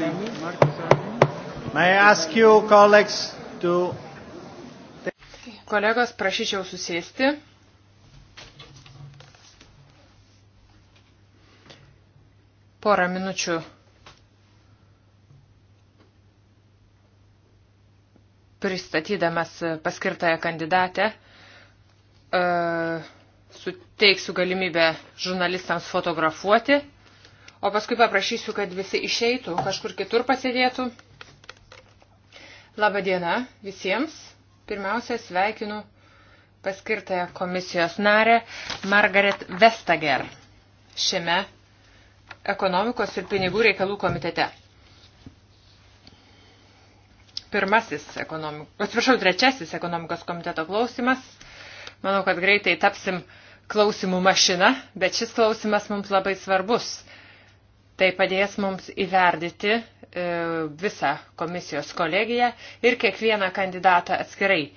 Arni. May I ask you, colleagues, to... Kolegos, prašyčiau susėsti. Porą minučių pristatydamas paskirtąją kandidatę. Uh, suteiksiu galimybę žurnalistams fotografuoti o paskui paprašysiu, kad visi išeitų, kažkur kitur pasėdėtų. Labadiena visiems. Pirmiausia, sveikinu paskirtąją komisijos narę Margaret Vestager šiame ekonomikos ir pinigų reikalų komitete. Pirmasis ekonomikos, atsiprašau, trečiasis ekonomikos komiteto klausimas. Manau, kad greitai tapsim klausimų mašina, bet šis klausimas mums labai svarbus Tai padės mums įverdyti e, visą komisijos kolegiją ir kiekvieną kandidatą atskirai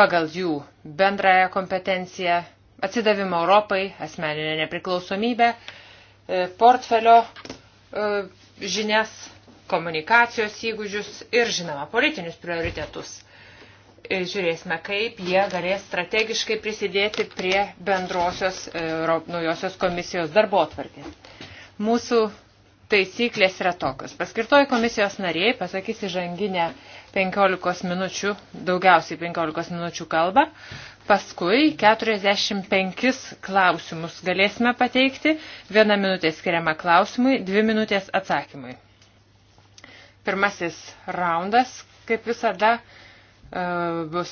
pagal jų bendrąją kompetenciją, atsidavimą Europai, asmeninę nepriklausomybę, e, portfelio e, žinias, komunikacijos įgūdžius ir, žinoma, politinius prioritetus. Žiūrėsime, kaip jie galės strategiškai prisidėti prie bendrosios naujosios komisijos darbo atvarkės. Mūsų taisyklės yra tokios. Paskirtoji komisijos nariai pasakys įžanginę 15 minučių, daugiausiai 15 minučių kalbą, paskui 45 klausimus galėsime pateikti, viena minutė skiriama klausimui, dvi minutės atsakymui. Pirmasis raundas, kaip visada, e, bus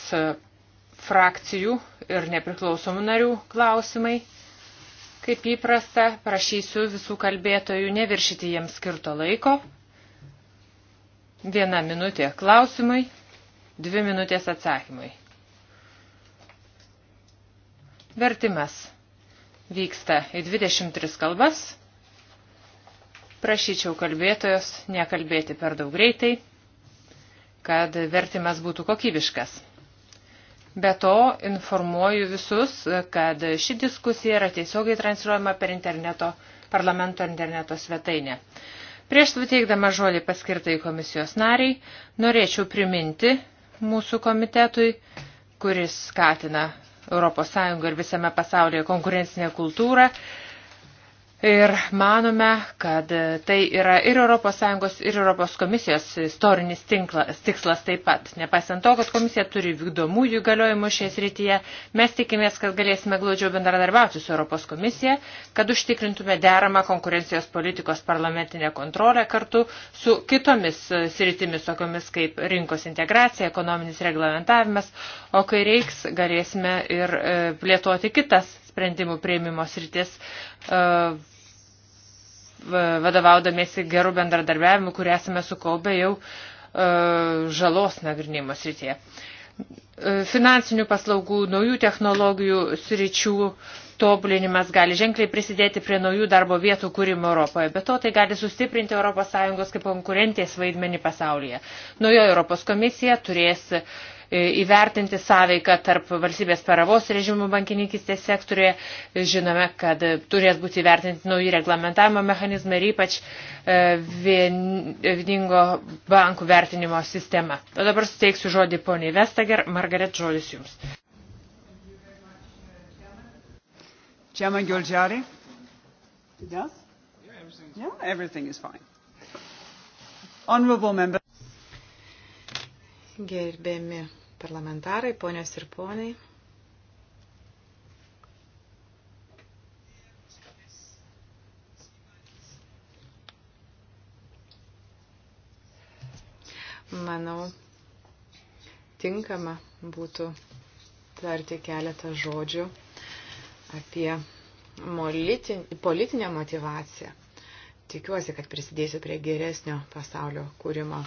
frakcijų ir nepriklausomų narių klausimai. Kaip įprasta, prašysiu visų kalbėtojų neviršyti jiems skirto laiko. Viena minutė klausimui, dvi minutės atsakymui. Vertimas vyksta į 23 kalbas. Prašyčiau kalbėtojos nekalbėti per daug greitai, kad vertimas būtų kokybiškas. Be to, informuoju visus, kad ši diskusija yra tiesiogiai transliuojama per interneto, parlamento interneto svetainę. Prieš suteikdama žodį paskirtai komisijos nariai, norėčiau priminti mūsų komitetui, kuris skatina ES ir visame pasaulyje konkurencinę kultūrą, Ir manome, kad tai yra ir ES, ir ES komisijos istorinis tinklas, tikslas taip pat. Nepaisant to, kad komisija turi vykdomųjų galiojimų šioje srityje, mes tikimės, kad galėsime glaudžiau bendradarbiauti su ES komisija, kad užtikrintume deramą konkurencijos politikos parlamentinę kontrolę kartu su kitomis sritimis, tokiomis kaip rinkos integracija, ekonominis reglamentavimas, o kai reiks, galėsime ir e, plėtoti kitas sprendimų prieimimo sritis, e, vadovaudamėsi gerų bendradarbiavimų, kurį esame sukaubę jau e, žalos nagrinimo srityje. E, finansinių paslaugų, naujų technologijų sričių tobulinimas gali ženkliai prisidėti prie naujų darbo vietų kūrimo Europoje. Be to, tai gali sustiprinti ES kaip konkurentės vaidmenį pasaulyje. Naujoji Europos komisija turės uh, E, įvertinti sąveiką tarp valstybės paravos režimų bankininkistės sektorėje. Žinome, kad turės būti įvertinti nauji reglamentavimo mechanizmai ir ypač e, vieningo bankų vertinimo sistema. O dabar suteiksiu žodį poniai Vestager. Margaret, žodis jums. Chairman Gulgiari? Yes? Yeah, everything's, yeah, everything is fine. Honorable member. Gerbiami parlamentarai, ponios ir ponai. Manau, tinkama būtų tarti keletą žodžių apie politinę motivaciją. Tikiuosi, kad prisidėsiu prie geresnio pasaulio kūrimo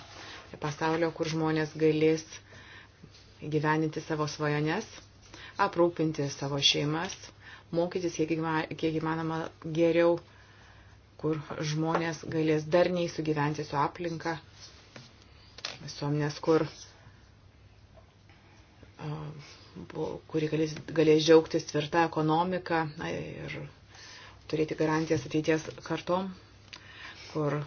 pasaulio, kur žmonės galės gyveninti savo svajones, aprūpinti savo šeimas, mokytis kiek įmanoma geriau, kur žmonės galės darniai sugyventi su aplinka, visuomenės, kur kuri galės, galės džiaugtis tvirtą ekonomiką na, ir turėti garantijas ateities kartom, kur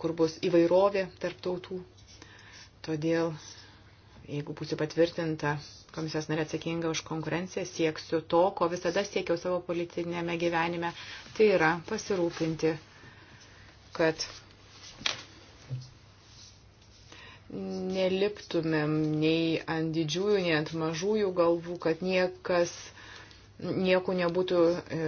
kur bus įvairovė tarptautų. Todėl, jeigu būsiu patvirtinta komisijos narė atsakinga už konkurenciją, sieksiu to, ko visada siekiau savo politinėme gyvenime, tai yra pasirūpinti, kad neliptumėm nei ant didžiųjų, nei ant mažųjų galvų, kad niekas nieko nebūtų e,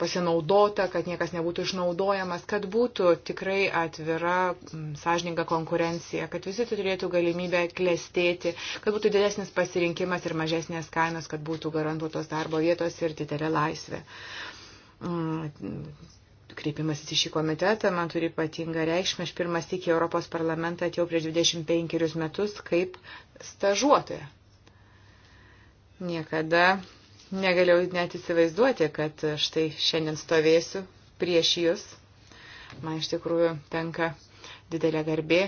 pasinaudota, kad niekas nebūtų išnaudojamas, kad būtų tikrai atvira, sąžininga konkurencija, kad visi turėtų galimybę klestėti, kad būtų didesnis pasirinkimas ir mažesnės kainos, kad būtų garantuotos darbo vietos ir didelė laisvė. Mm, kreipimasis į šį komitetą man turi ypatingą reikšmę. Aš pirmas tik į Europos parlamentą atėjau prieš 25 metus kaip stažuotoja. Niekada Negalėjau net įsivaizduoti, kad štai šiandien stovėsiu prieš jūs. Man iš tikrųjų tenka didelė garbė.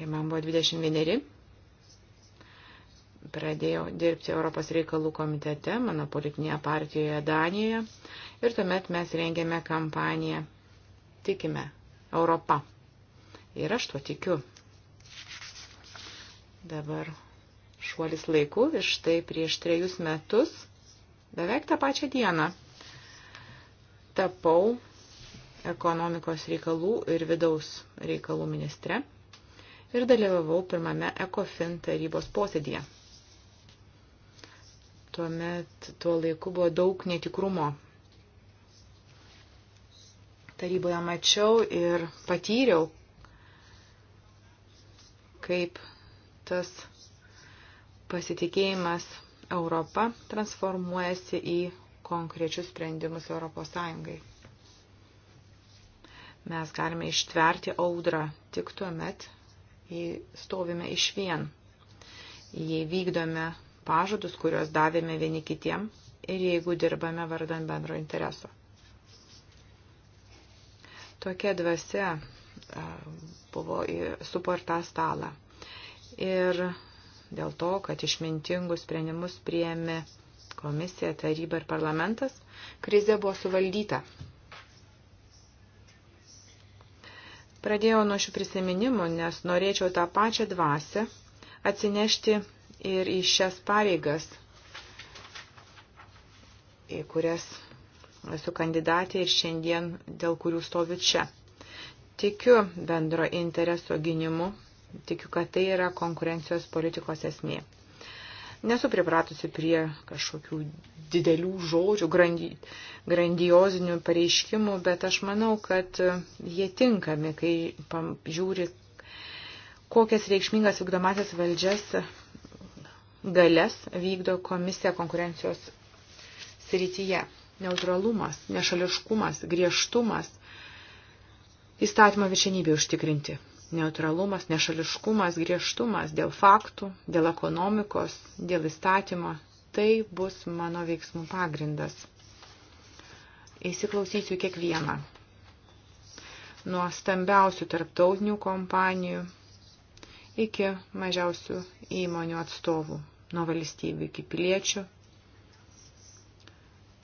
Kai man buvo 21, pradėjau dirbti Europos reikalų komitete, mano politinėje partijoje Danijoje. Ir tuomet mes rengėme kampaniją Tikime Europą. Ir aš tuo tikiu. Dabar šuolis laiku ir štai prieš trejus metus, beveik tą pačią dieną, tapau ekonomikos reikalų ir vidaus reikalų ministre ir dalyvavau pirmame ECOFIN tarybos posėdėje. Tuomet tuo laiku buvo daug netikrumo. Taryboje mačiau ir patyriau, kaip tas pasitikėjimas Europa transformuojasi į konkrečius sprendimus Europos Sąjungai. Mes galime ištverti audrą tik tuo met, jei stovime iš vien, jei vykdome pažadus, kuriuos davėme vieni kitiem ir jeigu dirbame vardan bendro intereso. Tokia dvasia buvo suporta stalą. Ir dėl to, kad išmintingus sprendimus prieėmė komisija, taryba ir parlamentas, krizė buvo suvaldyta. Pradėjau nuo šių prisiminimų, nes norėčiau tą pačią dvasę atsinešti ir į šias pareigas, į kurias esu kandidatė ir šiandien dėl kurių stoviu čia. Tikiu bendro intereso gynimu Tikiu, kad tai yra konkurencijos politikos esmė. Nesu pripratusi prie kažkokių didelių žodžių, grandi, grandiozinių pareiškimų, bet aš manau, kad jie tinkami, kai žiūri, kokias reikšmingas vykdomasias valdžias galės vykdo komisija konkurencijos srityje. Neutralumas, nešališkumas, griežtumas, įstatymo viršenybė užtikrinti neutralumas, nešališkumas, griežtumas dėl faktų, dėl ekonomikos, dėl įstatymo. Tai bus mano veiksmų pagrindas. Įsiklausysiu kiekvieną. Nuo stambiausių tarptautinių kompanijų iki mažiausių įmonių atstovų, nuo valstybių iki piliečių.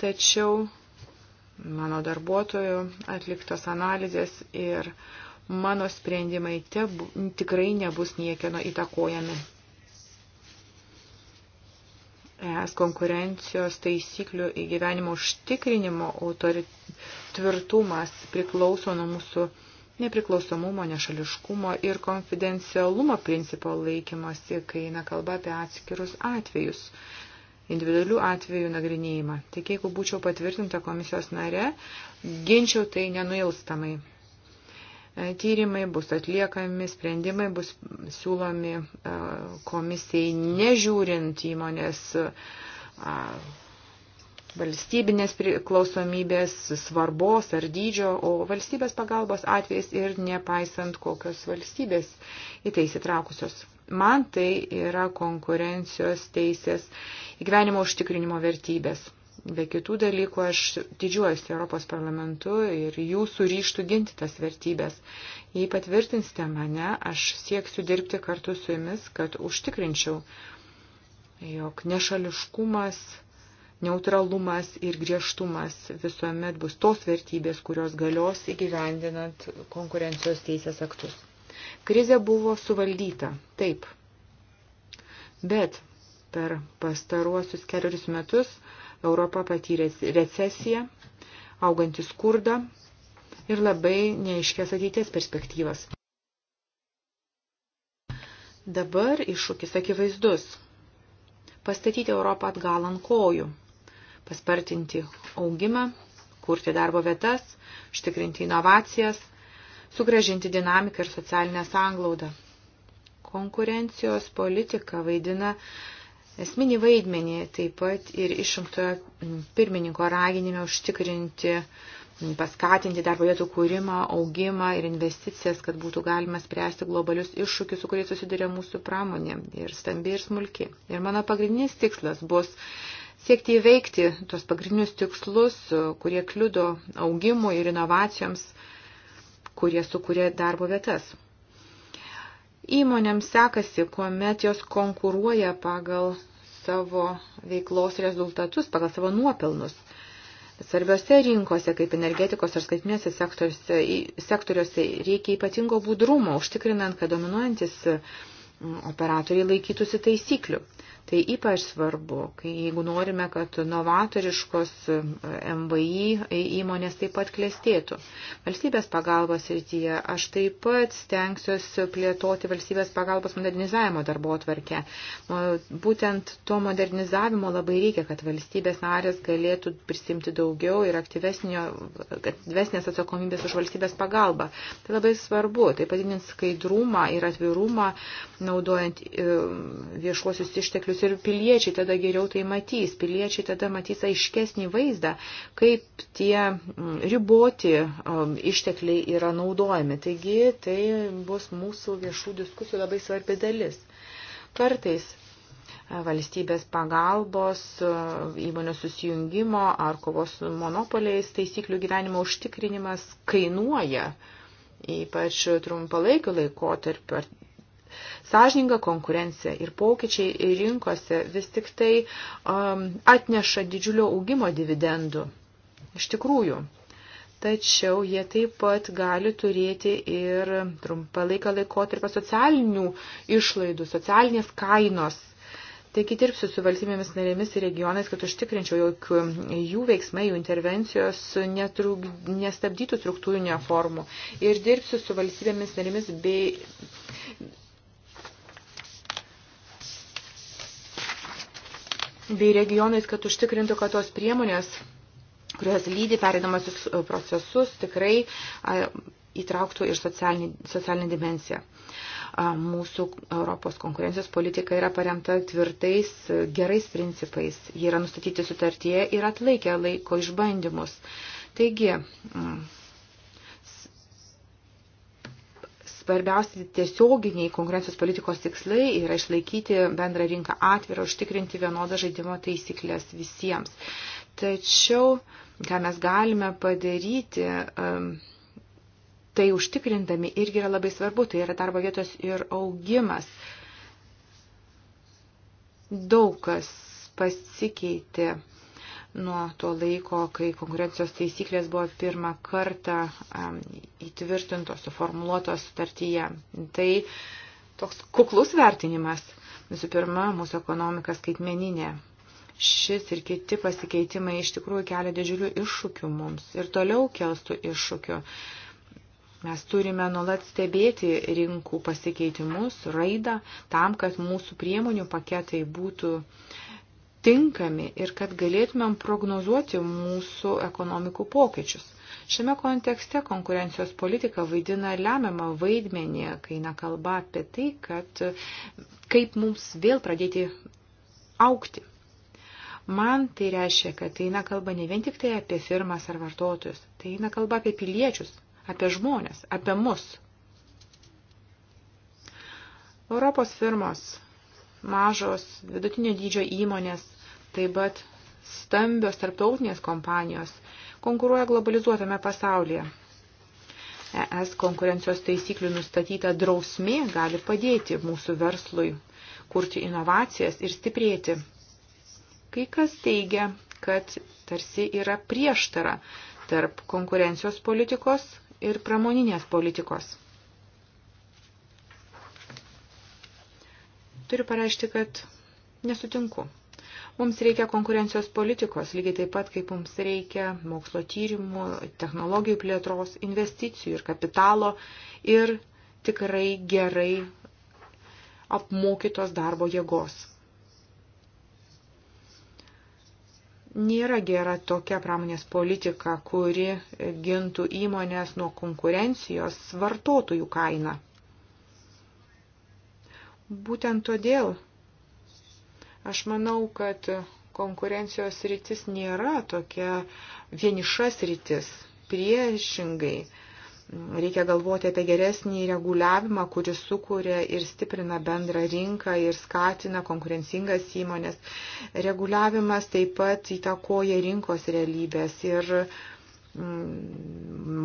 Tačiau mano darbuotojų atliktos analizės ir uh, mano sprendimai te, tikrai nebus niekieno įtakojami. ES konkurencijos taisyklių įgyvenimo užtikrinimo autori tvirtumas priklauso nuo mūsų nepriklausomumo, nešališkumo ir konfidencialumo principo laikymosi, kai eina kalba apie atskirus atvejus, individualių atvejų nagrinėjimą. Tik jeigu būčiau patvirtinta komisijos nare, ginčiau tai nenuilstamai. E, tyrimai bus atliekami, sprendimai bus siūlomi e, komisijai, nežiūrint įmonės e, valstybinės priklausomybės svarbos ar dydžio, o valstybės pagalbos atvejais ir nepaisant kokios valstybės į tai įsitraukusios. Man tai yra konkurencijos teisės įgyvenimo užtikrinimo vertybės. Be kitų dalykų aš didžiuojuosi Europos parlamentu ir jūsų ryštų ginti tas vertybės. Jei patvirtinsite mane, aš sieksiu dirbti kartu su jumis, kad užtikrinčiau, jog nešališkumas, neutralumas ir griežtumas visuomet bus tos vertybės, kurios galios įgyvendinant konkurencijos teisės aktus. Krizė buvo suvaldyta, taip. Bet per pastaruosius keliarius metus Europa patyrė recesiją, augantį skurdą ir labai neiškės ateities perspektyvas. Dabar iššūkis akivaizdus. Pastatyti Europą atgal ant kojų, paspartinti augimą, kurti darbo vietas, užtikrinti inovacijas, sugražinti dinamiką ir socialinę sanglaudą. Konkurencijos politika vaidina esminį vaidmenį taip pat ir išrinktojo pirmininko raginime užtikrinti, paskatinti darbo vietų kūrimą, augimą ir investicijas, kad būtų galima spręsti globalius iššūkius, su kuriais susiduria mūsų pramonė ir stambi ir smulki. Ir mano pagrindinis tikslas bus siekti įveikti tos pagrindinius tikslus, kurie kliudo augimui ir inovacijoms, kurie sukuria darbo vietas. Įmonėms sekasi, kuomet jos konkuruoja pagal savo veiklos rezultatus, pagal savo nuopelnus. Svarbiose rinkose, kaip energetikos ar skaitinėse sektoriuose, sektoriuose, reikia ypatingo budrumo, užtikrinant, kad dominuojantis mm, operatoriai laikytųsi taisyklių. Tai ypač svarbu, kai jeigu norime, kad novatoriškos e, MVI įmonės taip pat klestėtų. Valstybės pagalbos rytyje aš taip pat stengsiuosi plėtoti valstybės pagalbos modernizavimo darbo atvarkę. Būtent to modernizavimo labai reikia, kad valstybės narės galėtų prisimti daugiau ir aktyvesnės atsakomybės už valstybės pagalbą. Tai labai svarbu, tai padidins skaidrumą ir atvirumą, naudojant e, viešuosius išteklius išteklius ir piliečiai tada geriau tai matys, piliečiai tada matys aiškesnį vaizdą, kaip tie mm, riboti um, ištekliai yra naudojami. Taigi tai bus mūsų viešų diskusijų labai svarbi dalis. Kartais e, valstybės pagalbos, e, įmonių susijungimo ar kovos su monopoliais taisyklių gyvenimo užtikrinimas kainuoja, ypač trumpalaikiu laikotarpiu, Sažininga konkurencija ir pokyčiai rinkose vis tik tai um, atneša didžiulio augimo dividendų. Iš tikrųjų. Tačiau jie taip pat gali turėti ir trumpalaiką laikotarpę socialinių išlaidų, socialinės kainos Taigi dirbsiu su valstybėmis narėmis ir regionais, kad užtikrinčiau, jog jų veiksmai, jų intervencijos netruk, nestabdytų struktūrinio formų. Ir dirbsiu su valstybėmis narėmis bei bei regionais, kad užtikrintų, kad tos priemonės, kurios lydi perėdamasis e, procesus, tikrai įtrauktų ir socialinį, socialinį dimensiją. Mūsų Europos konkurencijos politika yra paremta tvirtais, e, gerais principais. Jie yra nustatyti sutartyje ir atlaikę laiko išbandymus. Taigi, svarbiausi tiesioginiai konkurencijos politikos tikslai yra išlaikyti bendrą rinką atvirą, užtikrinti vienodą žaidimo taisyklės visiems. Tačiau, ką mes galime padaryti, um, tai užtikrindami irgi yra labai svarbu, tai yra darbo vietos ir augimas. Daug kas pasikeitė nuo to laiko, kai konkurencijos taisyklės buvo pirmą kartą įtvirtintos, suformuoluotos sutartyje. Tai toks kuklus vertinimas. Visų pirma, mūsų ekonomika skaitmeninė. Šis ir kiti pasikeitimai iš tikrųjų kelia didžiulių iššūkių mums ir toliau kelstų iššūkių. Mes turime nuolat stebėti rinkų pasikeitimus, raidą, tam, kad mūsų priemonių paketai būtų uh, tinkami ir kad galėtumėm prognozuoti mūsų ekonomikų pokyčius. Šiame kontekste konkurencijos politika vaidina lemiamą vaidmenį, kai eina kalba apie tai, kad kaip mums vėl pradėti aukti. Man tai reiškia, kad tai eina kalba ne vien tik tai apie firmas ar vartotojus, tai eina kalba apie piliečius, apie žmonės, apie mus. Europos firmos mažos vidutinio dydžio įmonės, taip pat stambios tarptautinės kompanijos konkuruoja globalizuotame pasaulyje. ES konkurencijos taisyklių nustatyta drausmė gali padėti mūsų verslui kurti inovacijas ir stiprėti. Kai kas teigia, kad tarsi yra prieštara tarp konkurencijos politikos ir pramoninės politikos. Turiu pareišti, kad nesutinku. Mums reikia konkurencijos politikos, lygiai taip pat, kaip mums reikia mokslo tyrimų, technologijų plėtros, investicijų ir kapitalo ir tikrai gerai apmokytos darbo jėgos. Nėra gera tokia pramonės politika, kuri gintų įmonės nuo konkurencijos vartotojų kainą. Būtent todėl aš manau, kad konkurencijos rytis nėra tokia vienišas rytis. Priešingai, reikia galvoti apie geresnį reguliavimą, kuris sukuria ir stiprina bendrą rinką ir skatina konkurencingas įmonės. Reguliavimas taip pat įtakoja rinkos realybės ir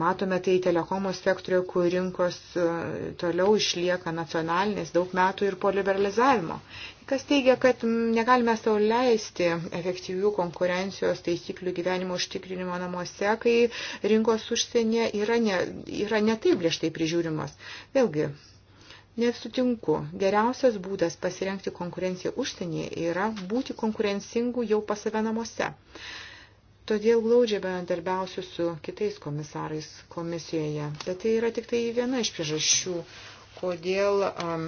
Matome tai telekomo sektorio, kur rinkos e, toliau išlieka nacionalinės daug metų ir po liberalizavimo. Kas teigia, kad negalime savo leisti efektyvių konkurencijos taisyklių gyvenimo užtikrinimo namuose, kai rinkos užsienė yra ne, yra ne taip griežtai prižiūrimas. Vėlgi, Nesutinku. Geriausias būdas pasirengti konkurenciją užsienyje yra būti konkurencingu jau pas save namuose. Todėl glaudžiai bendarbiausiu su kitais komisarais komisijoje. Bet tai yra tik tai viena iš priežasčių, kodėl um,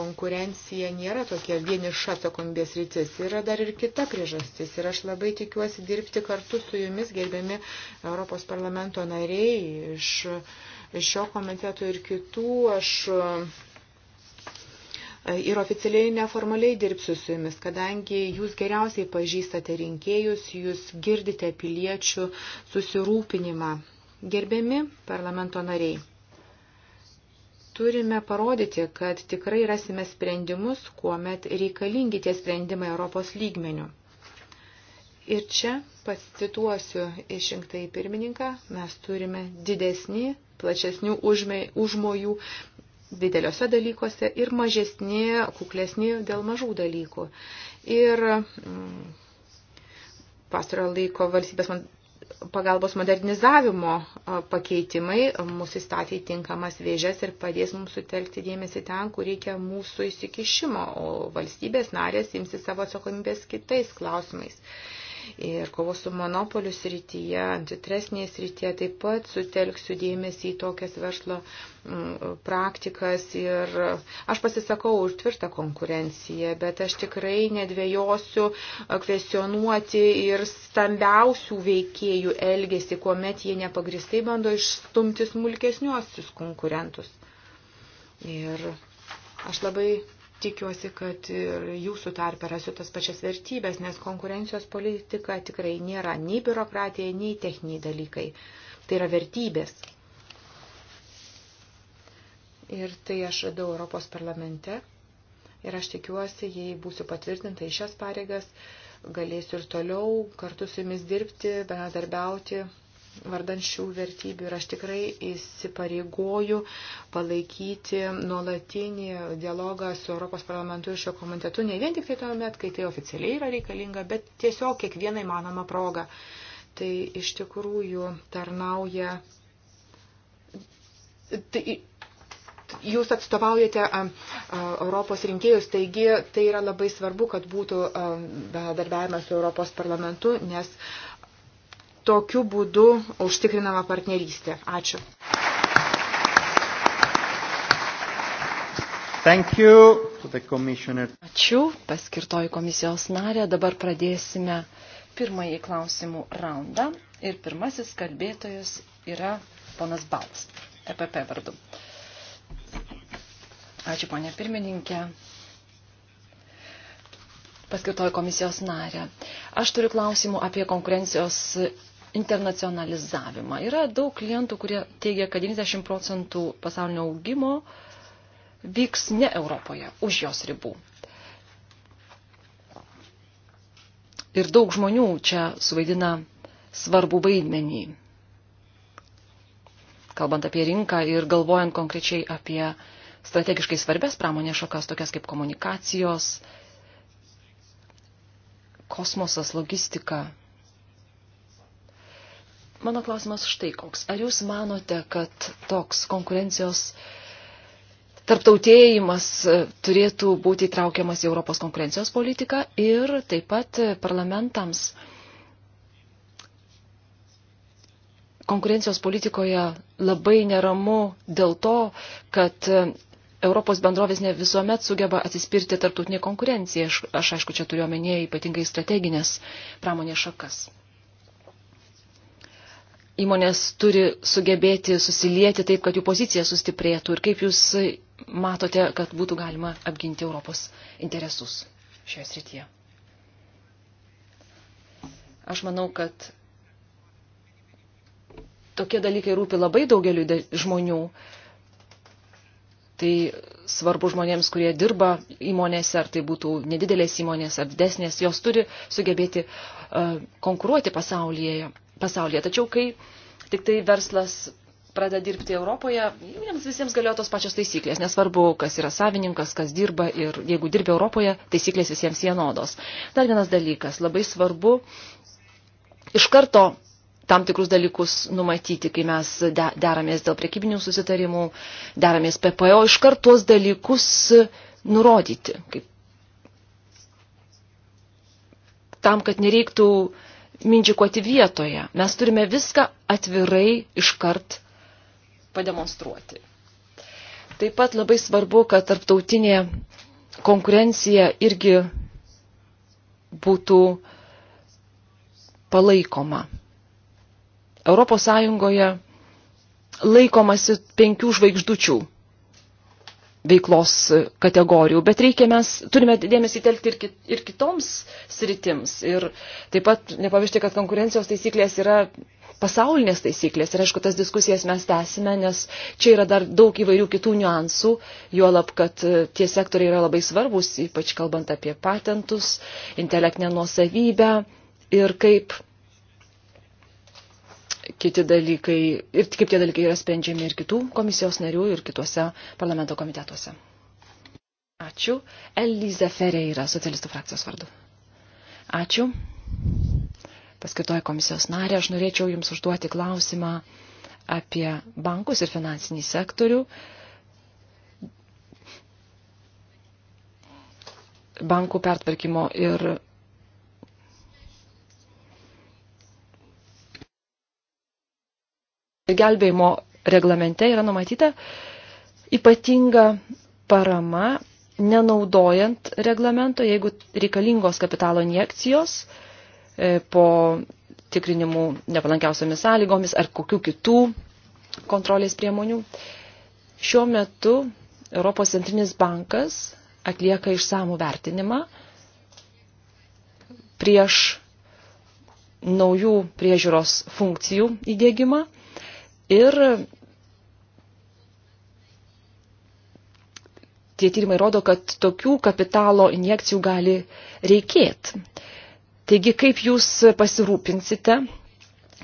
konkurencija nėra tokia vieniša atsakomybės rytis. Yra dar ir kita priežastis. Ir aš labai tikiuosi dirbti kartu su jumis, gerbiami Europos parlamento nariai iš šio komiteto ir kitų. Aš, um, ir oficialiai neformaliai dirbsiu su jumis, kadangi jūs geriausiai pažįstate rinkėjus, jūs girdite piliečių susirūpinimą. Gerbiami parlamento nariai, turime parodyti, kad tikrai rasime sprendimus, kuomet reikalingi tie sprendimai Europos lygmenių. Ir čia pacituosiu išrinktai pirmininką, mes turime didesnį, plačesnių užmojų dideliuose dalykuose ir mažesni, kuklesni dėl mažų dalykų. Ir mm, pastarojo laiko valstybės man pagalbos modernizavimo pakeitimai mūsų įstatė tinkamas vėžės ir padės mums sutelkti dėmesį ten, kur reikia mūsų įsikišimo, o valstybės narės imsi savo atsakomybės kitais klausimais ir kovos su monopoliu srityje, antitresnėje srityje taip pat sutelksiu dėmesį į tokias verslo mm, praktikas ir aš pasisakau už tvirtą konkurenciją, bet aš tikrai nedvėjosiu kvesionuoti ir stambiausių veikėjų elgesį, kuomet jie nepagristai bando išstumti smulkesniuosius konkurentus. Ir aš labai tikiuosi, kad ir jūsų tarp rasiu tas pačias vertybės, nes konkurencijos politika tikrai nėra nei biurokratija, nei techniniai dalykai. Tai yra vertybės. Ir tai aš radau Europos parlamente. Ir aš tikiuosi, jei būsiu patvirtinta į šias pareigas, galėsiu ir toliau kartu su jumis dirbti, bendradarbiauti vardan šių vertybių ir aš tikrai įsipareigoju palaikyti nuolatinį dialogą su Europos parlamentu ir šio komitetu, ne vien tik tai tuomet, kai tai oficialiai yra reikalinga, bet tiesiog kiekvieną įmanomą progą. Tai iš tikrųjų tarnauja. Tai, jūs atstovaujate Europos rinkėjus, taigi tai yra labai svarbu, kad būtų bendarbiavimas su Europos parlamentu, nes tokiu būdu užtikrinama partnerystė. Ačiū. Thank you to the commissioner. Ačiū, paskirtoji komisijos narė. Dabar pradėsime pirmąjį klausimų raundą. Ir pirmasis kalbėtojas yra ponas Balts, EPP vardu. Ačiū, ponė pirmininkė paskirtoji komisijos narė. Aš turiu klausimų apie konkurencijos internacionalizavimą. Yra daug klientų, kurie teigia, kad 90 procentų pasaulinio augimo vyks ne Europoje, už jos ribų. Ir daug žmonių čia suvaidina svarbų vaidmenį, kalbant apie rinką ir galvojant konkrečiai apie strategiškai svarbės pramonės šakas, tokias kaip komunikacijos, kosmosas, logistika, Mano klausimas štai koks. Ar jūs manote, kad toks konkurencijos tarptautėjimas e, turėtų būti įtraukiamas į Europos konkurencijos politiką ir taip pat e, parlamentams konkurencijos politikoje labai neramu dėl to, kad e, Europos bendrovės ne visuomet sugeba atsispirti tarptautinį konkurenciją. Aš, aš aišku, čia turiu omenyje ypatingai strateginės pramonės šakas įmonės turi sugebėti susilieti taip, kad jų pozicija sustiprėtų ir kaip jūs matote, kad būtų galima apginti Europos interesus šioje srityje. Aš manau, kad tokie dalykai rūpi labai daugeliu žmonių. Tai svarbu žmonėms, kurie dirba įmonėse, ar tai būtų nedidelės įmonės, ar didesnės, jos turi sugebėti uh, konkuruoti pasaulyje pasaulyje. Tačiau kai tik tai verslas pradeda dirbti Europoje, jiems visiems galėjo tos pačios taisyklės. Nesvarbu, kas yra savininkas, kas dirba ir jeigu dirbi Europoje, taisyklės visiems vienodos. Dar vienas dalykas, labai svarbu iš karto tam tikrus dalykus numatyti, kai mes deramės dėl priekybinių susitarimų, deramės PPO, iš karto tuos dalykus nurodyti, kaip tam, kad nereiktų uh, mindžikuoti vietoje. Mes turime viską atvirai iškart pademonstruoti. Taip pat labai svarbu, kad tarptautinė konkurencija irgi būtų palaikoma. Europos Sąjungoje laikomasi penkių žvaigždučių veiklos kategorijų, bet reikia mes, turime dėmesį telkti ir, kit, ir kitoms sritims. Ir taip pat nepamiršti, kad konkurencijos taisyklės yra pasaulinės taisyklės. Ir aišku, tas diskusijas mes tęsime, nes čia yra dar daug įvairių kitų niuansų, juolab, kad e, tie sektoriai yra labai svarbus, ypač kalbant apie patentus, intelektinę nuosavybę ir kaip kiti dalykai ir kaip tie dalykai yra sprendžiami ir kitų komisijos narių ir kituose parlamento komitetuose. Ačiū. Eliza Ferė yra socialistų frakcijos vardu. Ačiū. Paskirtoji komisijos narė, aš norėčiau Jums užduoti klausimą apie bankus ir finansinį sektorių. Bankų pertvarkymo ir gelbėjimo reglamente yra numatyta ypatinga parama, nenaudojant reglamento, jeigu reikalingos kapitalo injekcijos e, po tikrinimų nepalankiausiamis sąlygomis ar kokių kitų kontrolės priemonių. Šiuo metu Europos centrinis bankas atlieka išsamų vertinimą prieš naujų priežiūros funkcijų įdėgymą Ir tie tyrimai rodo, kad tokių kapitalo injekcijų gali reikėti. Taigi, kaip jūs pasirūpinsite,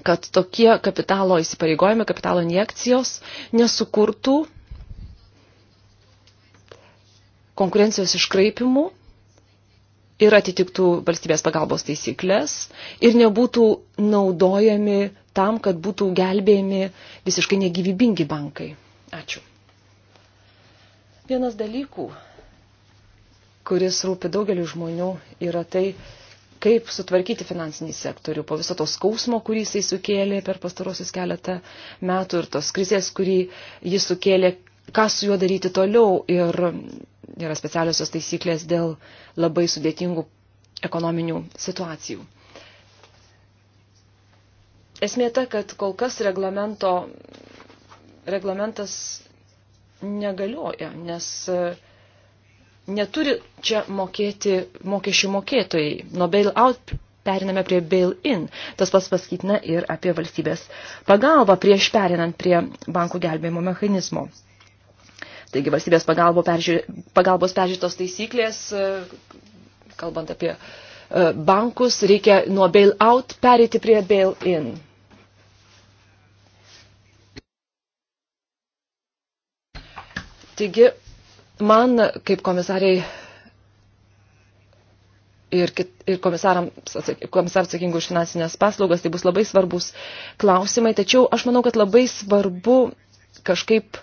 kad tokie kapitalo įsipareigojimai, kapitalo injekcijos nesukurtų konkurencijos iškraipimų ir atitiktų valstybės pagalbos taisyklės ir nebūtų naudojami tam, kad būtų gelbėjami visiškai negyvybingi bankai. Ačiū. Vienas dalykų, kuris rūpi daugeliu žmonių, yra tai, kaip sutvarkyti finansinį sektorių po viso to skausmo, kurį jisai sukėlė per pastarosius keletą metų ir tos krizės, kurį jis sukėlė, ką su juo daryti toliau ir yra specialiosios taisyklės dėl labai sudėtingų ekonominių situacijų. Esmė ta, kad kol kas reglamento, reglamentas negalioja, nes e, neturi čia mokėti mokesčių mokėtojai. Nuo bail-out periname prie bail-in. Tas pats pasakytina ir apie valstybės pagalbą prieš perinant prie bankų gelbėjimo mechanizmo. Taigi valstybės pagalbo peržiūrė, pagalbos peržiūrėtos taisyklės, e, kalbant apie e, bankus, reikia nuo bail-out perėti prie bail-in. Taigi, man kaip komisariai ir, kit, ir komisar atsakingų už finansinės paslaugas, tai bus labai svarbus klausimai. Tačiau aš manau, kad labai svarbu kažkaip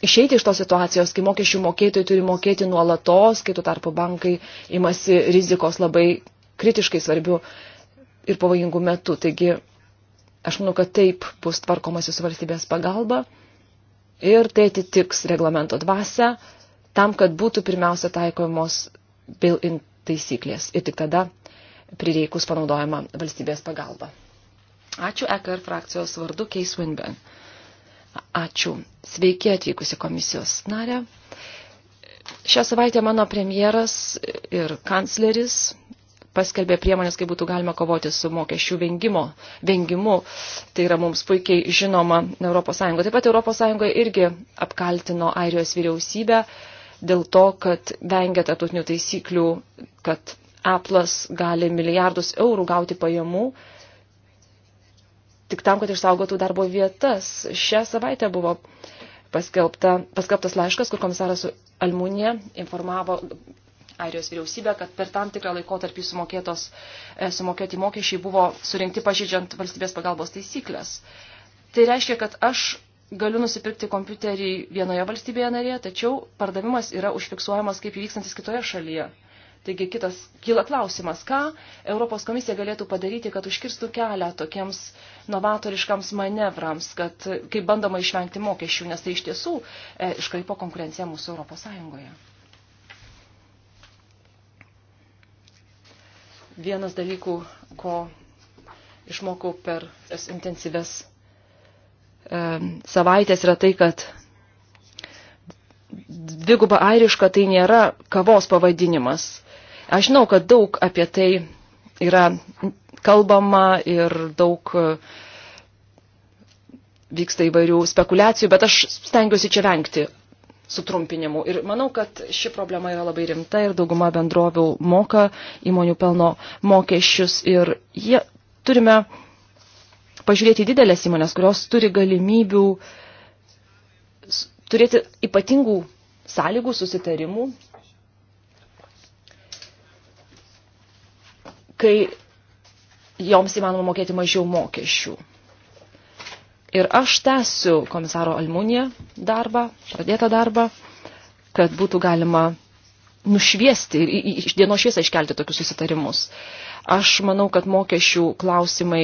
išeiti iš tos situacijos, kai mokesčių mokėtojai turi mokėti nuolatos, kai tuo tarpu bankai imasi rizikos labai kritiškai svarbių ir pavojingų metų. Taigi aš manau, kad taip bus tvarkomasi su valstybės pagalba ir tai atitiks reglamento dvasę tam, kad būtų pirmiausia taikomos bail-in taisyklės ir tik tada prireikus panaudojama valstybės pagalba. Ačiū EKR frakcijos vardu Keis Winben. Ačiū. Sveiki atvykusi komisijos narė. Šią savaitę mano premjeras ir kancleris paskelbė priemonės, kaip būtų galima kovoti su mokesčių vengimo, vengimu. Tai yra mums puikiai žinoma ES. Taip pat ES irgi apkaltino Airijos vyriausybę dėl to, kad vengia tarptautinių taisyklių, kad Apple'as gali milijardus eurų gauti pajamų tik tam, kad išsaugotų darbo vietas. Šią savaitę buvo paskelbta, paskelbtas laiškas, kur komisaras Almunė informavo Airijos vyriausybę, kad per tam tikrą laikotarpį sumokėtos, e, sumokėti mokesčiai buvo surinkti pažydžiant valstybės pagalbos taisyklės. Tai reiškia, kad aš galiu nusipirkti kompiuterį vienoje valstybėje narėje, tačiau pardavimas yra užfiksuojamas kaip įvykstantis kitoje šalyje. Taigi kitas kyla klausimas, ką Europos komisija galėtų padaryti, kad užkirstų kelią tokiems novatoriškams manevrams, kad kaip bandoma išvengti mokesčių, nes tai iš tiesų e, iškraipo konkurenciją mūsų Europos Sąjungoje. Vienas dalykų, ko išmokau per intensyves e, savaitės, yra tai, kad dviguba airiška tai nėra kavos pavadinimas. Aš žinau, kad daug apie tai yra kalbama ir daug e, vyksta įvairių spekulacijų, bet aš stengiuosi čia vengti sutrumpinimų. Ir manau, kad ši problema yra labai rimta ir dauguma bendrovių moka įmonių pelno mokesčius ir jie turime pažiūrėti didelės įmonės, kurios turi galimybių turėti ypatingų sąlygų susitarimų kai joms įmanoma mokėti mažiau mokesčių. Ir aš tęsiu komisaro Almunija darbą, pradėtą darbą, kad būtų galima nušviesti ir iš dienos šviesą iškelti tokius susitarimus. Aš manau, kad mokesčių klausimai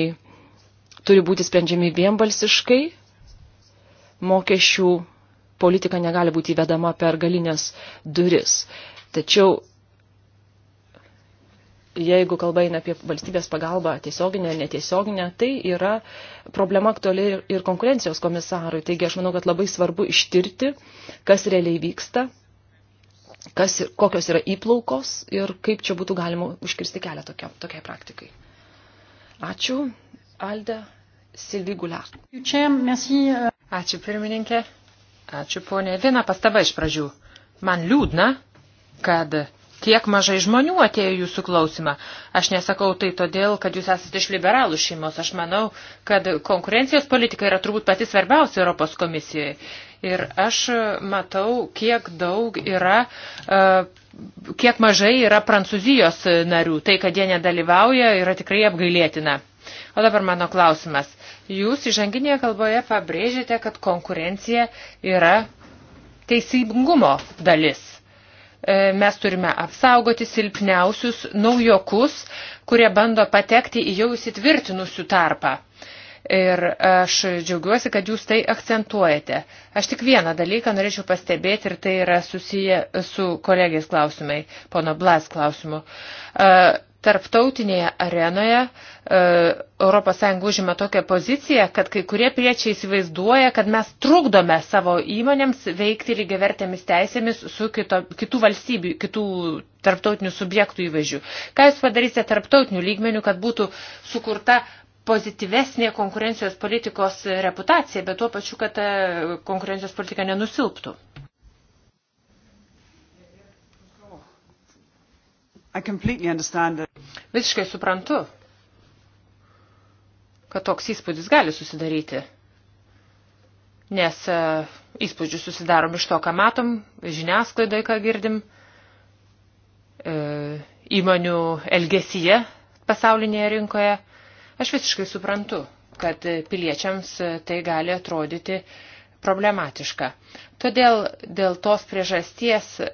turi būti sprendžiami vienbalsiškai, mokesčių politika negali būti įvedama per galinės duris. Tačiau jeigu kalba eina apie valstybės pagalbą tiesioginę, netiesioginę, tai yra problema aktuali ir konkurencijos komisarui. Taigi aš manau, kad labai svarbu ištirti, kas realiai vyksta, kas, kokios yra įplaukos ir kaip čia būtų galima užkirsti kelią tokia, tokiai praktikai. Ačiū, Alde Silvigulė. Ačiū pirmininkė. Ačiū ponė. Viena pastaba iš pradžių. Man liūdna, kad tiek mažai žmonių atėjo jūsų klausimą. Aš nesakau tai todėl, kad jūs esate iš liberalų šeimos. Aš manau, kad konkurencijos politika yra turbūt pati svarbiausia Europos komisijoje. Ir aš matau, kiek daug yra, e, kiek mažai yra Prancūzijos narių. Tai, kad jie nedalyvauja, yra tikrai apgailėtina. O dabar mano klausimas. Jūs įžanginėje kalboje pabrėžėte, kad konkurencija yra teisingumo dalis E, mes turime apsaugoti silpniausius naujokus, kurie bando patekti į jau įsitvirtinusių tarpą. Ir aš džiaugiuosi, kad jūs tai akcentuojate. Aš tik vieną dalyką norėčiau pastebėti ir tai yra susiję su kolegės klausimai, pono Blas klausimu. E, tarptautinėje arenoje ES užima tokią poziciją, kad kai kurie priečiai įsivaizduoja, kad mes trukdome savo įmonėms veikti lygiavertėmis teisėmis su kito, kitų valstybių, kitų tarptautinių subjektų įvažiu. Ką jūs padarysite tarptautinių lygmenių, kad būtų sukurta pozityvesnė konkurencijos politikos reputacija, bet tuo pačiu, kad konkurencijos politika nenusilptų? Visiškai suprantu, kad toks įspūdis gali susidaryti. Nes e, įspūdžių susidarom iš to, ką matom, žiniasklaidai, ką girdim, e, įmonių elgesyje pasaulinėje rinkoje. Aš visiškai suprantu, kad piliečiams tai gali atrodyti problematiška. Todėl dėl tos priežasties e,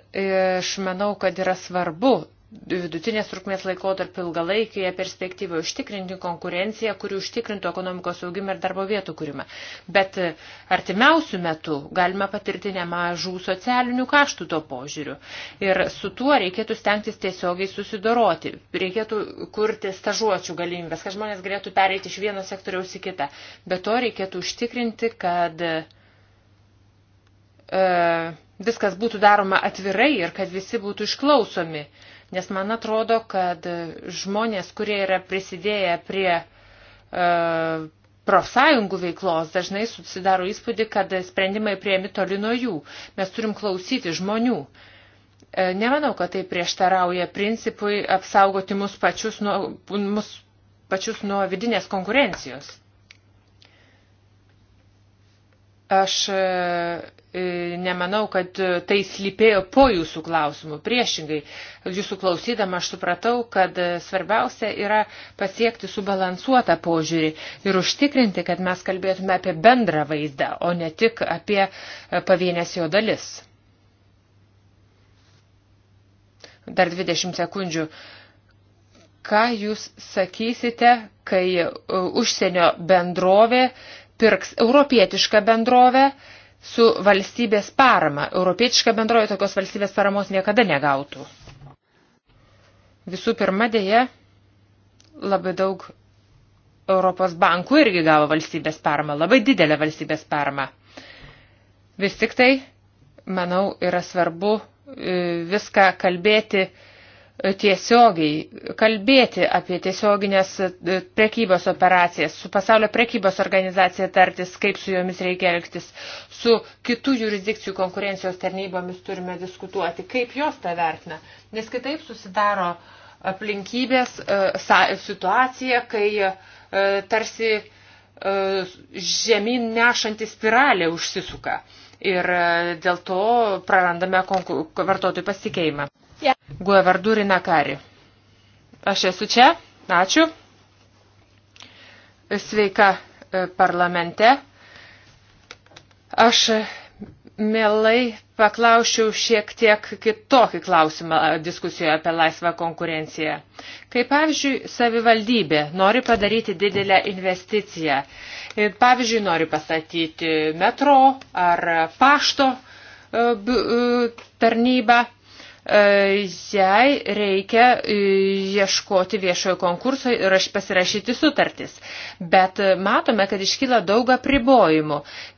aš manau, kad yra svarbu vidutinės trukmės laikotarpį ilgalaikėje perspektyvoje užtikrinti konkurenciją, kuri užtikrintų ekonomikos augimą ir darbo vietų kūrimą. Bet e, artimiausių metų galime patirti nemažų socialinių kaštų to požiūriu. Ir su tuo reikėtų stengtis tiesiogiai susidoroti. Reikėtų kurti stažuočių galimybės, kad žmonės galėtų pereiti iš vieno sektoriaus į kitą. Bet to reikėtų užtikrinti, kad e, viskas būtų daroma atvirai ir kad visi būtų išklausomi. E, Nes man atrodo, kad žmonės, kurie yra prisidėję prie e, profsąjungų veiklos, dažnai susidaro įspūdį, kad sprendimai prieimi toli nuo jų. Mes turim klausyti žmonių. E, nemanau, kad tai prieštarauja principui apsaugoti mus pačius nuo, mus pačius nuo vidinės konkurencijos. Aš e, e, nemanau, kad e, tai slypėjo po jūsų klausimų. Priešingai, jūsų klausydama aš supratau, kad svarbiausia yra pasiekti subalansuotą požiūrį ir užtikrinti, kad mes kalbėtume apie bendrą vaizdą, o ne tik apie pavienės jo dalis. Dar 20 sekundžių ką jūs sakysite, kai užsienio bendrovė pirks europietišką bendrovę su valstybės parama. Europietiška bendrovė tokios valstybės paramos niekada negautų. Visų pirma, dėje labai daug Europos bankų irgi gavo valstybės paramą, labai didelę valstybės paramą. Vis tik tai, manau, yra svarbu e, viską kalbėti tiesiogiai kalbėti apie tiesioginės e, prekybos operacijas, su pasaulio prekybos organizacija tartis, kaip su jomis reikia elgtis, su kitų jurisdikcijų konkurencijos tarnybomis turime diskutuoti, kaip jos tą vertina, nes kitaip susidaro aplinkybės e, situacija, kai e, tarsi žemyn nešanti spiralė užsisuka ir dėl to prarandame vartotojų pasikeimą. Guevarduri Nakari. Aš esu čia, ačiū. Sveika e, parlamente. Aš mielai paklausčiau šiek tiek kitokį klausimą diskusijoje apie laisvą konkurenciją. Kaip pavyzdžiui, savivaldybė nori padaryti didelę investiciją. E, pavyzdžiui, nori pastatyti metro ar pašto e, tarnybą E, jai reikia e, ieškoti viešojo konkurso ir aš pasirašyti sutartis. Bet matome, kad iškyla daug apribojimų.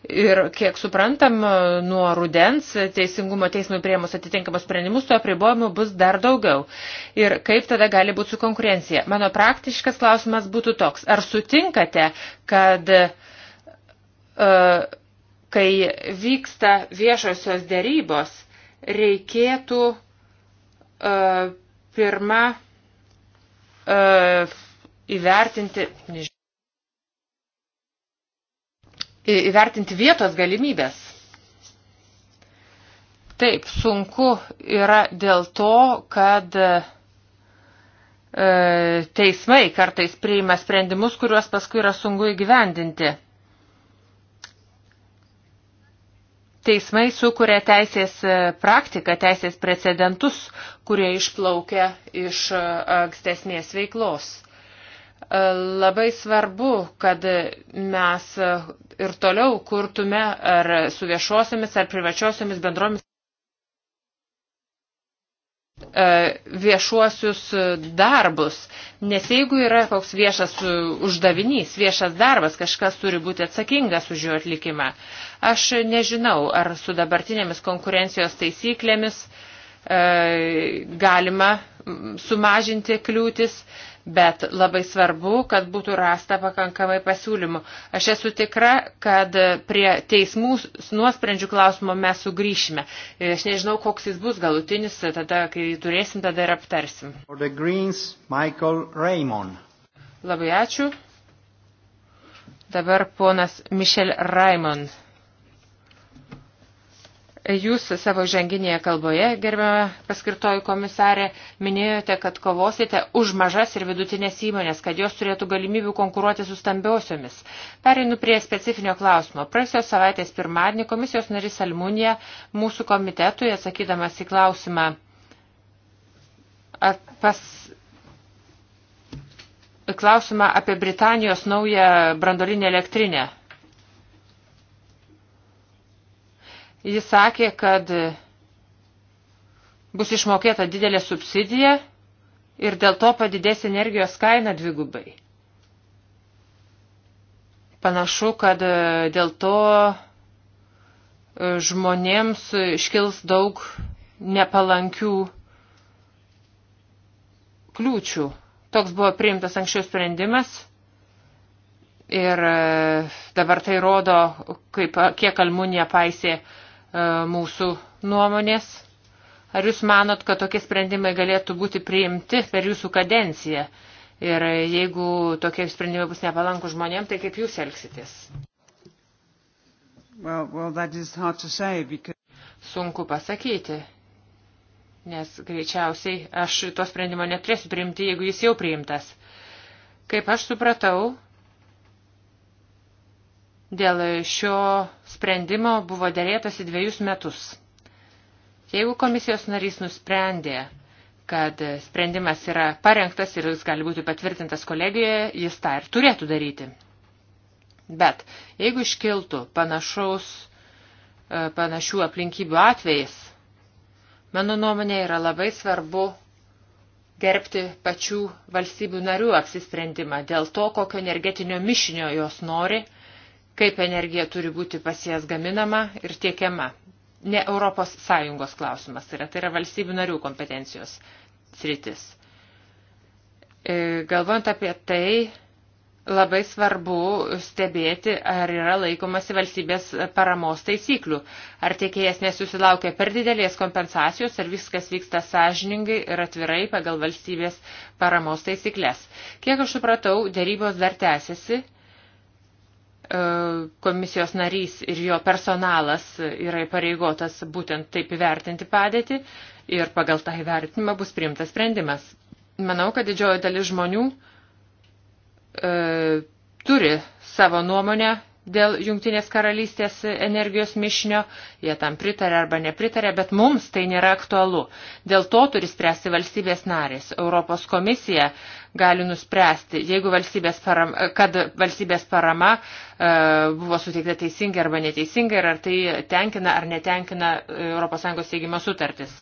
Ir kiek suprantam, nuo rudens teisingumo teismui prieimus atitinkamus sprendimus, tų apribojimų bus dar daugiau. Ir kaip tada gali būti su konkurencija? Mano praktiškas klausimas būtų toks. Ar sutinkate, kad uh, kai vyksta viešosios dėrybos, reikėtų E, pirma e, įvertinti, įvertinti vietos galimybės. Taip, sunku yra dėl to, kad e, teismai kartais priima sprendimus, kuriuos paskui yra sunku įgyvendinti. teismai sukuria teisės e, praktiką, teisės precedentus, kurie išplaukia iš e, ankstesnės veiklos. E, labai svarbu, kad mes ir toliau kurtume ar su viešosiomis, ar privačiosiomis bendromis E, viešuosius darbus. Nes jeigu yra koks viešas e, uždavinys, viešas darbas, kažkas turi būti atsakingas už jo atlikimą. Aš nežinau, ar su dabartinėmis konkurencijos taisyklėmis e, galima sumažinti kliūtis, bet labai svarbu, kad būtų rasta pakankamai pasiūlymų. Aš esu tikra, kad prie teismų nuosprendžių klausimo mes sugrįšime. Aš nežinau, koks jis bus galutinis, tada, kai turėsim, tada ir aptarsim. Greens, labai ačiū. Dabar ponas Mišel Raimond. Jūs savo ženginėje kalboje, gerbiamą paskirtojų komisarė, minėjote, kad kovosite už mažas ir vidutinės įmonės, kad jos turėtų galimybių konkuruoti su stambiosiomis. Pereinu prie specifinio klausimo. Praėjusios savaitės pirmadienį komisijos narys Almunija mūsų komitetui, atsakydamas į klausimą, pas, klausimą apie Britanijos naują brandolinę elektrinę Jis sakė, kad bus išmokėta didelė subsidija ir dėl to padidės energijos kaina dvigubai. Panašu, kad e, dėl to e, žmonėms iškils daug nepalankių kliūčių. Toks buvo priimtas anksčiau sprendimas ir e, dabar tai rodo, kaip, kiek Almunija paisė uh, E, mūsų nuomonės? Ar jūs manot, kad tokie sprendimai galėtų būti priimti per jūsų kadenciją? Ir jeigu tokie sprendimai bus nepalankų žmonėm, tai kaip jūs elgsitės? Well, well, say, because... Sunku pasakyti, nes greičiausiai aš to sprendimo neturėsiu priimti, jeigu jis jau priimtas. Kaip aš supratau, Dėl šio sprendimo buvo dėrėtasi dviejus metus. Jeigu komisijos narys nusprendė, kad sprendimas yra parengtas ir jis gali būti patvirtintas kolegijoje, jis tą ir turėtų daryti. Bet jeigu iškiltų panašaus, e, panašių aplinkybių atvejais, mano nuomonė yra labai svarbu gerbti pačių valstybių narių apsisprendimą dėl to, kokio energetinio mišinio jos nori kaip energija turi būti pas jas gaminama ir tiekiama. Ne Europos Sąjungos klausimas yra, tai yra valstybių narių kompetencijos sritis. E, galvojant apie tai, labai svarbu stebėti, ar yra laikomasi valstybės paramos taisyklių, ar tiekėjas nesusilaukia per didelės kompensacijos, ar viskas vyksta sąžiningai ir atvirai pagal valstybės paramos taisyklės. Kiek aš supratau, dėrybos dar tęsiasi E, komisijos narys ir jo personalas yra įpareigotas būtent taip įvertinti padėtį ir pagal tą įvertinimą bus priimtas sprendimas. Manau, kad didžioji dalis žmonių e, turi savo nuomonę dėl Junktinės karalystės energijos mišinio, jie tam pritarė arba nepritarė, bet mums tai nėra aktualu. Dėl to turi spręsti valstybės narės. Europos komisija gali nuspręsti, jeigu valstybės parama, kad valstybės parama e, buvo suteikta teisingai arba neteisingai ir ar tai tenkina ar netenkina ES teigimo sutartis.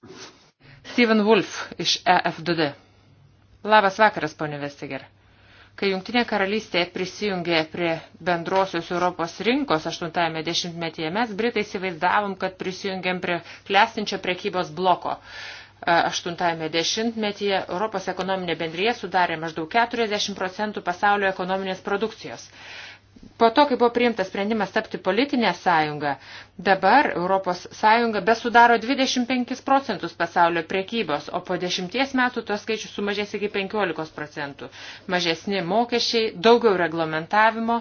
Steven Wolf iš EFDD. Labas vakaras, ponė Vestiger. Kai Junktinė karalystė prisijungė prie bendrosios Europos rinkos 80-ame dešimtmetyje, mes Britai įsivaizdavom, kad prisijungėm prie klestinčio prekybos bloko. 80-ame e, dešimtmetyje Europos ekonominė bendrija sudarė maždaug 40 procentų pasaulio ekonominės produkcijos. Po to, kai buvo priimtas sprendimas tapti politinę sąjungą, dabar Europos sąjunga besudaro 25 procentus pasaulio priekybos, o po dešimties metų to skaičius sumažės iki 15 procentų. Mažesni mokesčiai, daugiau reglamentavimo,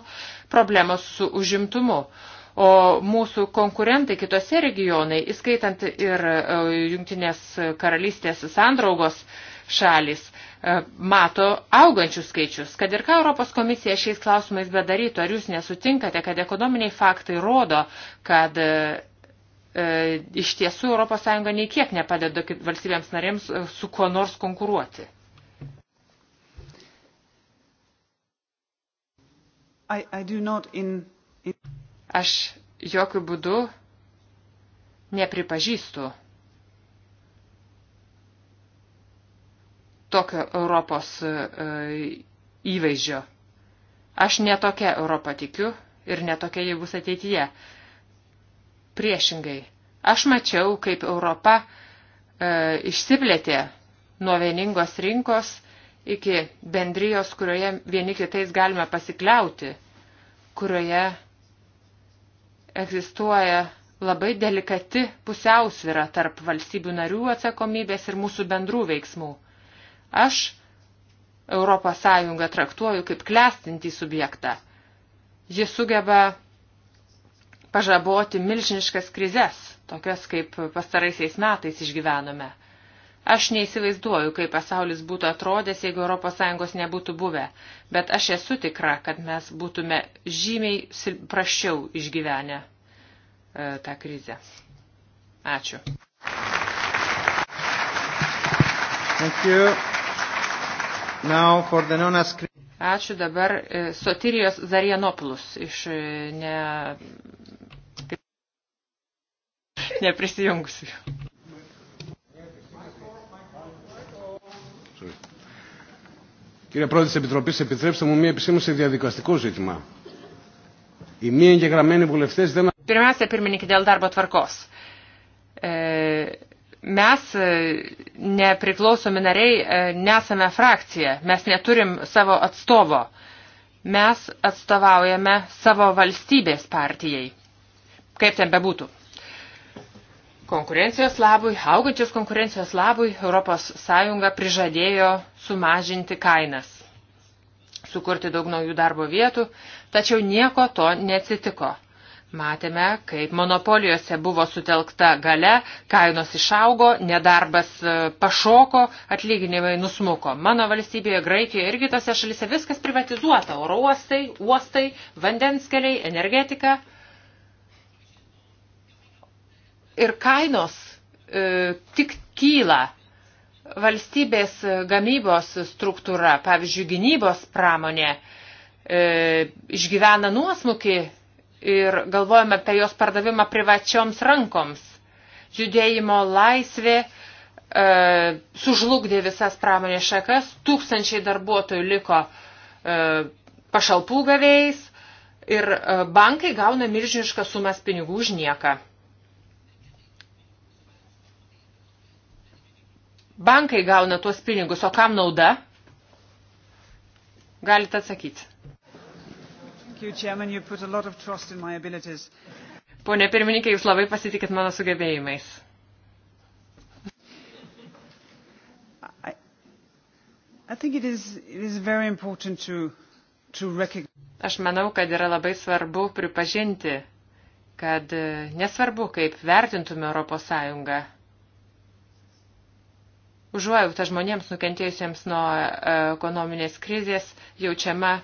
problemos su užimtumu. O mūsų konkurentai kitose regionai, įskaitant ir e, Jungtinės karalystės sandraugos šalis, E, mato augančius skaičius. Kad ir ką Europos komisija šiais klausimais bedarytų, ar jūs nesutinkate, kad ekonominiai faktai rodo, kad e, e iš tiesų ES nei kiek nepadeda valstybėms narėms e, su kuo nors konkuruoti? I, I in, in... Aš jokių būdų nepripažįstu tokio Europos e, įvaizdžio. Aš netokia Europą tikiu ir netokia jie bus ateityje. Priešingai, aš mačiau, kaip Europa e, išsiplėtė nuo vieningos rinkos iki bendrijos, kurioje vieni kitais galime pasikliauti, kurioje egzistuoja labai delikati pusiausvira tarp valstybių narių atsakomybės ir mūsų bendrų veiksmų. Aš Europos Sąjungą traktuoju kaip klestintį subjektą. Ji sugeba pažaboti milžiniškas krizes, tokias kaip pastaraisiais metais išgyvenome. Aš neįsivaizduoju, kaip pasaulis būtų atrodęs, jeigu ES nebūtų buvę, bet aš esu tikra, kad mes būtume žymiai prašiau išgyvenę e, tą krizę. Ačiū. Thank you. Ačiū dabar e, Sotirijos Zarianopulus iš e, ne... neprisijungusių. Κύριε Πρόεδρε της Επιτροπής, επιτρέψτε μου μία επισήμωση διαδικαστικό ζήτημα. Οι μη εγγεγραμμένοι βουλευτές δεν... Pirmiausia, pirmininkė, dėl darbo tvarkos. E, Mes e, nepriklausomi nariai e, nesame frakcija, mes neturim savo atstovo. Mes atstovaujame savo valstybės partijai. Kaip ten bebūtų. Konkurencijos labui, augančios konkurencijos labui, ES prižadėjo sumažinti kainas, sukurti daug naujų darbo vietų, tačiau nieko to neatsitiko. Matėme, kaip monopolijose buvo sutelkta gale, kainos išaugo, nedarbas e, pašoko, atlyginimai nusmuko. Mano valstybėje, Graikijoje ir kitose šalise viskas privatizuota - oro uostai, uostai, vandenskeliai, energetika. Ir kainos e, tik kyla valstybės e, gamybos struktūra, pavyzdžiui, gynybos pramonė, e, išgyvena nuosmukį ir galvojame apie jos pardavimą privačioms rankoms. Judėjimo laisvė e, sužlugdė visas pramonės šakas, tūkstančiai darbuotojų liko e, pašalpų gavėjais ir e, bankai gauna milžinišką sumas pinigų už nieką. Bankai gauna tuos pinigus, o kam nauda? Galite atsakyti. You, Chairman. You put a lot of trust in my abilities. Pone pirmininkė, jūs labai pasitikit mano sugebėjimais. I, I think it is, it is very important to, to recognize. Aš manau, kad yra labai svarbu pripažinti, kad e, nesvarbu, kaip vertintume Europos Sąjungą. Užuojauta žmonėms nukentėjusiems nuo e, ekonominės krizės jaučiama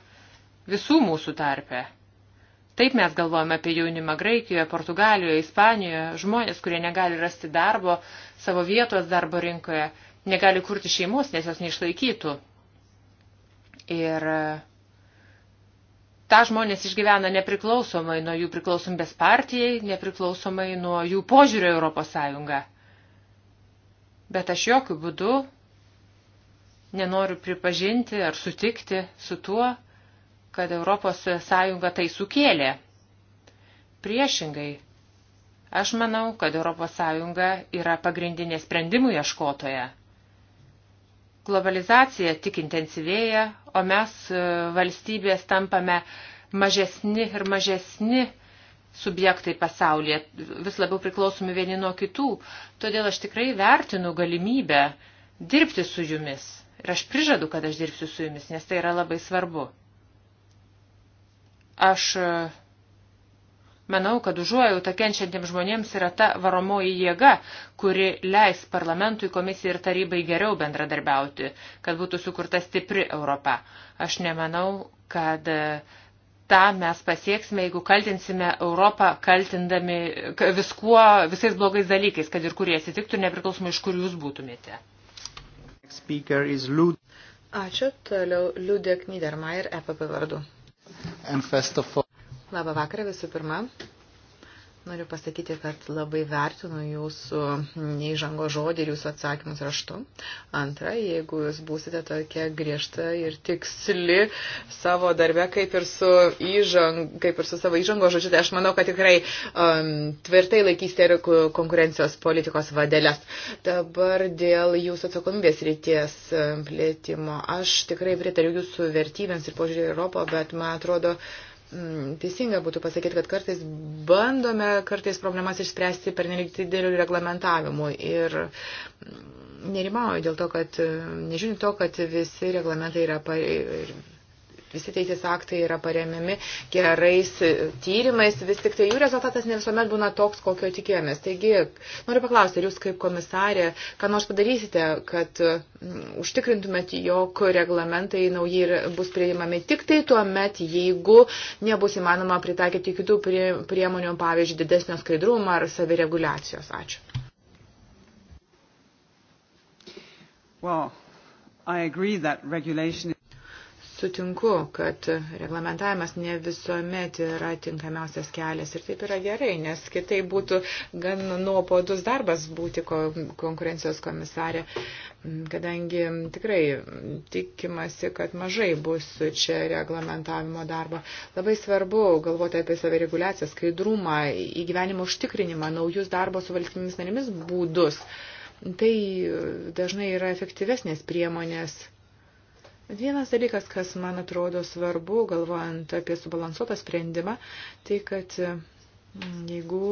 visų mūsų tarpe. Taip mes galvojame apie jaunimą Graikijoje, Portugalijoje, Ispanijoje, žmonės, kurie negali rasti darbo savo vietos darbo rinkoje, negali kurti šeimos, nes jos neišlaikytų. Ir e, tą žmonės išgyvena nepriklausomai nuo jų priklausomybės partijai, nepriklausomai nuo jų požiūrio Europos Sąjungą. Bet aš jokių būdų nenoriu pripažinti ar sutikti su tuo, kad Europos Sąjunga tai sukėlė. Priešingai, aš manau, kad Europos Sąjunga yra pagrindinė sprendimų ieškotoja. Globalizacija tik intensyvėja, o mes e, valstybės tampame mažesni ir mažesni subjektai pasaulyje, vis labiau priklausomi vieni nuo kitų. Todėl aš tikrai vertinu galimybę dirbti su jumis. Ir aš prižadu, kad aš dirbsiu su jumis, nes tai yra labai svarbu. Aš e, manau, kad užuojauta kenčiantiems žmonėms yra ta varomoji jėga, kuri leis parlamentui, komisijai ir tarybai geriau bendradarbiauti, kad būtų sukurta stipri Europa. Aš nemanau, kad e, tą mes pasieksime, jeigu kaltinsime Europą, kaltindami viskuo, visais blogais dalykais, kad ir kur jie atsitiktų, nepriklausomai iš kur jūs būtumėte. Ačiū, toliau Liudė Knydermajer, EPP vardu. Labą vakarą visų pirma. Noriu pasakyti, kad labai vertinu jūsų neįžango žodį ir jūsų atsakymus raštu. Antra, jeigu jūs būsite tokia griežta ir tiksli savo darbe, kaip ir su, įžang, kaip ir su savo įžango žodžiu, tai aš manau, kad tikrai um, tvirtai laikysite ir konkurencijos politikos vadelės. Dabar dėl jūsų atsakomybės ryties um, plėtimo. Aš tikrai pritariu jūsų vertybėms ir požiūrį Europą, bet man atrodo, uh, Mm, teisinga būtų pasakyti, kad kartais bandome kartais problemas išspręsti per nelik didelių reglamentavimų ir mm, nerimauju dėl to, kad mm, nežiūrint to, kad visi reglamentai yra visi teisės aktai yra paremiami gerais tyrimais, vis tik tai jų rezultatas ne visuomet būna toks, kokio tikėjomės. Taigi, noriu paklausti, ar jūs kaip komisarė, ką nors padarysite, kad mm, užtikrintumėt, jog reglamentai nauji bus priimami tik tai tuo met, jeigu nebus įmanoma pritaikyti kitų prie, priemonių, pavyzdžiui, didesnio skaidrumo ar savireguliacijos. Ačiū. Well, I agree that regulation Sutinku, kad reglamentavimas ne visuomet yra tinkamiausias kelias ir taip yra gerai, nes kitai būtų gan nuopodus darbas būti konkurencijos komisarė, kadangi tikrai tikimasi, kad mažai bus čia reglamentavimo darbo. Labai svarbu galvoti apie savireguliaciją, skaidrumą, įgyvenimo užtikrinimą, naujus darbo su valstybėmis narimis būdus. Tai dažnai yra efektyvesnės priemonės Vienas dalykas, kas man atrodo svarbu, galvojant apie subalansuotą sprendimą, tai kad mm, jeigu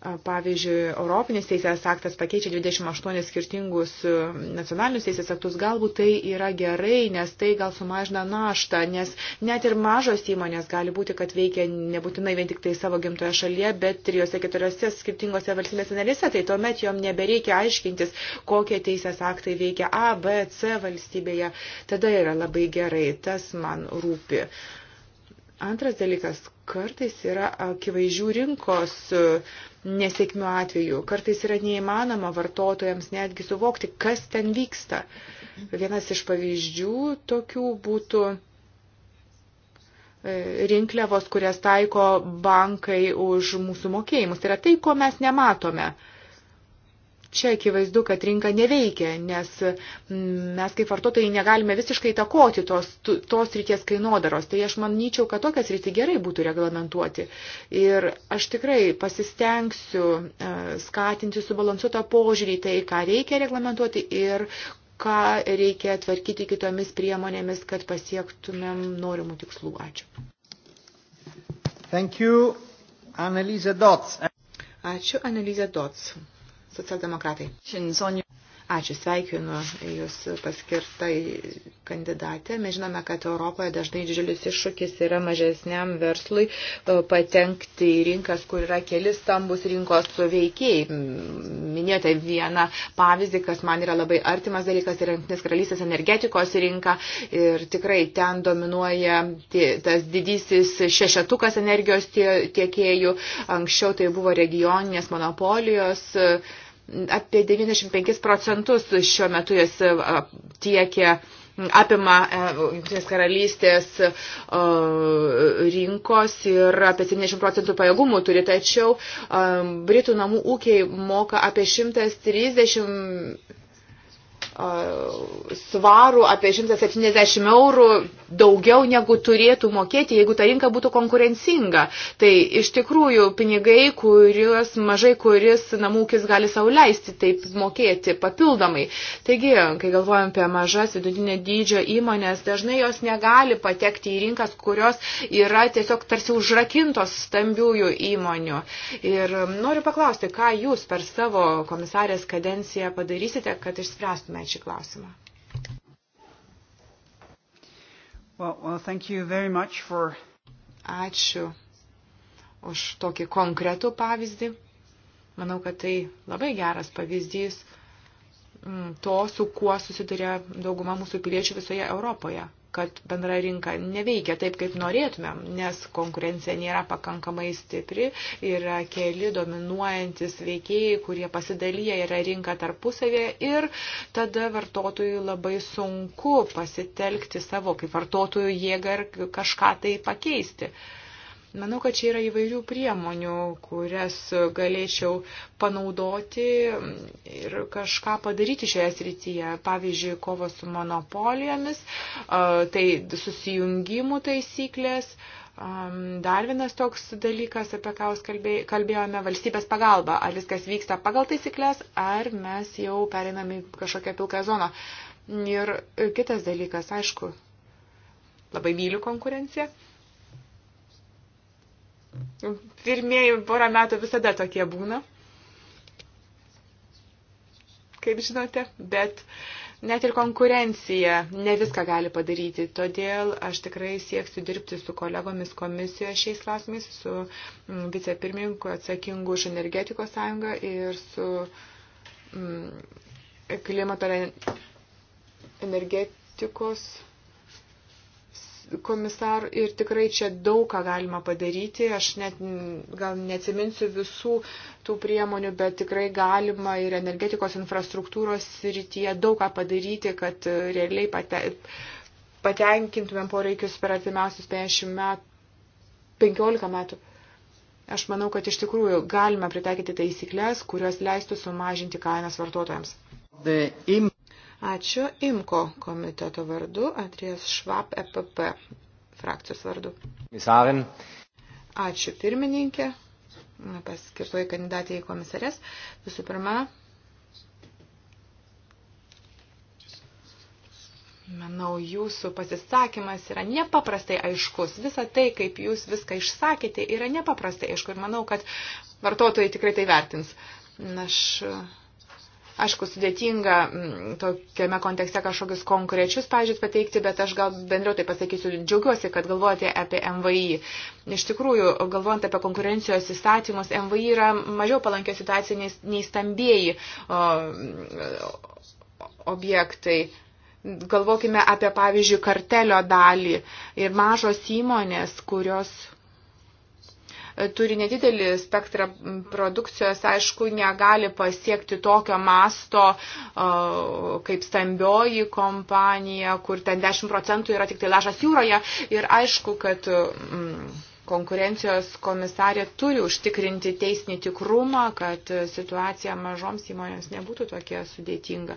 pavyzdžiui, Europinės teisės aktas pakeičia 28 skirtingus e, nacionalinius teisės aktus, galbūt tai yra gerai, nes tai gal sumažina naštą, nes net ir mažos įmonės gali būti, kad veikia nebūtinai vien tik tai savo gimtoje šalyje, bet trijose, keturiose skirtingose valstybėse narėse, tai tuomet jom nebereikia aiškintis, kokie teisės aktai veikia A, B, C valstybėje. Tada yra labai gerai, tas man rūpi. Uh, Antras dalykas, kartais yra akivaizdžių rinkos e, nesėkmių atveju, kartais yra neįmanoma vartotojams netgi suvokti, kas ten vyksta. Vienas iš pavyzdžių tokių būtų e, rinkliavos, kurias taiko bankai už mūsų mokėjimus. Tai yra tai, ko mes nematome. Mhm Čia akivaizdu, kad rinka neveikia, nes mm, mes kaip vartotojai negalime visiškai takoti tos, tos ryties kainodaros. Tai aš manyčiau, kad tokias rytį gerai būtų reglamentuoti. Ir aš tikrai pasistengsiu e, skatinti subalansuotą požiūrį tai, ką reikia reglamentuoti ir ką reikia tvarkyti kitomis priemonėmis, kad pasiektumėm norimų tikslų. Ačiū. Thank you, Annelise Dots. Ačiū, Annelise Dots socialdemokratai. Ačiū, sveikinu Jūs paskirtai kandidatė. Mes žinome, kad Europoje dažnai didžiulis iššūkis yra mažesniam verslui patenkti į rinkas, kur yra keli stambus rinkos veikiai. Minėjote vieną pavyzdį, kas man yra labai artimas dalykas, yra Junktinės karalystės energetikos rinka ir tikrai ten dominuoja tie, tas didysis šešetukas energijos tie, tiekėjų. Anksčiau tai buvo regioninės monopolijos. Uh, Apie 95 procentus šiuo metu jos e, tiekia apima e, Junktinės karalystės e, rinkos ir apie 70 procentų pajėgumų turi, tačiau Britų namų ūkiai moka apie 130 svarų, apie 170 eurų daugiau negu turėtų mokėti, jeigu ta rinka būtų konkurencinga. Tai iš tikrųjų pinigai, kuriuos mažai kuris namūkis gali savo leisti taip mokėti papildomai. Taigi, kai galvojam apie mažas vidutinio dydžio įmonės, dažnai jos negali patekti į rinkas, kurios yra tiesiog tarsi užrakintos stambiųjų įmonių. Ir noriu paklausti, ką jūs per savo komisarės kadenciją padarysite, kad išspręstume sprendžiant šį klausimą. Well, well, for... Ačiū už tokį konkretų pavyzdį. Manau, kad tai labai geras pavyzdys mm, to, su kuo susiduria dauguma mūsų piliečių visoje Europoje kad bendra rinka neveikia taip, kaip norėtumėm, nes konkurencija nėra pakankamai stipri, yra keli dominuojantis veikėjai, kurie pasidalyja yra rinka tarpusavė ir tada vartotojui labai sunku pasitelkti savo kaip vartotojų jėgą ir kažką tai pakeisti. Uh, Manau, kad čia yra įvairių priemonių, kurias galėčiau panaudoti ir kažką padaryti šioje srityje. Pavyzdžiui, kovo su monopolijomis, tai susijungimų taisyklės. Dar vienas toks dalykas, apie ką kalbėjome, valstybės pagalba. Ar viskas vyksta pagal taisyklės, ar mes jau pereinam į kažkokią pilką zoną. Ir kitas dalykas, aišku, labai myliu konkurenciją Pirmieji porą metų visada tokie būna, kaip žinote, bet net ir konkurencija ne viską gali padaryti. Todėl aš tikrai sieksiu dirbti su kolegomis komisijoje šiais klausimais, su mm, vicepirmininku atsakingu už energetikos sąjungą ir su mm, klimato energetikos sąjungą komisar, ir tikrai čia daug ką galima padaryti. Aš net gal neatsiminsiu visų tų priemonių, bet tikrai galima ir energetikos infrastruktūros rytyje daug ką padaryti, kad realiai pate, patenkintumėm poreikius per artimiausius 50 metų, 15 metų. Aš manau, kad iš tikrųjų galima pritaikyti taisyklės, kurios leistų sumažinti kainas vartotojams. The... Ačiū Imko komiteto vardu, Andrijas Švab, EPP frakcijos vardu. Visarin. Ačiū pirmininkė, paskirtoji kandidatė į komisarės. Visų pirma, Manau, jūsų pasisakymas yra nepaprastai aiškus. Visa tai, kaip jūs viską išsakėte, yra nepaprastai aišku. Ir manau, kad vartotojai tikrai tai vertins. Aš Aišku, sudėtinga mm, tokiame kontekste kažkokius konkrečius pažiūrės pateikti, bet aš gal bendriau tai pasakysiu. Džiaugiuosi, kad galvojate apie MVI. Iš tikrųjų, galvojant apie konkurencijos įstatymus, MVI yra mažiau palankio situacija nei, nei stambėjai objektai. Galvokime apie, pavyzdžiui, kartelio dalį ir mažos įmonės, kurios turi nedidelį spektrą produkcijos, aišku, negali pasiekti tokio masto kaip stambioji kompanija, kur ten 10 procentų yra tik tai lašas jūroje. Ir aišku, kad. Mm, konkurencijos komisarė turi užtikrinti teisinį tikrumą, kad situacija mažoms įmonėms nebūtų tokia sudėtinga.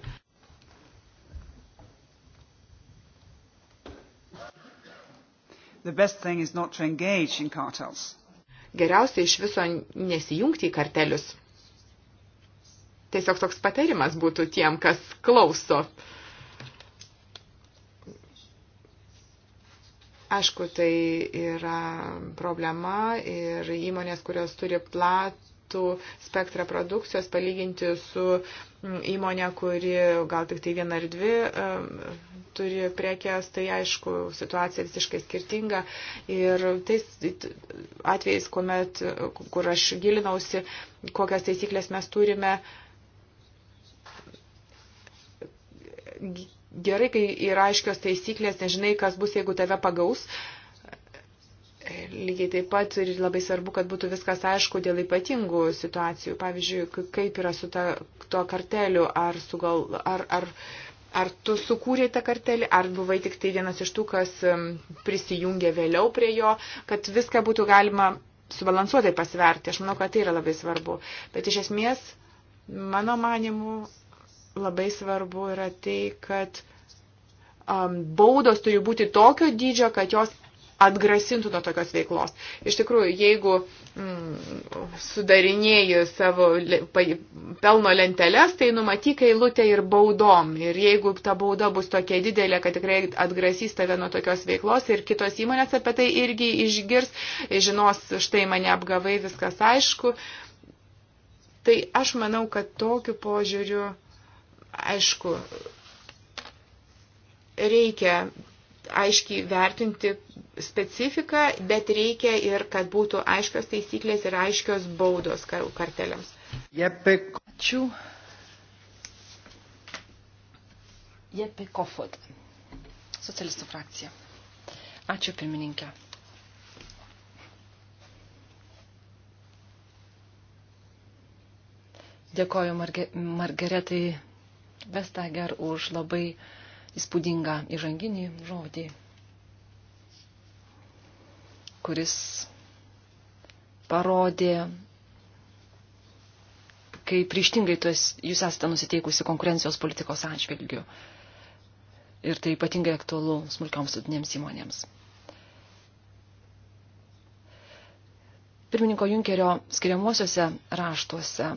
The best thing is not to engage in cartels geriausia iš viso nesijungti į kartelius. Tiesiog toks patarimas būtų tiem, kas klauso. Aišku, tai yra problema ir įmonės, kurios turi plat, platų spektrą produkcijos, palyginti su mm, įmonė, kuri gal tik tai viena ar dvi turi prekes, tai aišku, situacija visiškai skirtinga. Ir tais atvejais, kuomet, kur aš gilinausi, kokias taisyklės mes turime, gerai, kai yra aiškios taisyklės, nežinai, kas bus, jeigu tave pagaus. Uh, Lygiai taip pat ir labai svarbu, kad būtų viskas aišku dėl ypatingų situacijų. Pavyzdžiui, kaip yra su ta, tuo karteliu, ar, sugal, ar, ar, ar tu sukūrė tą kartelį, ar buvai tik tai vienas iš tų, kas prisijungė vėliau prie jo, kad viską būtų galima subalansuotai pasverti. Aš manau, kad tai yra labai svarbu. Bet iš esmės, mano manimu, labai svarbu yra tai, kad um, baudos turi būti tokio dydžio, kad jos atgrasintų nuo tokios veiklos. Iš tikrųjų, jeigu mm, sudarinėjai savo le, pa, pelno lenteles, tai numatyk eilutę ir baudom. Ir jeigu ta bauda bus tokia didelė, kad tikrai atgrasys tave nuo tokios veiklos ir kitos įmonės apie tai irgi išgirs, žinos, štai mane apgavai, viskas aišku. Tai aš manau, kad tokiu požiūriu, aišku, reikia aiškiai vertinti specifiką, bet reikia ir, kad būtų aiškios taisyklės ir aiškios baudos kartelėms. Jepe. Ačiū. Jepe Kofod, socialistų frakcija. Ačiū pirmininkė. Dėkoju Marge Margaretai Vestager už labai uh, įspūdingą įžanginį žodį, kuris parodė, kaip ryštingai jūs esate nusiteikusi konkurencijos politikos atžvilgių. Ir tai ypatingai aktualu smulkioms studinėms įmonėms. pirmininko Junkerio skiriamuosiuose raštuose.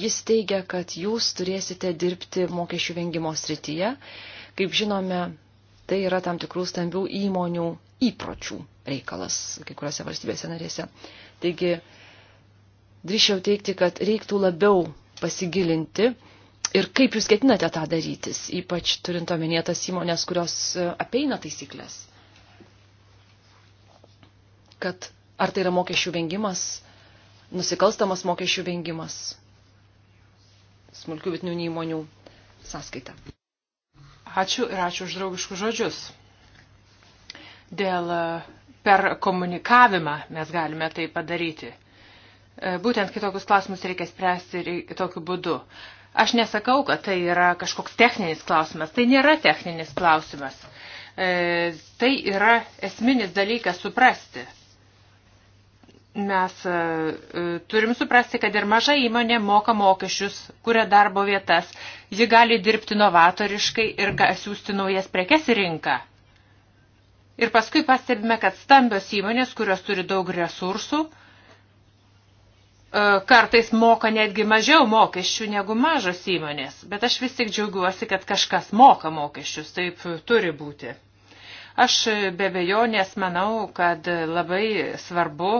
Jis teigia, kad jūs turėsite dirbti mokesčių vengimo srityje Kaip žinome, tai yra tam tikrų stambių įmonių įpročių reikalas kai kuriuose valstybėse narėse. Taigi, drįšiau teikti, kad reiktų labiau pasigilinti ir kaip jūs ketinate tą darytis, ypač turint omenyje tas įmonės, kurios e, apeina taisyklės. Kad ar tai yra mokesčių vengimas, nusikalstamas mokesčių vengimas smulkių vidinių įmonių sąskaita. Ačiū ir ačiū už draugiškus žodžius. Dėl e, per komunikavimą mes galime tai padaryti. E, būtent kitokius klausimus reikia spręsti tokiu būdu. Aš nesakau, kad tai yra kažkoks techninis klausimas. Tai nėra techninis klausimas. E, tai yra esminis dalykas suprasti. Mes e, e, turim suprasti, kad ir maža įmonė moka mokesčius, kuria darbo vietas, ji gali dirbti novatoriškai ir siūsti naujas prekes į rinką. Ir paskui pastebime, kad stambios įmonės, kurios turi daug resursų, e, kartais moka netgi mažiau mokesčių negu mažos įmonės. Bet aš vis tik džiaugiuosi, kad kažkas moka mokesčius, taip turi būti. Aš be bejonės manau, kad labai svarbu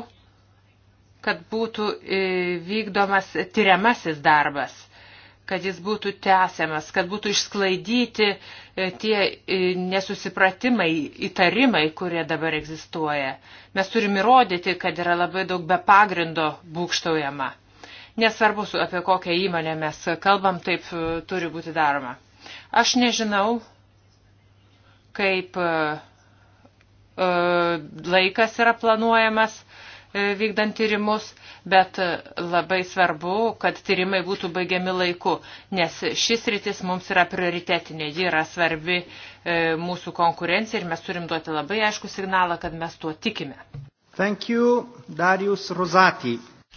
kad būtų e, vykdomas tyriamasis darbas, kad jis būtų tęsiamas, kad būtų išsklaidyti e, tie e, nesusipratimai, įtarimai, kurie dabar egzistuoja. Mes turime įrodyti, kad yra labai daug be pagrindo būkštaujama. Nesvarbu, apie kokią įmonę mes kalbam, taip turi būti daroma. Aš nežinau, kaip laikas yra planuojamas, E, vykdant tyrimus, bet labai svarbu, kad tyrimai būtų baigiami laiku, nes šis rytis mums yra prioritetinė, ji yra svarbi e, mūsų konkurencija ir mes turim duoti labai aišku signalą, kad mes tuo tikime. Thank you, Darius Rozati.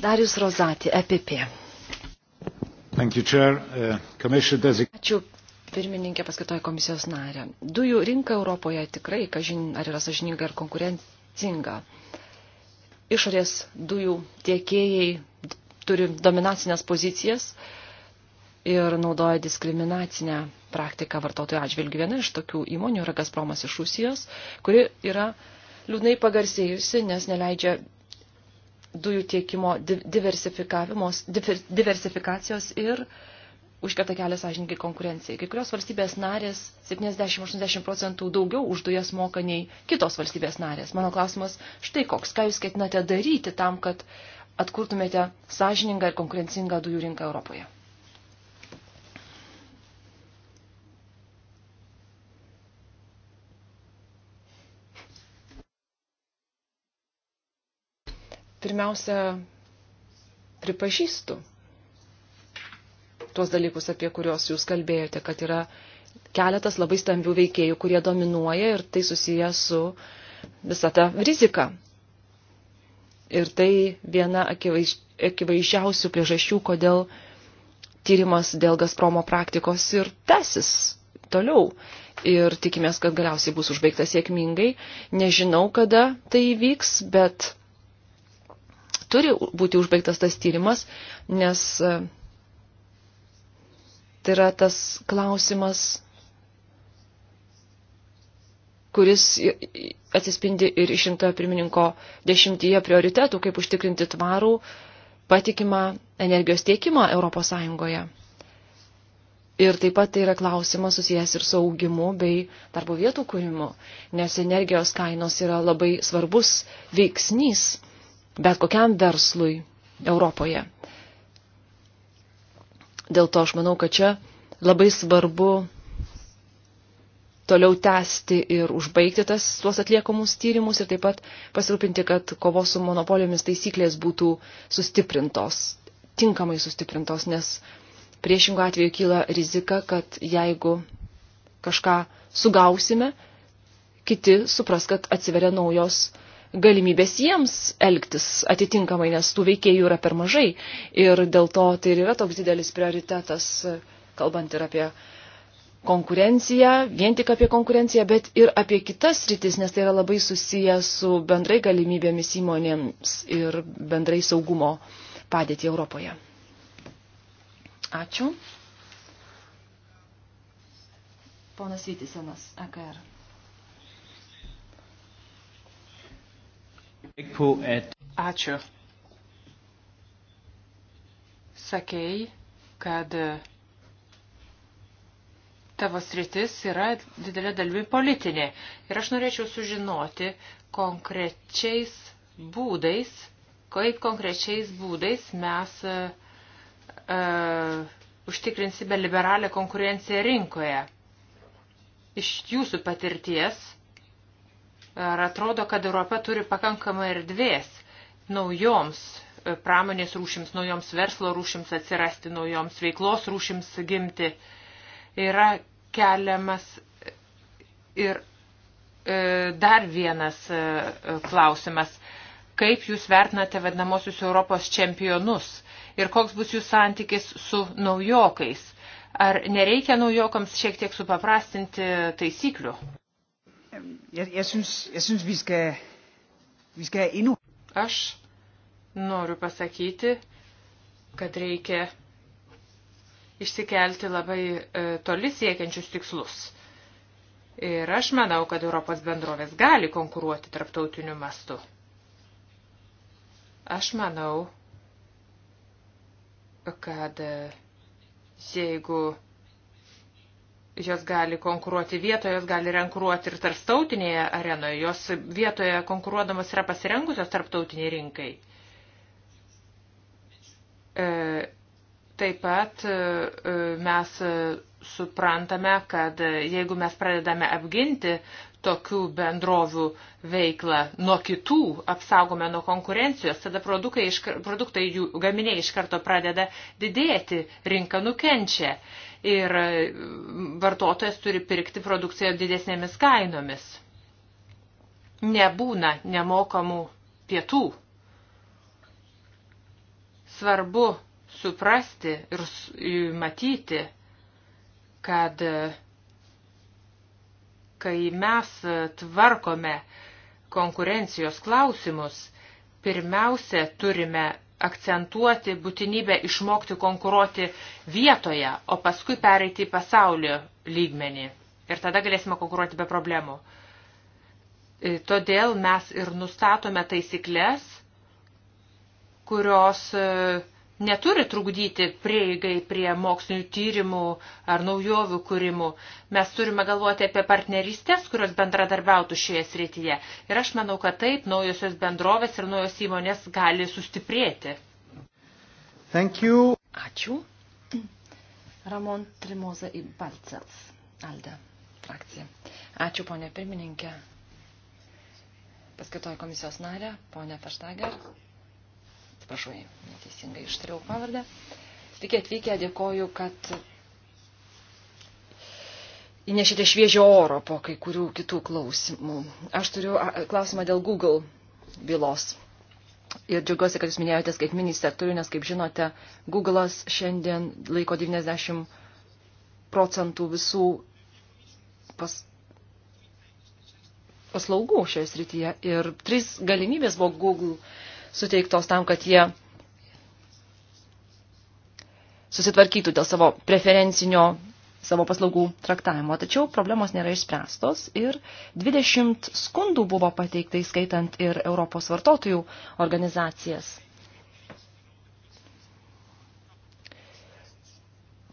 Darius Rozati, EPP. Thank you, Chair. Uh, Commissioner Designate. Ačiū, pirmininkė paskitoje komisijos narė. Dujų rinka Europoje tikrai, kažin, ar yra sažininga ir konkurencinga. Uh, išorės dujų tiekėjai turi dominacinės pozicijas ir naudoja diskriminacinę praktiką vartotojų atžvilgių. Viena iš tokių įmonių yra Gazpromas iš Rusijos, kuri yra liūdnai pagarsėjusi, nes neleidžia dujų tiekimo diversifikacijos ir užkerta kelią sąžininkai konkurencijai. Kai kurios valstybės narės 70-80 procentų daugiau už dujas moka nei kitos valstybės narės. Mano klausimas štai koks, ką jūs ketinate daryti tam, kad atkurtumėte sąžiningą ir konkurencingą dujų rinką Europoje? Pirmiausia, pripažįstu, tuos dalykus, apie kuriuos jūs kalbėjote, kad yra keletas labai stambių veikėjų, kurie dominuoja ir tai susiję su visa ta rizika. Ir tai viena akivaizdžiausių priežasčių, kodėl tyrimas dėl Gazpromo praktikos ir tesis toliau. Ir tikimės, kad galiausiai bus užbaigtas sėkmingai. Nežinau, kada tai įvyks, bet turi būti užbaigtas tas tyrimas, nes Tai yra tas klausimas, kuris atsispindi ir išrinktojo pirmininko dešimtyje prioritetų, kaip užtikrinti tvarų patikimą energijos tiekimą Europos Sąjungoje. Ir taip pat tai yra klausimas susijęs ir su augimu bei darbo vietų kūrimu, nes energijos kainos yra labai svarbus veiksnys bet kokiam verslui Europoje. Dėl to aš manau, kad čia labai svarbu toliau tęsti ir užbaigti tas, tuos atliekamus tyrimus ir taip pat pasirūpinti, kad kovos su monopolijomis taisyklės būtų sustiprintos, tinkamai sustiprintos, nes priešingų atveju kyla rizika, kad jeigu kažką sugausime, kiti supras, kad atsiveria naujos galimybės jiems elgtis atitinkamai, nes tų veikėjų yra per mažai. Ir dėl to tai ir yra toks didelis prioritetas, kalbant ir apie konkurenciją, vien tik apie konkurenciją, bet ir apie kitas rytis, nes tai yra labai susiję su bendrai galimybėmis įmonėms ir bendrai saugumo padėti Europoje. Ačiū. Ponas Vytisenas, AKR. Ačiū. Sakei, kad tavo sritis yra didelė dalimi politinė. Ir aš norėčiau sužinoti konkrečiais būdais, kaip konkrečiais būdais mes uh, uh, užtikrinsime liberalią konkurenciją rinkoje. Iš jūsų patirties Ar atrodo, kad Europa turi pakankamai erdvės naujoms e, pramonės rūšims, naujoms verslo rūšims atsirasti, naujoms veiklos rūšims gimti? Yra keliamas e, ir e, dar vienas klausimas. Kaip jūs vertinate vadinamosius Europos čempionus ir koks bus jų santykis su naujokais? Ar nereikia naujokams šiek tiek supaprastinti taisyklių? Jeg, jeg, synes, jeg synes, vi skal, vi skal endnu. Aš noriu pasakyti, kad reikia išsikelti labai e, toli siekiančius tikslus. Ir aš manau, kad Europos bendrovės gali konkuruoti tarptautiniu mastu. Aš manau, kad e, jeigu jos gali konkuruoti vietoje, jos gali renkuruoti ir tarptautinėje arenoje, jos vietoje konkuruodamas yra pasirengusios tarptautiniai rinkai. E, taip pat e, e, mes suprantame, kad jeigu mes pradedame apginti tokių bendrovių veiklą nuo kitų, apsaugome nuo konkurencijos, tada produktai, produktai jų gaminiai iš karto pradeda didėti, rinka nukenčia ir vartotojas turi pirkti produkciją didesnėmis kainomis. Nebūna nemokamų pietų. Svarbu suprasti ir matyti, kad kai mes tvarkome konkurencijos klausimus, pirmiausia turime akcentuoti būtinybę išmokti konkuruoti vietoje, o paskui pereiti į pasaulio lygmenį. Ir tada galėsime konkuruoti be problemų. E, todėl mes ir nustatome taisyklės, kurios uh, neturi trukdyti prieigai prie mokslinių tyrimų ar naujovių kūrimų. Mes turime galvoti apie partnerystės, kurios bendradarbiautų šioje srityje. Ir aš manau, kad taip naujosios bendrovės ir naujos įmonės gali sustiprėti. Thank you. Ačiū. Ramon Trimoza į Balcels. Alda, frakcija. Ačiū, ponė pirmininkė. Paskitoji komisijos narė, ponė Feštager atsiprašau, neteisingai ištariau pavardę. Sveiki atvykę, dėkoju, kad įnešite šviežio oro po kai kurių kitų klausimų. Aš turiu klausimą dėl Google bylos. Ir džiaugiuosi, kad jūs minėjote skaitminį sektorių, nes, kaip žinote, Google'as šiandien laiko 90 procentų visų pas, paslaugų šioje srityje. Ir trys galimybės buvo Google suteiktos tam, kad jie susitvarkytų dėl savo preferencinio savo paslaugų traktavimo. Tačiau problemos nėra išspręstos ir 20 skundų buvo pateiktai, skaitant ir Europos vartotojų organizacijas.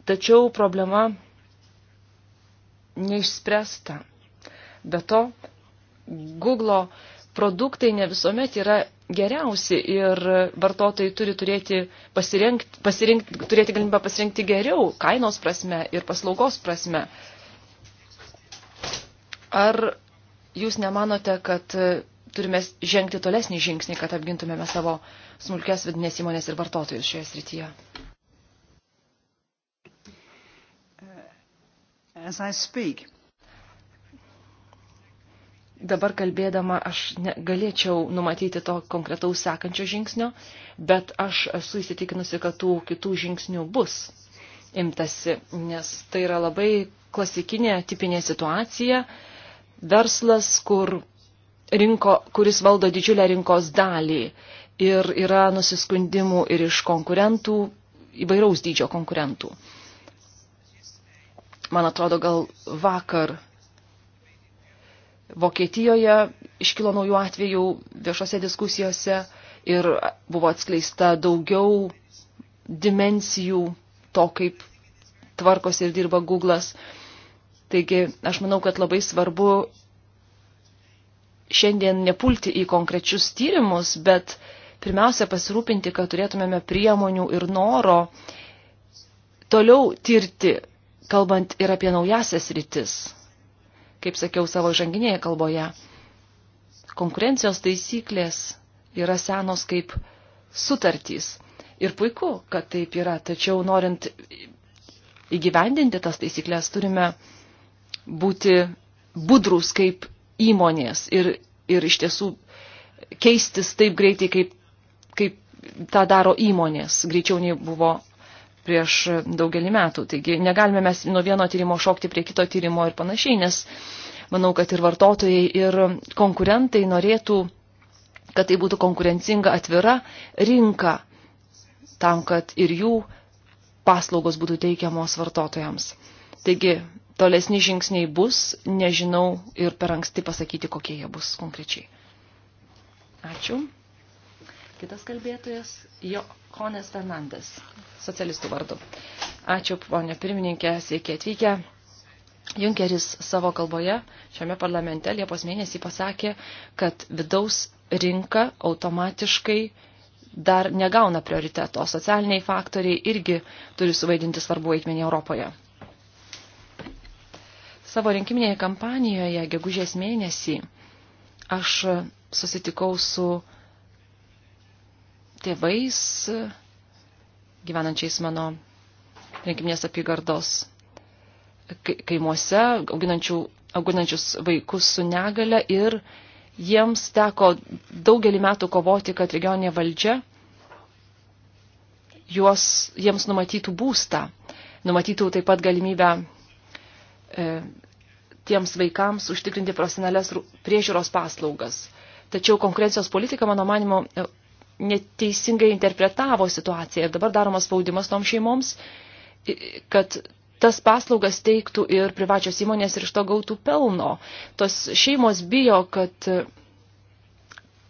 Tačiau problema neišspręsta. Be to, Google produktai ne visuomet yra geriausi ir vartotojai turi turėti pasirinkti, pasirinkti, turėti galimybę pasirinkti geriau kainos prasme ir paslaugos prasme. Ar jūs nemanote, kad turime žengti tolesnį žingsnį, kad apgintumėme savo smulkės vidinės įmonės ir vartotojus šioje srityje? As I speak, dabar kalbėdama aš galėčiau numatyti to konkretaus sekančio žingsnio, bet aš esu įsitikinusi, kad tų kitų žingsnių bus imtasi, nes tai yra labai klasikinė, tipinė situacija, verslas, kur rinko, kuris valdo didžiulę rinkos dalį ir yra nusiskundimų ir iš konkurentų, įvairaus dydžio konkurentų. Man atrodo, gal vakar Vokietijoje iškilo naujų atvejų viešose diskusijose ir buvo atskleista daugiau dimensijų to, kaip tvarkosi ir dirba Google'as. Taigi aš manau, kad labai svarbu šiandien nepulti į konkrečius tyrimus, bet pirmiausia pasirūpinti, kad turėtumėme priemonių ir noro toliau tirti, kalbant ir apie naujasias rytis kaip sakiau savo žanginėje kalboje. Konkurencijos taisyklės yra senos kaip sutartys. Ir puiku, kad taip yra, tačiau norint įgyvendinti tas taisyklės turime būti budrus kaip įmonės ir, ir iš tiesų keistis taip greitai, kaip, kaip tą daro įmonės, greičiau nei buvo prieš daugelį metų. Taigi negalime mes nuo vieno tyrimo šokti prie kito tyrimo ir panašiai, nes manau, kad ir vartotojai, ir konkurentai norėtų, kad tai būtų konkurencinga atvira rinka tam, kad ir jų paslaugos būtų teikiamos vartotojams. Taigi tolesni žingsniai bus, nežinau ir per anksti pasakyti, kokie jie bus konkrečiai. Ačiū. Kitas kalbėtojas Jo Jonas Fernandes, socialistų vardu. Ačiū, ponė pirmininkė, sveiki atvykę. Junkeris savo kalboje šiame parlamente Liepos mėnesį pasakė, kad vidaus rinka automatiškai dar negauna prioriteto. Socialiniai faktoriai irgi turi suvaidinti svarbu vaidmenį Europoje. Savo rinkiminėje kampanijoje gegužės mėnesį aš susitikau su tėvais, gyvenančiais mano rinkiminės apygardos kaimuose, auginančius vaikus su negale ir jiems teko daugelį metų kovoti, kad regioninė valdžia juos, jiems numatytų būstą, numatytų taip pat galimybę e, tiems vaikams užtikrinti profesionalias priežiūros paslaugas. Tačiau konkurencijos politika, mano manimo, neteisingai interpretavo situaciją ir dabar daromas spaudimas tom šeimoms, kad tas paslaugas teiktų ir privačios įmonės ir iš to gautų pelno. Tos šeimos bijo, kad e,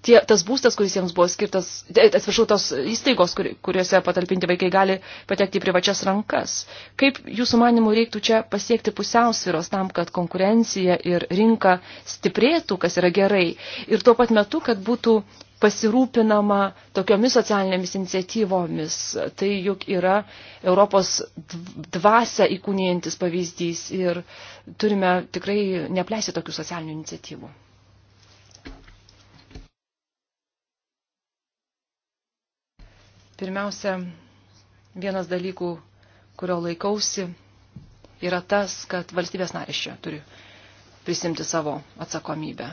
tie, tas būstas, kuris jiems buvo skirtas, e, atsiprašau, tos įstaigos, kur, kuriuose patalpinti vaikai gali patekti į privačias rankas. Kaip jūsų manimų reiktų čia pasiekti pusiausvyros tam, kad konkurencija ir rinka stiprėtų, kas yra gerai, ir tuo pat metu, kad būtų pasirūpinama tokiomis socialinėmis iniciatyvomis. Tai juk yra Europos dvasia įkūnijantis pavyzdys ir turime tikrai nepleisti tokių socialinių iniciatyvų. Pirmiausia, vienas dalykų, kurio laikausi, yra tas, kad valstybės narės čia turi prisimti savo atsakomybę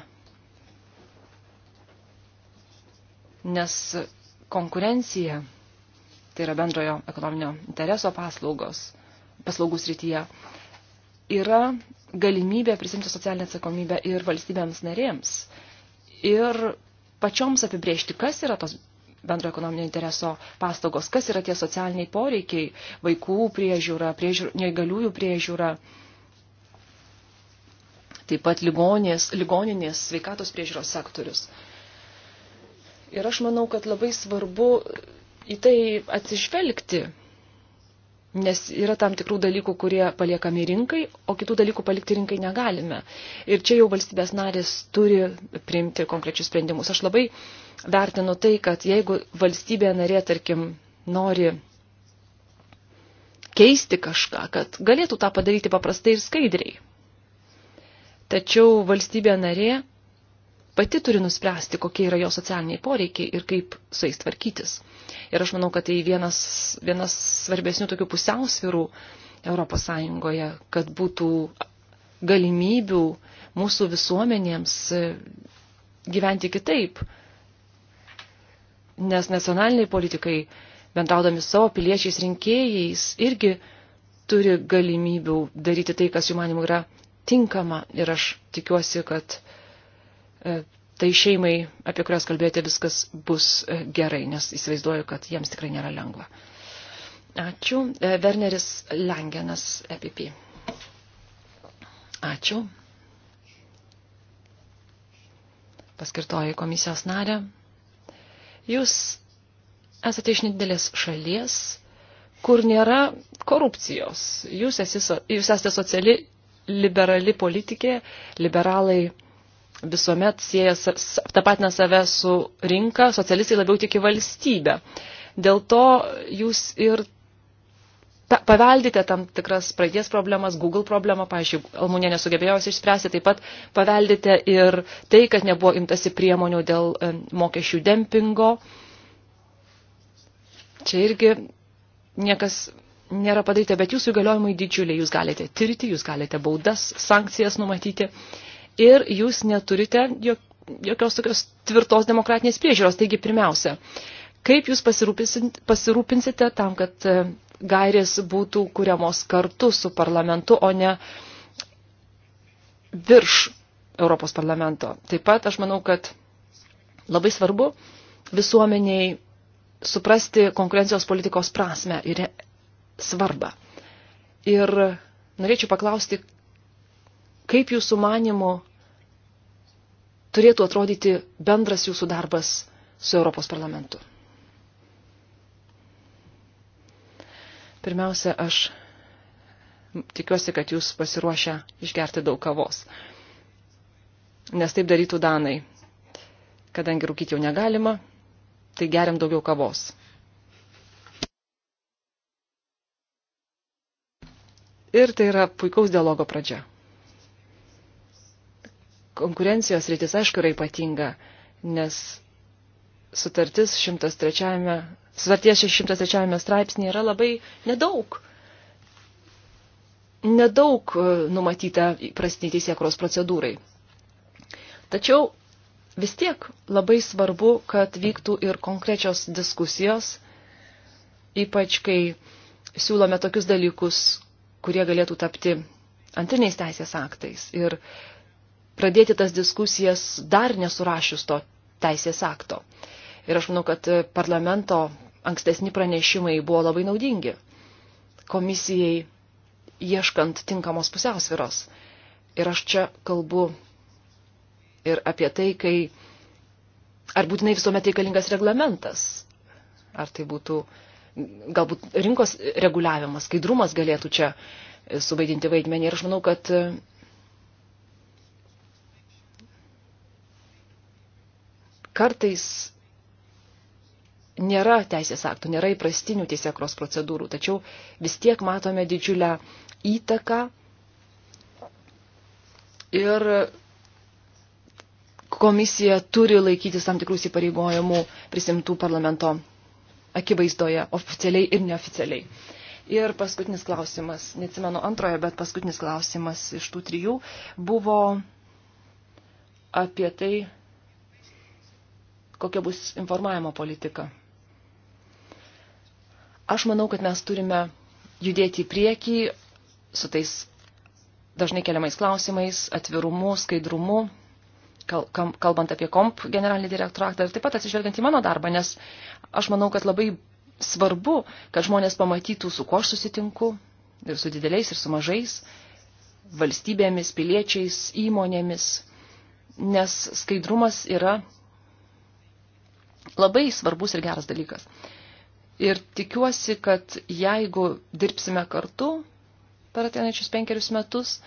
nes konkurencija, tai yra bendrojo ekonominio intereso paslaugos, paslaugų srityje, yra galimybė prisimti socialinę atsakomybę ir valstybėms narėms. Ir pačioms apibriežti, kas yra tos bendro ekonominio intereso paslaugos, kas yra tie socialiniai poreikiai, vaikų priežiūra, priežiūra neįgaliųjų priežiūra, taip pat ligonės, ligoninės sveikatos priežiūros sektorius. Ir aš manau, kad labai svarbu į tai atsižvelgti, nes yra tam tikrų dalykų, kurie paliekami rinkai, o kitų dalykų palikti rinkai negalime. Ir čia jau valstybės narės turi priimti konkrečius sprendimus. Aš labai vertinu tai, kad jeigu valstybė narė, tarkim, nori keisti kažką, kad galėtų tą padaryti paprastai ir skaidriai. Tačiau valstybė narė pati turi nuspręsti, kokie yra jos socialiniai poreikiai ir kaip su jais tvarkytis. Ir aš manau, kad tai vienas, vienas svarbesnių tokių pusiausvirų Europos Sąjungoje, kad būtų galimybių mūsų visuomenėms e, gyventi kitaip. Nes nacionaliniai politikai, bendraudami savo piliečiais rinkėjais, irgi turi galimybių daryti tai, kas jų manimų yra tinkama. Ir aš tikiuosi, kad uh, E, tai šeimai, apie kurias kalbėjote, viskas bus e, gerai, nes įsivaizduoju, kad jiems tikrai nėra lengva. Ačiū. E, Werneris Langenas, EPP. Ačiū. Paskirtoji komisijos narė. Jūs esate iš nedidelės šalies, kur nėra korupcijos. Jūs, esi, jūs esate sociali liberali politikė, liberalai visuomet sieja, tapatina save su rinka, socialistai labiau tiki valstybę. Dėl to jūs ir ta, paveldite tam tikras praeities problemas, Google problemą, pavyzdžiui, Almunė nesugebėjo išspręsti, taip pat paveldite ir tai, kad nebuvo imtasi priemonių dėl e, mokesčių dempingo. Čia irgi niekas nėra padaryta, bet jūsų įgaliojimai didžiuliai, jūs galite tirti, jūs galite baudas, sankcijas numatyti. Uh, ir jūs neturite jokios tokios tvirtos demokratinės priežiūros. Taigi, pirmiausia, kaip jūs pasirūpinsite tam, kad e, gairės būtų kuriamos kartu su parlamentu, o ne virš Europos parlamento. Taip pat aš manau, kad labai svarbu visuomeniai suprasti konkurencijos politikos prasme ir svarbą. Ir norėčiau paklausti, Kaip jūsų manimo turėtų atrodyti bendras jūsų darbas su Europos parlamentu? Pirmiausia, aš tikiuosi, kad jūs pasiruošę išgerti daug kavos. Nes taip darytų Danai. Kadangi rūkyti jau negalima, tai geriam daugiau kavos. Ir tai yra puikaus dialogo pradžia konkurencijos rytis aišku yra ypatinga, nes sutartis 103, sutarties 103 straipsnė yra labai nedaug. Nedaug e, numatyta įprastiniai teisėkros procedūrai. Tačiau vis tiek labai svarbu, kad vyktų ir konkrečios diskusijos, ypač kai siūlome tokius dalykus, kurie galėtų tapti antriniais teisės aktais. Ir pradėti tas diskusijas dar nesurašius to teisės akto. Ir aš manau, kad parlamento ankstesni pranešimai buvo labai naudingi komisijai ieškant tinkamos pusiausviros. Ir aš čia kalbu ir apie tai, kai ar būtinai visuomet reikalingas reglamentas, ar tai būtų galbūt rinkos reguliavimas, skaidrumas galėtų čia suvaidinti vaidmenį. Ir aš manau, kad kartais nėra teisės aktų, nėra įprastinių teisėkros procedūrų, tačiau vis tiek matome didžiulę įtaką ir komisija turi laikytis tam tikrus įpareigojimų prisimtų parlamento akivaizdoje, oficialiai ir neoficialiai. Ir paskutinis klausimas, neatsimenu antrojo, bet paskutinis klausimas iš tų trijų buvo apie tai, kokia bus informavimo politika. Aš manau, kad mes turime judėti į priekį su tais dažnai keliamais klausimais, atvirumu, skaidrumu, kalbant apie komp generalinį direktoratą ir taip pat atsižvelgiant į mano darbą, nes aš manau, kad labai svarbu, kad žmonės pamatytų, su kuo aš susitinku, ir su dideliais, ir su mažais, valstybėmis, piliečiais, įmonėmis, nes skaidrumas yra labai svarbus ir geras dalykas. Ir tikiuosi, kad jeigu dirbsime kartu per ateinančius penkerius metus,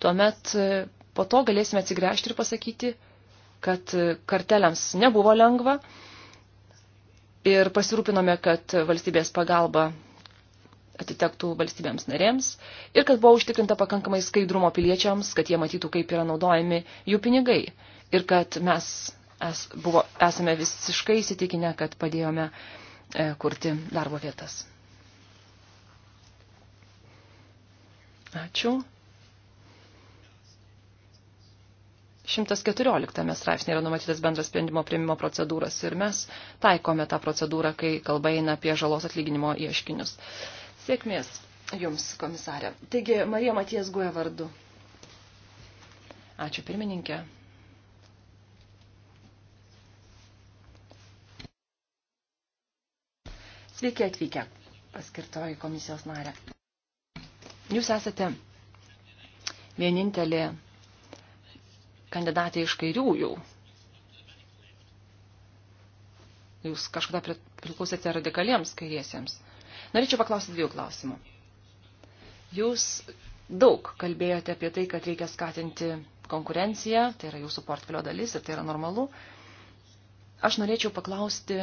tuomet e, po to galėsime atsigręžti ir pasakyti, kad e, karteliams nebuvo lengva ir pasirūpinome, kad valstybės pagalba atitektų valstybėms narėms ir kad buvo užtikrinta pakankamai skaidrumo piliečiams, kad jie matytų, kaip yra naudojami jų pinigai ir kad mes es, buvo, esame visiškai įsitikinę, kad padėjome e, kurti darbo vietas. Ačiū. 114 straipsnė yra numatytas bendras sprendimo priimimo procedūras ir mes taikome tą procedūrą, kai kalba eina apie žalos atlyginimo ieškinius. Sėkmės Jums, komisarė. Taigi, Marija Matijas Guoja vardu. Ačiū pirmininkė. Sveiki atvykę, paskirtoji komisijos narė. Jūs esate vienintelė kandidatė iš kairiųjų. Jūs kažkada priklausėte radikaliems kairiesiems. Norėčiau paklausyti dviejų klausimų. Jūs daug kalbėjote apie tai, kad reikia skatinti konkurenciją, tai yra jūsų portfelio dalis ir tai yra normalu. Aš norėčiau paklausti,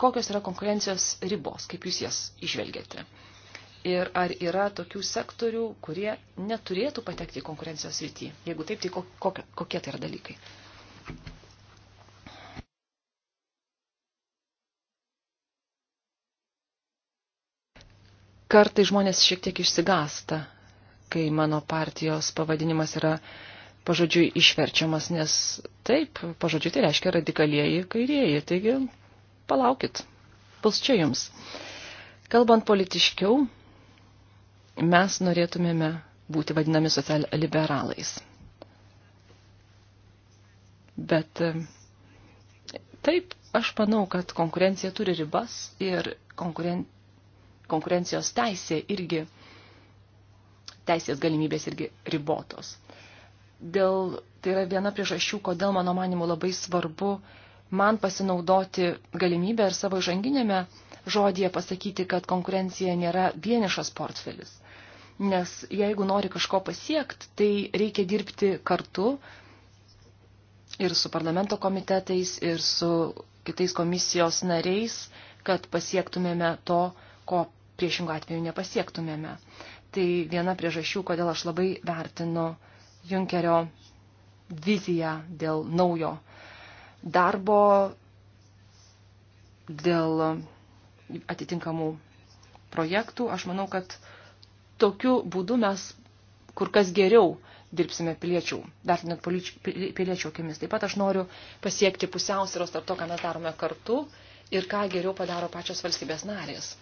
kokios yra konkurencijos ribos, kaip jūs jas išvelgiate. Ir ar yra tokių sektorių, kurie neturėtų patekti į konkurencijos rytį? Jeigu taip, tai kokie, kokie tai yra dalykai? Kartai žmonės šiek tiek išsigasta, kai mano partijos pavadinimas yra pažodžiui išverčiamas, nes taip, pažodžiui tai reiškia radikalieji kairieji, taigi palaukit, bus čia jums. Kalbant politiškiau, mes norėtumėme būti vadinami socialliberalais. Bet taip, aš manau, kad konkurencija turi ribas ir konkuren... konkurencijos teisė irgi, teisės galimybės irgi ribotos. Dėl, tai yra viena priežasčių, kodėl mano manimu labai svarbu uh, man pasinaudoti galimybę ir savo žanginėme žodėje pasakyti, kad konkurencija nėra vienišas portfelis. Nes jeigu nori kažko pasiekti, tai reikia dirbti kartu ir su parlamento komitetais, ir su kitais komisijos nariais, kad pasiektumėme to, ko priešingų atveju nepasiektumėme. Tai viena priežasčių, kodėl aš labai vertinu Junkerio viziją dėl naujo uh, darbo dėl atitinkamų projektų. Aš manau, kad tokiu būdu mes kur kas geriau dirbsime piliečių, vertinant piliečių akimis. Taip pat aš noriu pasiekti pusiausvėros tarp to, ką mes darome kartu ir ką geriau padaro pačios valstybės narės.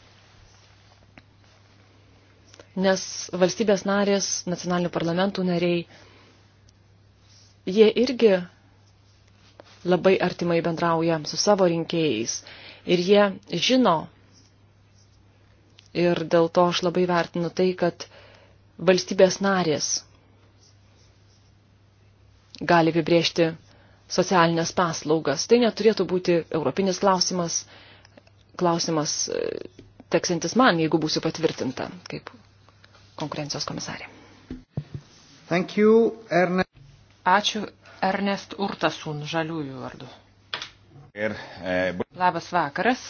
Nes valstybės narės, nacionalinių parlamentų nariai, jie irgi labai artimai bendrauja su savo rinkėjais ir jie žino. Ir dėl to aš labai vertinu tai, kad valstybės narės gali apibriežti socialinės paslaugas. Tai neturėtų būti europinis klausimas, klausimas e, teksantis man, jeigu būsiu patvirtinta kaip konkurencijos komisarė. Thank you, Ernest. Ačiū, Ernest Urtasun, žaliųjų vardu. Ir, e, bu... Labas vakaras,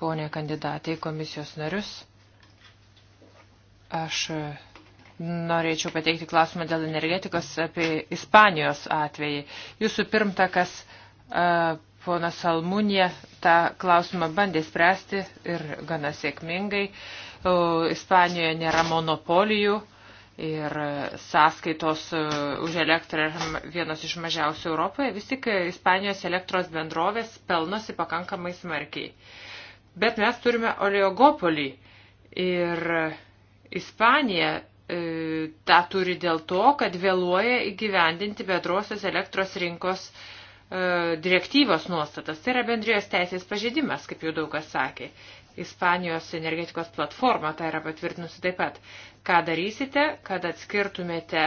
ponė kandidatai komisijos narius. Aš e, norėčiau pateikti klausimą dėl energetikos apie Ispanijos atvejį. Jūsų pirmtakas e, ponas Almunė tą klausimą bandė spręsti ir gana sėkmingai. E, Ispanijoje nėra monopolijų. E, ir e, sąskaitos e, už elektrą yra vienos iš mažiausių Europoje, vis tik e, Ispanijos elektros bendrovės pelnosi pakankamai smarkiai. Bet mes turime oligopolį ir Ispanija e, tą turi dėl to, kad vėluoja įgyvendinti bedrosios elektros rinkos e, direktyvos nuostatas. Tai yra bendrijos teisės pažeidimas, kaip jau daugas sakė. Ispanijos energetikos platforma tai yra patvirtinusi taip pat. Ką darysite, kad atskirtumėte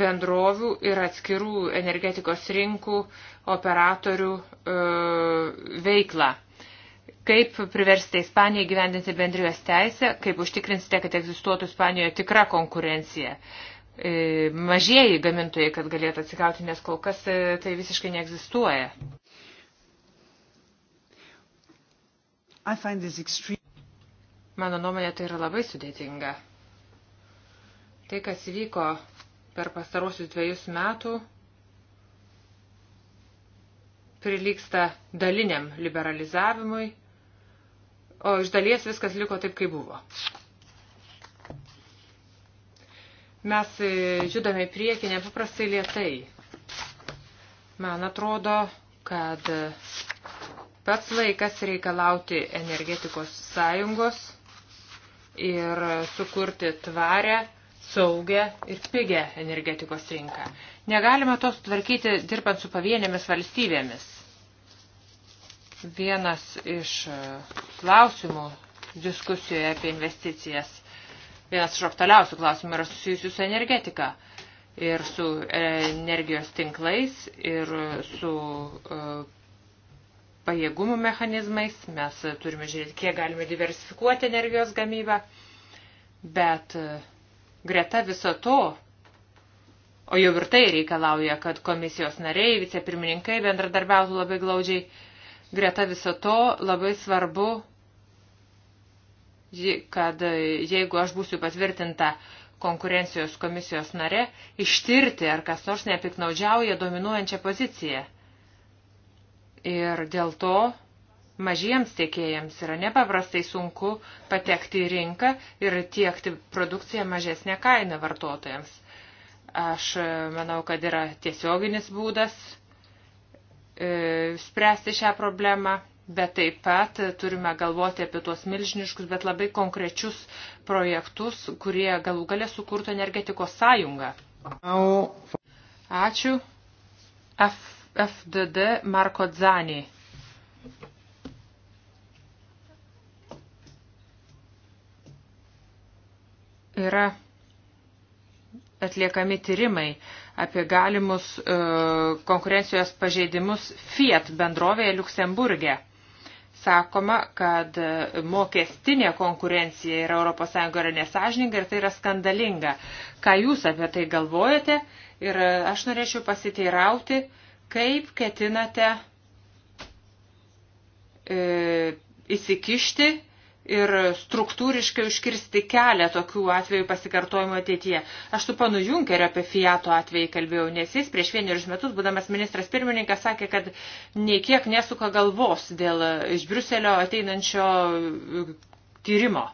bendrovių ir atskirų energetikos rinkų operatorių e, veiklą? Kaip priversite Ispaniją gyvendinti bendrijos teisę, kaip užtikrinsite, kad egzistuotų Ispanijoje tikra konkurencija? E, mažieji gamintojai, kad galėtų atsigauti, nes kol kas e, tai visiškai neegzistuoja. I find this extreme. Mano nuomonė tai yra labai sudėtinga. Tai, kas įvyko per pastarosius dviejus metų, prilyksta daliniam liberalizavimui, o iš dalies viskas liko taip, kaip buvo. Mes judame į priekį nepaprastai lietai. Man atrodo, kad pats laikas reikalauti energetikos sąjungos ir sukurti tvarę, saugę ir pigę energetikos rinką. Negalime to sutvarkyti dirbant su pavienėmis valstybėmis. Vienas iš e, klausimų diskusijoje apie investicijas, vienas iš aktualiausių klausimų yra susijusių su energetika ir su e, energijos tinklais ir su e, pajėgumų mechanizmais, mes turime žiūrėti, kiek galime diversifikuoti energijos gamybą, bet e, greta viso to, o jau ir tai reikalauja, kad komisijos nariai, vicepirmininkai bendradarbiautų labai glaudžiai, greta viso to labai svarbu, kad e, jeigu aš būsiu patvirtinta konkurencijos komisijos nare, ištirti, ar kas nors nepiknaudžiauja dominuojančią poziciją Ir dėl to mažiems tiekėjams yra nepaprastai sunku patekti į rinką ir tiekti produkciją mažesnę kainą vartotojams. Aš e, manau, kad yra tiesioginis būdas e, spręsti šią problemą, bet taip pat turime galvoti apie tuos milžiniškus, bet labai konkrečius projektus, kurie galų galę sukurtų energetikos sąjungą. Ačiū. F FDD Marko Dzanį. Yra atliekami tyrimai apie galimus e, konkurencijos pažeidimus Fiat bendrovėje Luksemburgė. Sakoma, kad e, mokestinė konkurencija yra ES yra nesažininga ir tai yra skandalinga. Ką jūs apie tai galvojate? Ir e, aš norėčiau pasiteirauti, Kaip ketinate e, įsikišti ir struktūriškai užkirsti kelią tokių atvejų pasikartojimo ateityje. Aš su panu Junkeriu apie Fiato atvejį kalbėjau, nes jis prieš vienerius metus, būdamas ministras pirmininkas, sakė, kad niekiek nesuka galvos dėl iš Briuselio ateinančio e, tyrimo.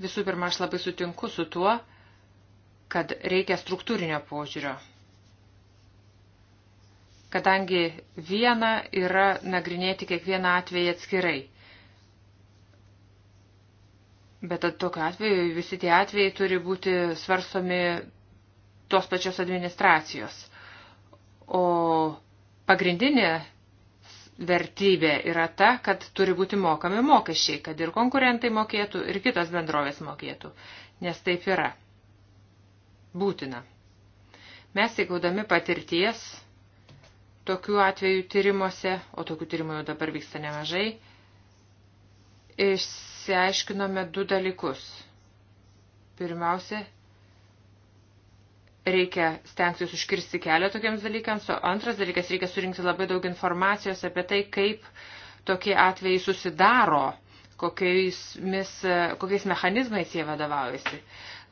Visų pirma, aš labai sutinku su tuo, kad reikia struktūrinio požiūrio. Kadangi viena yra nagrinėti kiekvieną atvejį atskirai. Bet tokiu atveju visi tie atvejai turi būti svarstomi tos pačios administracijos. O pagrindinė vertybė yra ta, kad turi būti mokami mokesčiai, kad ir konkurentai mokėtų, ir kitos bendrovės mokėtų, nes taip yra būtina. Mes įgaudami patirties tokių atvejų tyrimuose, o tokių tyrimų jau dabar vyksta nemažai, išsiaiškinome du dalykus. Pirmiausia, reikia stengtis užkirsti kelią tokiems dalykams, o antras dalykas, reikia surinkti labai daug informacijos apie tai, kaip tokie atvejai susidaro, kokiais, kokiais mechanizmais jie vadovaujasi.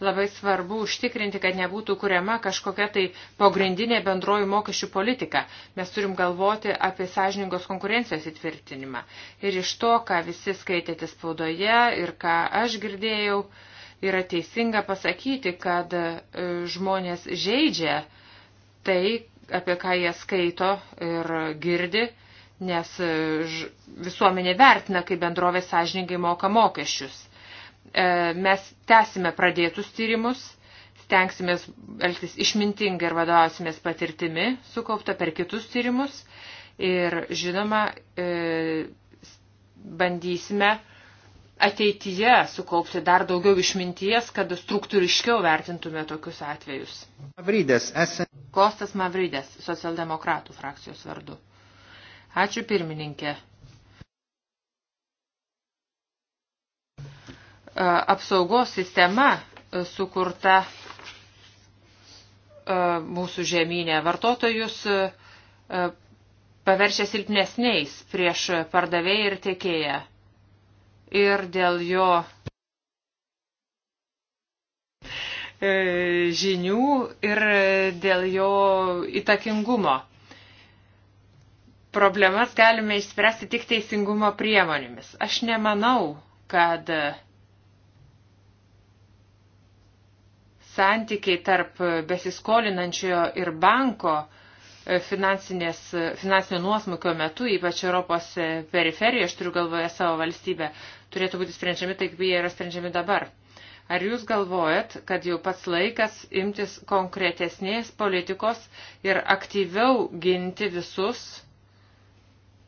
Labai svarbu užtikrinti, kad nebūtų kuriama kažkokia tai pagrindinė bendroji mokesčių politika. Mes turim galvoti apie sąžiningos konkurencijos įtvirtinimą. Ir iš to, ką visi skaitėte spaudoje ir ką aš girdėjau, yra teisinga pasakyti, kad e, žmonės žaidžia tai, apie ką jie skaito ir girdi, nes e, visuomenė vertina, kai bendrovė sąžiningai moka mokesčius. E, mes tęsime pradėtus tyrimus, stengsimės elgtis išmintingai ir vadovausimės patirtimi, sukaupta per kitus tyrimus ir, žinoma, e, bandysime ateityje sukaupti dar daugiau išminties, kad struktūriškiau vertintume tokius atvejus. Mavridės, esen... Kostas Mavridės, socialdemokratų frakcijos vardu. Ačiū pirmininkė. E, apsaugos sistema e, sukurta e, mūsų žemynė. Vartotojus paverčia silpnesniais prieš pardavėją ir tiekėją. Ir dėl jo žinių ir dėl jo įtakingumo. Problemas galime išspręsti tik teisingumo priemonėmis. Aš nemanau, kad uh, santykiai tarp besiskolinančiojo ir banko e, e, finansinio nuosmukio metu, ypač Europos e, periferijoje, aš turiu galvoje savo valstybę, turėtų būti sprendžiami taip, kaip jie yra sprendžiami dabar. Ar jūs galvojat, kad jau pats laikas imtis konkretesnės politikos ir aktyviau ginti visus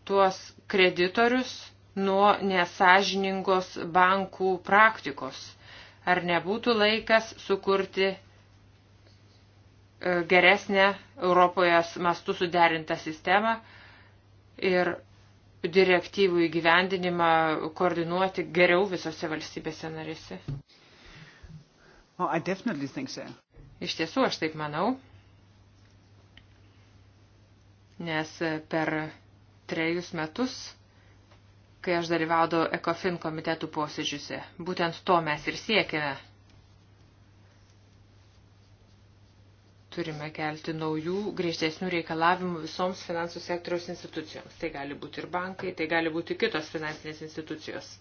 tuos kreditorius nuo nesažiningos bankų praktikos? Ar nebūtų laikas sukurti e, geresnę Europoje mastų suderintą sistemą ir direktyvų įgyvendinimą koordinuoti geriau visose valstybėse narėse? Oh, so. Iš tiesų, aš taip manau, nes per trejus metus kai aš dalyvaudavau ECOFIN komitetų posėdžiuose. Būtent to mes ir siekime. Turime kelti naujų, griežtesnių reikalavimų visoms finansų sektoriaus institucijoms. Tai gali būti ir bankai, tai gali būti kitos finansinės institucijos.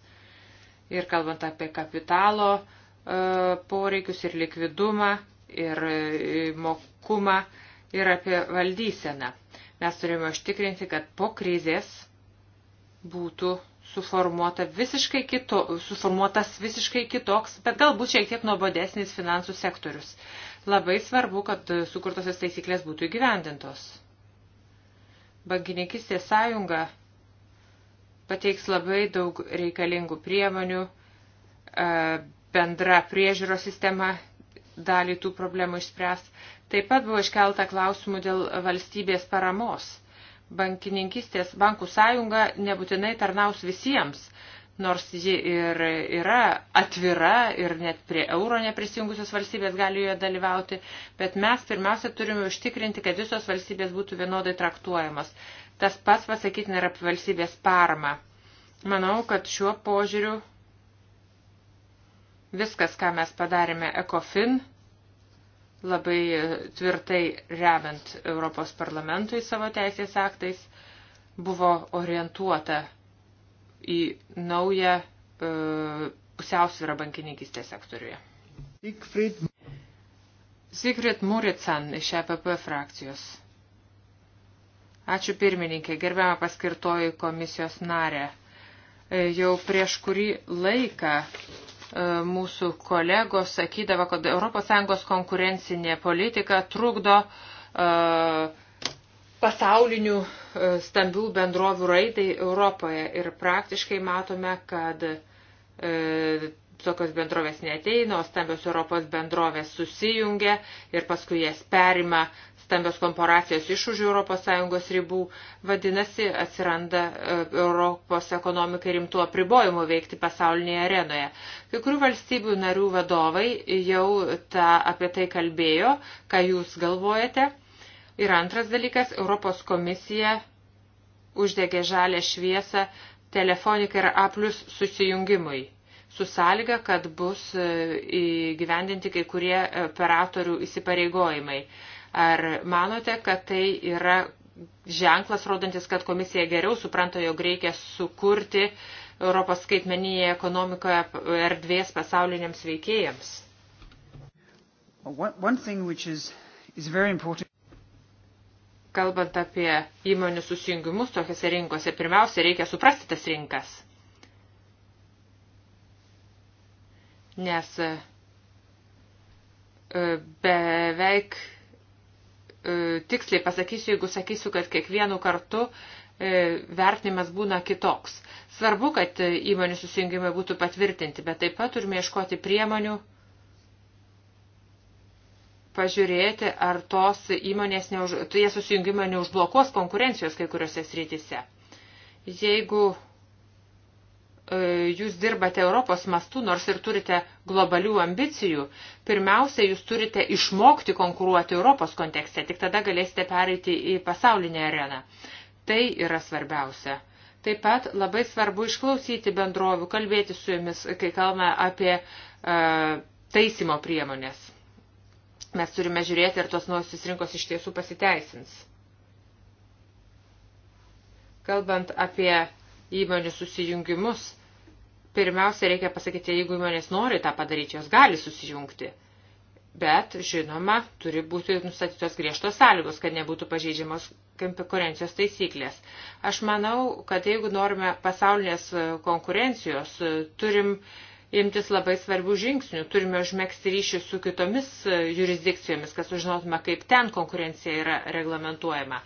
Ir kalbant apie kapitalo e, poreikius ir likvidumą ir e, mokumą ir apie valdyseną. Mes turime užtikrinti, kad po krizės būtų suformuota visiškai kito, suformuotas visiškai kitoks, bet galbūt šiek tiek nuobodesnis finansų sektorius. Labai svarbu, kad sukurtosios taisyklės būtų įgyvendintos. Bankininkistės sąjunga pateiks labai daug reikalingų priemonių, e, bendra priežiūros sistema dalį tų problemų išspręs. Taip pat buvo iškelta klausimų dėl valstybės paramos bankininkistės bankų sąjunga nebūtinai tarnaus visiems, nors ji ir yra atvira ir net prie euro neprisijungusios valstybės gali joje dalyvauti, bet mes pirmiausia turime užtikrinti, kad visos valstybės būtų vienodai traktuojamos. Tas pats pasakytina ir apie valstybės paramą. Manau, kad šiuo požiūriu viskas, ką mes padarėme ECOFIN, labai tvirtai remiant Europos parlamentui savo teisės aktais, buvo orientuota į naują e, pusiausvyrą bankininkistės sektoriuje. Siegfried, Siegfried Murican iš EPP frakcijos. Ačiū pirmininkė, gerbiamą paskirtoji komisijos narę. E, jau prieš kurį laiką E, mūsų kolegos sakydavo, kad ES konkurencinė politika trukdo e, pasaulinių e, stambių bendrovių raidai Europoje. Ir praktiškai matome, kad tokios bendrovės neteina, o stambios Europos bendrovės susijungia ir paskui jas perima stambios korporacijos iš už ES ribų, vadinasi, atsiranda e, Europos ekonomikai rimtų apribojimų veikti pasaulinėje arenoje. Kai kurių valstybių narių vadovai jau ta, apie tai kalbėjo, ką jūs galvojate. Ir antras dalykas, Europos komisija uždegė žalę šviesą telefonikai ir A plus susijungimui su sąlyga, kad bus e, įgyvendinti kai kurie operatorių įsipareigojimai. Ar manote, kad tai yra ženklas rodantis, kad komisija geriau supranta, jog reikia sukurti Europos skaitmeninėje ekonomikoje erdvės pasauliniams veikėjams? Kalbant apie įmonių susijungimus tokiuose rinkose, pirmiausia, reikia suprasti tas rinkas. Nes e, beveik E, tiksliai pasakysiu, jeigu sakysiu, kad kiekvienu kartu e, vertinimas būna kitoks. Svarbu, kad įmonių susijungimai būtų patvirtinti, bet taip pat turime ieškoti priemonių pažiūrėti, ar tos įmonės, neuž, tie susijungimai neužblokuos konkurencijos kai kuriuose srityse. Jeigu E, jūs dirbate Europos mastu, nors ir turite globalių ambicijų, pirmiausia, jūs turite išmokti konkuruoti Europos kontekste, tik tada galėsite pereiti į pasaulinę areną. Tai yra svarbiausia. Taip pat labai svarbu išklausyti bendrovių, kalbėti su jumis, kai kalbame apie e, taisymo priemonės. Mes turime žiūrėti, ar tos naujusis rinkos iš tiesų pasiteisins. Kalbant apie įmonių susijungimus, pirmiausia, reikia pasakyti, jeigu įmonės nori tą padaryti, jos gali susijungti. Bet, žinoma, turi būti nustatytos griežtos sąlygos, kad nebūtų pažeidžiamos konkurencijos taisyklės. Aš manau, kad jeigu norime pasaulinės konkurencijos, turim uh, imtis labai svarbių žingsnių. Turime užmėgsti ryšį su kitomis e, jurisdikcijomis, kad sužinotume, kaip ten konkurencija yra reglamentuojama.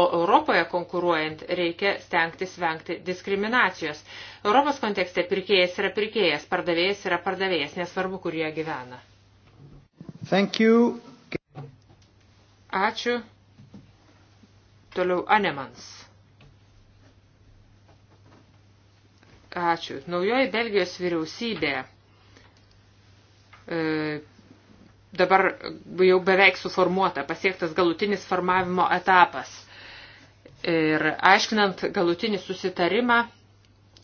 O Europoje konkuruojant reikia stengtis vengti diskriminacijos. Europos kontekste pirkėjas yra pirkėjas, pardavėjas yra pardavėjas, nesvarbu, kur jie gyvena. Thank you. Ačiū. Toliau Anemans. Ačiū. Naujoji Belgijos vyriausybė e, dabar jau beveik suformuota, pasiektas galutinis formavimo etapas. Ir aiškinant galutinį susitarimą,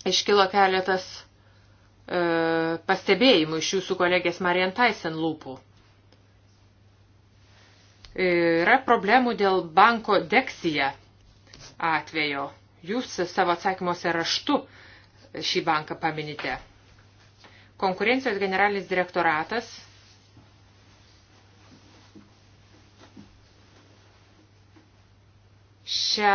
iškilo keletas e, pastebėjimų iš jūsų kolegės Marian Tyson lūpų. Yra problemų dėl banko deksija atvejo. Jūs savo atsakymuose raštu e, šį banką paminite. Konkurencijos generalinis direktoratas šią,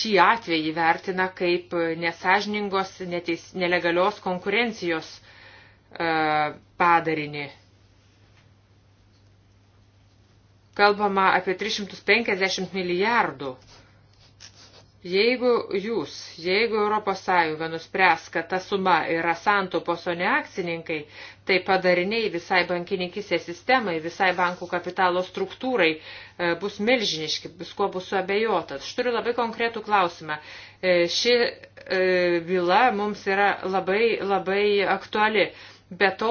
šį atvejį vertina kaip nesažningos, neteis, nelegalios konkurencijos e, padarinį. Kalbama apie 350 milijardų Jeigu jūs, jeigu ES nuspręs, kad ta suma yra santopos, o ne akcininkai, tai padariniai visai bankininkisės sistemai, visai bankų kapitalo struktūrai e, bus milžiniški, visko bus suabejotas. Aš turiu labai konkretų klausimą. E, ši e, byla mums yra labai, labai aktuali. Be to,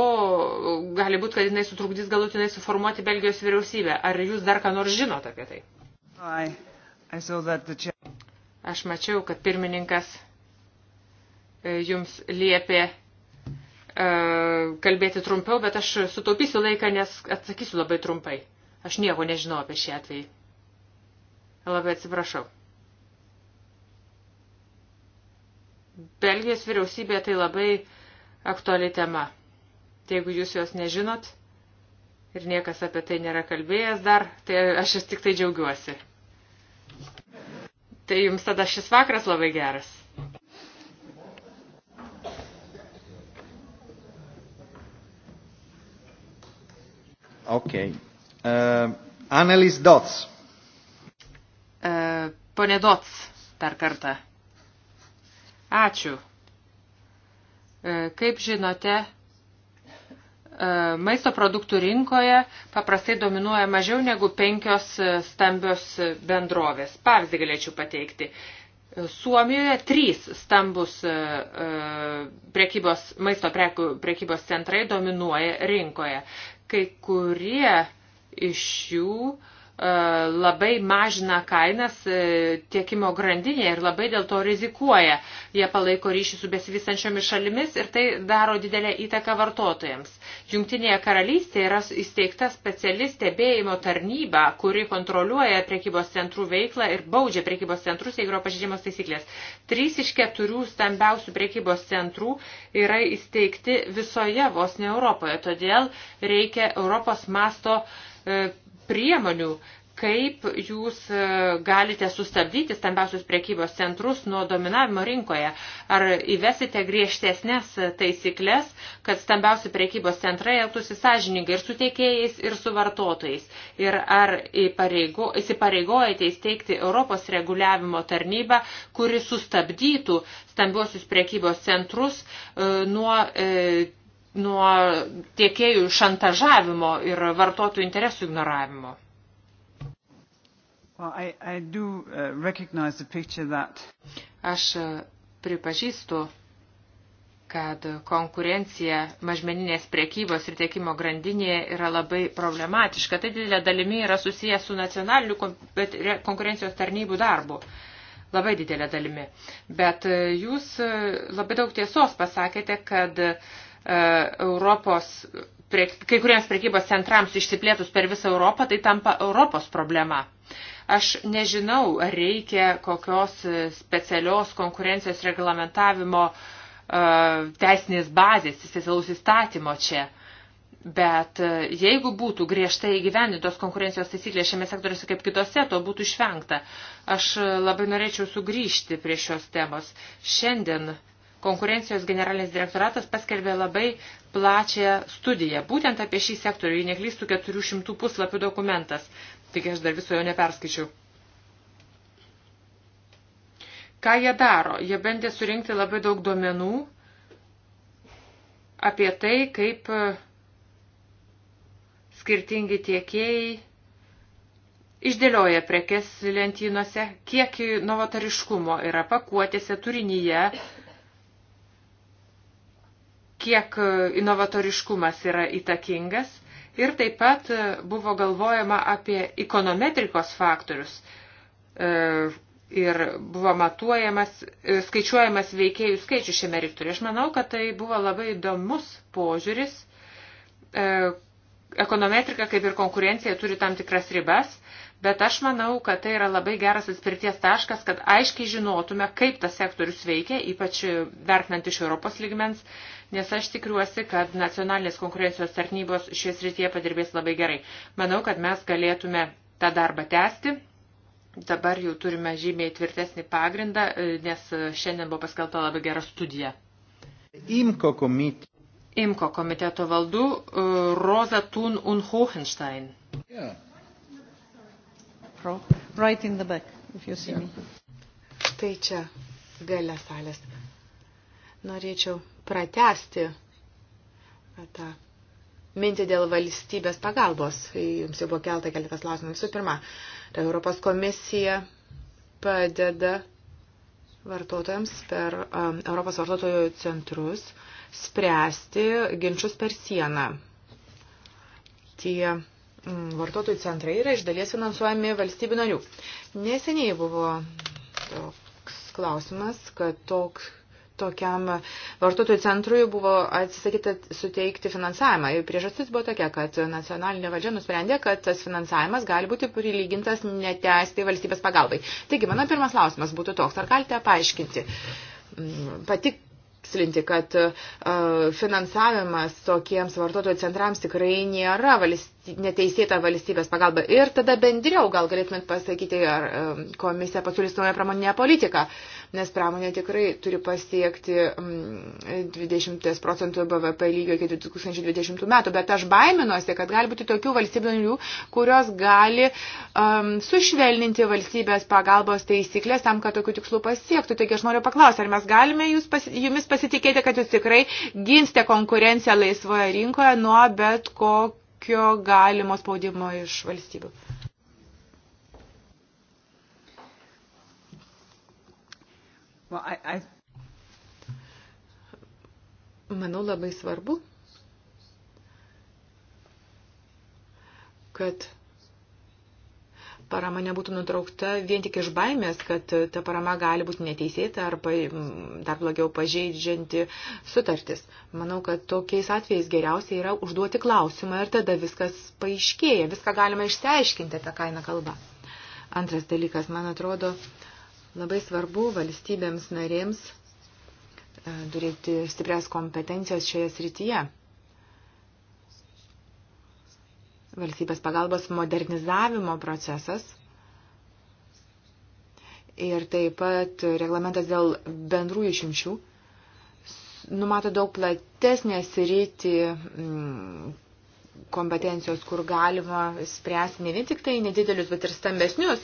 gali būti, kad jinai sutrukdys galutinai suformuoti Belgijos vyriausybę. Ar jūs dar ką nors žinote apie tai? I, I Aš mačiau, kad pirmininkas e, jums liepė e, kalbėti trumpiau, bet aš sutaupysiu laiką, nes atsakysiu labai trumpai. Aš nieko nežinau apie šį atvejį. Labai atsiprašau. Belgijos vyriausybė tai labai aktuali tema. Tai jeigu jūs jos nežinot ir niekas apie tai nėra kalbėjęs dar, tai aš jas tik tai džiaugiuosi. Tai jums tada šis vakaras labai geras. Okay. Uh, Annelies Dots. Uh, e, Pone Dots, dar kartą. Ačiū. Uh, kaip žinote, E, maisto produktų rinkoje paprastai dominuoja mažiau negu penkios e, stambios e, bendrovės. Pavyzdį galėčiau pateikti. Suomijoje trys stambus prekybos, maisto prekybos centrai dominuoja rinkoje. Kai kurie iš jų uh, E, labai mažina kainas e, tiekimo grandinėje ir labai dėl to rizikuoja. Jie palaiko ryšį su besivystančiomis šalimis ir tai daro didelę įtaką vartotojams. Jungtinėje karalystėje yra įsteigta speciali stebėjimo tarnyba, kuri kontroliuoja prekybos centrų veiklą ir baudžia prekybos centrus, jeigu yra pažydžiamos taisyklės. Trys iš keturių stambiausių prekybos centrų yra įsteigti visoje vos ne Europoje, todėl reikia Europos masto e, priemonių, kaip jūs e, galite sustabdyti stambiausius priekybos centrus nuo dominavimo rinkoje? Ar įvesite griežtesnės taisyklės, kad stambiausi priekybos centrai elgtųsi sąžiningai ir su tiekėjais, ir su vartotojais? Ir ar įpareigo, įsipareigojate įsteigti Europos reguliavimo tarnybą, kuri sustabdytų stambiuosius priekybos centrus e, nuo e, nuo tiekėjų šantažavimo ir vartotojų interesų ignoravimo. Well, I, I do, uh, that... Aš uh, pripažįstu, kad konkurencija mažmeninės priekybos ir tiekimo grandinėje yra labai problematiška. Tai didelė dalimi yra susijęs su nacionaliniu konkurencijos tarnybų darbu. Labai didelė dalimi. Bet uh, jūs uh, labai daug tiesos pasakėte, kad uh, Europos, prie, kai kuriems prekybos centrams išsiplėtus per visą Europą, tai tampa Europos problema. Aš nežinau, ar reikia kokios specialios konkurencijos reglamentavimo e, teisinės bazės, specialaus įstatymo čia. Bet e, jeigu būtų griežtai įgyvendintos konkurencijos taisyklės šiame sektoriuose kaip kitose, to būtų išvengta. Aš e, labai norėčiau sugrįžti prie šios temos. Šiandien konkurencijos generalinis direktoratas paskelbė labai plačią studiją, būtent apie šį sektorių, jei neklystų 400 puslapių dokumentas, tik aš dar viso jo neperskaičiau. Ką jie daro? Jie bandė surinkti labai daug duomenų apie tai, kaip e, skirtingi tiekėjai išdėlioja prekes lentynose, kiek novatariškumo yra pakuotėse, turinyje, kiek e, inovatoriškumas yra įtakingas. Ir taip pat e, buvo galvojama apie ekonometrikos faktorius e, ir buvo matuojamas, skaičiuojamas veikėjų skaičius šiame rektoriu. Aš manau, kad tai buvo labai įdomus požiūris. Ekonometrika, kaip ir konkurencija, turi tam tikras ribas, bet aš manau, kad tai yra labai geras atspirties taškas, kad aiškiai žinotume, kaip tas sektorius veikia, ypač vertinant iš Europos lygmens, nes aš tikiuosi, kad nacionalinės konkurencijos tarnybos šies rytyje padirbės labai gerai. Manau, kad mes galėtume tą darbą tęsti. Dabar jau turime žymiai tvirtesnį pagrindą, e, nes šiandien buvo paskelta labai gera studija. Imko, komit... Imko komiteto valdu e, Rosa Thun und Hohenstein. Yeah. Right in the back, if you see yeah. me. Štai čia, gale salės. Norėčiau pratesti tą mintį dėl valstybės pagalbos. Jums jau buvo kelta keletas klausimų. Visų pirma, ta Europos komisija padeda vartotojams per um, Europos vartotojų centrus spręsti ginčius per sieną. Tie mm, vartotojų centrai yra iš dalies finansuojami valstybių narių. Neseniai buvo toks klausimas, kad toks tokiam vartotojų centrui buvo atsisakyta suteikti finansavimą. Ir priežastis buvo tokia, kad nacionalinė valdžia nusprendė, kad tas finansavimas gali būti prilygintas neteistai valstybės pagalbai. Taigi, mano pirmas klausimas būtų toks, ar galite paaiškinti, mm, patik, tikslinti, kad finansavimas tokiems vartotojų centrams tikrai nėra valstybės valsty, neteisėtą valstybės pagalbą. Ir tada bendriau gal galėtumėt pasakyti, ar komisija pasiūlys naują pramoninę politiką, nes pramonė tikrai turi pasiekti 20 procentų BVP lygio iki 2020 metų. Bet aš baiminuosi, kad gali būti tokių valstybių narių, kurios gali um, sušvelninti valstybės pagalbos taisyklės tam, kad tokių tikslų pasiektų. Taigi aš noriu paklausti, ar mes galime jūs pasi, jumis pasitikėti, kad jūs tikrai ginsite konkurenciją laisvoje rinkoje nuo bet kokio jokio galimo spaudimo iš valstybių. Well, I, I... Manau labai svarbu, kad parama nebūtų nutraukta vien tik iš baimės, kad ta parama gali būti neteisėta arba dar blogiau pažeidžianti sutartis. Manau, kad tokiais atvejais geriausia yra užduoti klausimą ir tada viskas paaiškėja, viską galima išsiaiškinti, apie ką eina kalba. Antras dalykas, man atrodo, labai svarbu valstybėms narėms e, turėti stiprias kompetencijas šioje srityje. valstybės pagalbos modernizavimo procesas. Ir taip pat reglamentas dėl bendrų išimčių numato daug platesnę sritį mm, kompetencijos, kur galima spręsti ne vien tik tai nedidelius, bet ir stambesnius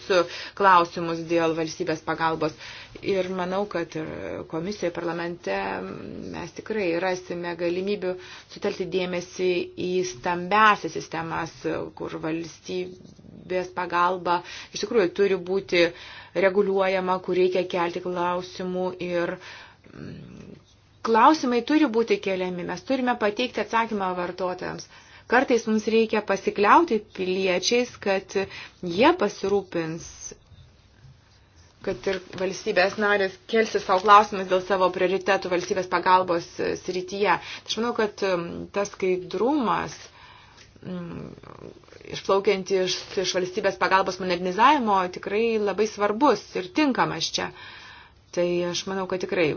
klausimus dėl valstybės pagalbos. Ir manau, kad ir komisijoje, parlamente mes tikrai rasime galimybių sutelti dėmesį į stambesią sistemas, kur valstybės pagalba iš tikrųjų turi būti reguliuojama, kur reikia kelti klausimų ir mm, klausimai turi būti keliami, mes turime pateikti atsakymą vartotojams. Kartais mums reikia pasikliauti piliečiais, kad jie pasirūpins kad ir valstybės narės kelsi savo klausimus dėl savo prioritetų valstybės pagalbos e, srityje. Tai aš manau, kad tas skaidrumas išplaukiant iš, iš valstybės pagalbos modernizavimo tikrai labai svarbus ir tinkamas čia. Uh, Tai aš manau, kad tikrai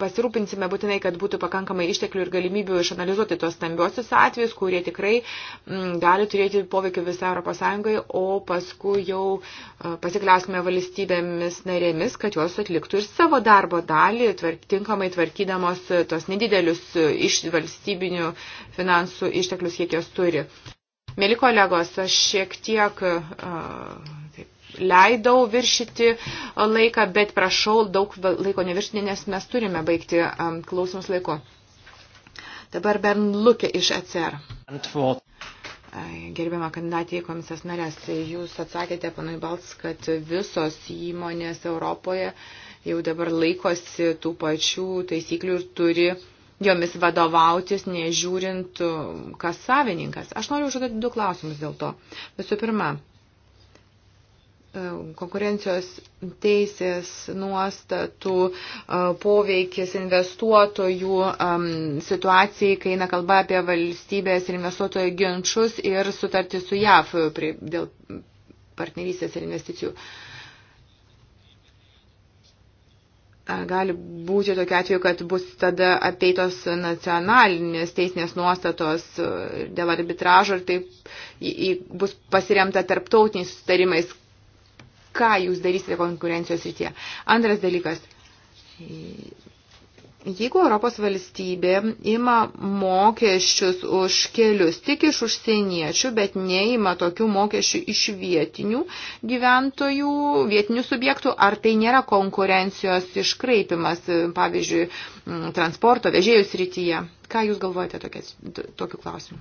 pasirūpinsime būtinai, kad būtų pakankamai išteklių ir galimybių išanalizuoti tos stambiosius atvejus, kurie tikrai m, mm, gali turėti poveikį visą ES, o paskui jau e, pasikliausime valstybėmis narėmis, kad jos atliktų ir savo darbo dalį, tvark, tinkamai tvarkydamos tos nedidelius e, iš valstybinių finansų išteklius, kiek jos turi. Mėly kolegos, aš šiek tiek. Uh, leidau viršyti laiką, bet prašau daug laiko neviršinti, nes mes turime baigti um, klausimus laiku. Dabar Bern Lukė iš ECR. Gerbiama kandidatė į komisijos narės, tai jūs atsakėte, panai Balts, kad visos įmonės Europoje jau dabar laikosi tų pačių taisyklių ir turi jomis vadovautis, nežiūrint, um, kas savininkas. Aš noriu užduoti du klausimus dėl to. Visų pirma, E, konkurencijos teisės nuostatų e, poveikis investuotojų e, situacijai, kai eina kalba apie valstybės ir investuotojų ginčius ir sutartį su JAF dėl partnerystės ir investicijų. Gali būti tokiu atveju, kad bus tada apeitos nacionalinės teisinės nuostatos dėl arbitražo ir taip bus pasiremta tarptautiniais sustarimais, ką jūs darysite konkurencijos rytie. Antras dalykas. Jeigu Europos valstybė ima mokesčius už kelius tik iš užsieniečių, bet neima tokių mokesčių iš vietinių gyventojų, vietinių subjektų, ar tai nėra konkurencijos iškraipimas, pavyzdžiui, transporto vežėjų srityje? Ką Jūs galvojate tokiu klausimu?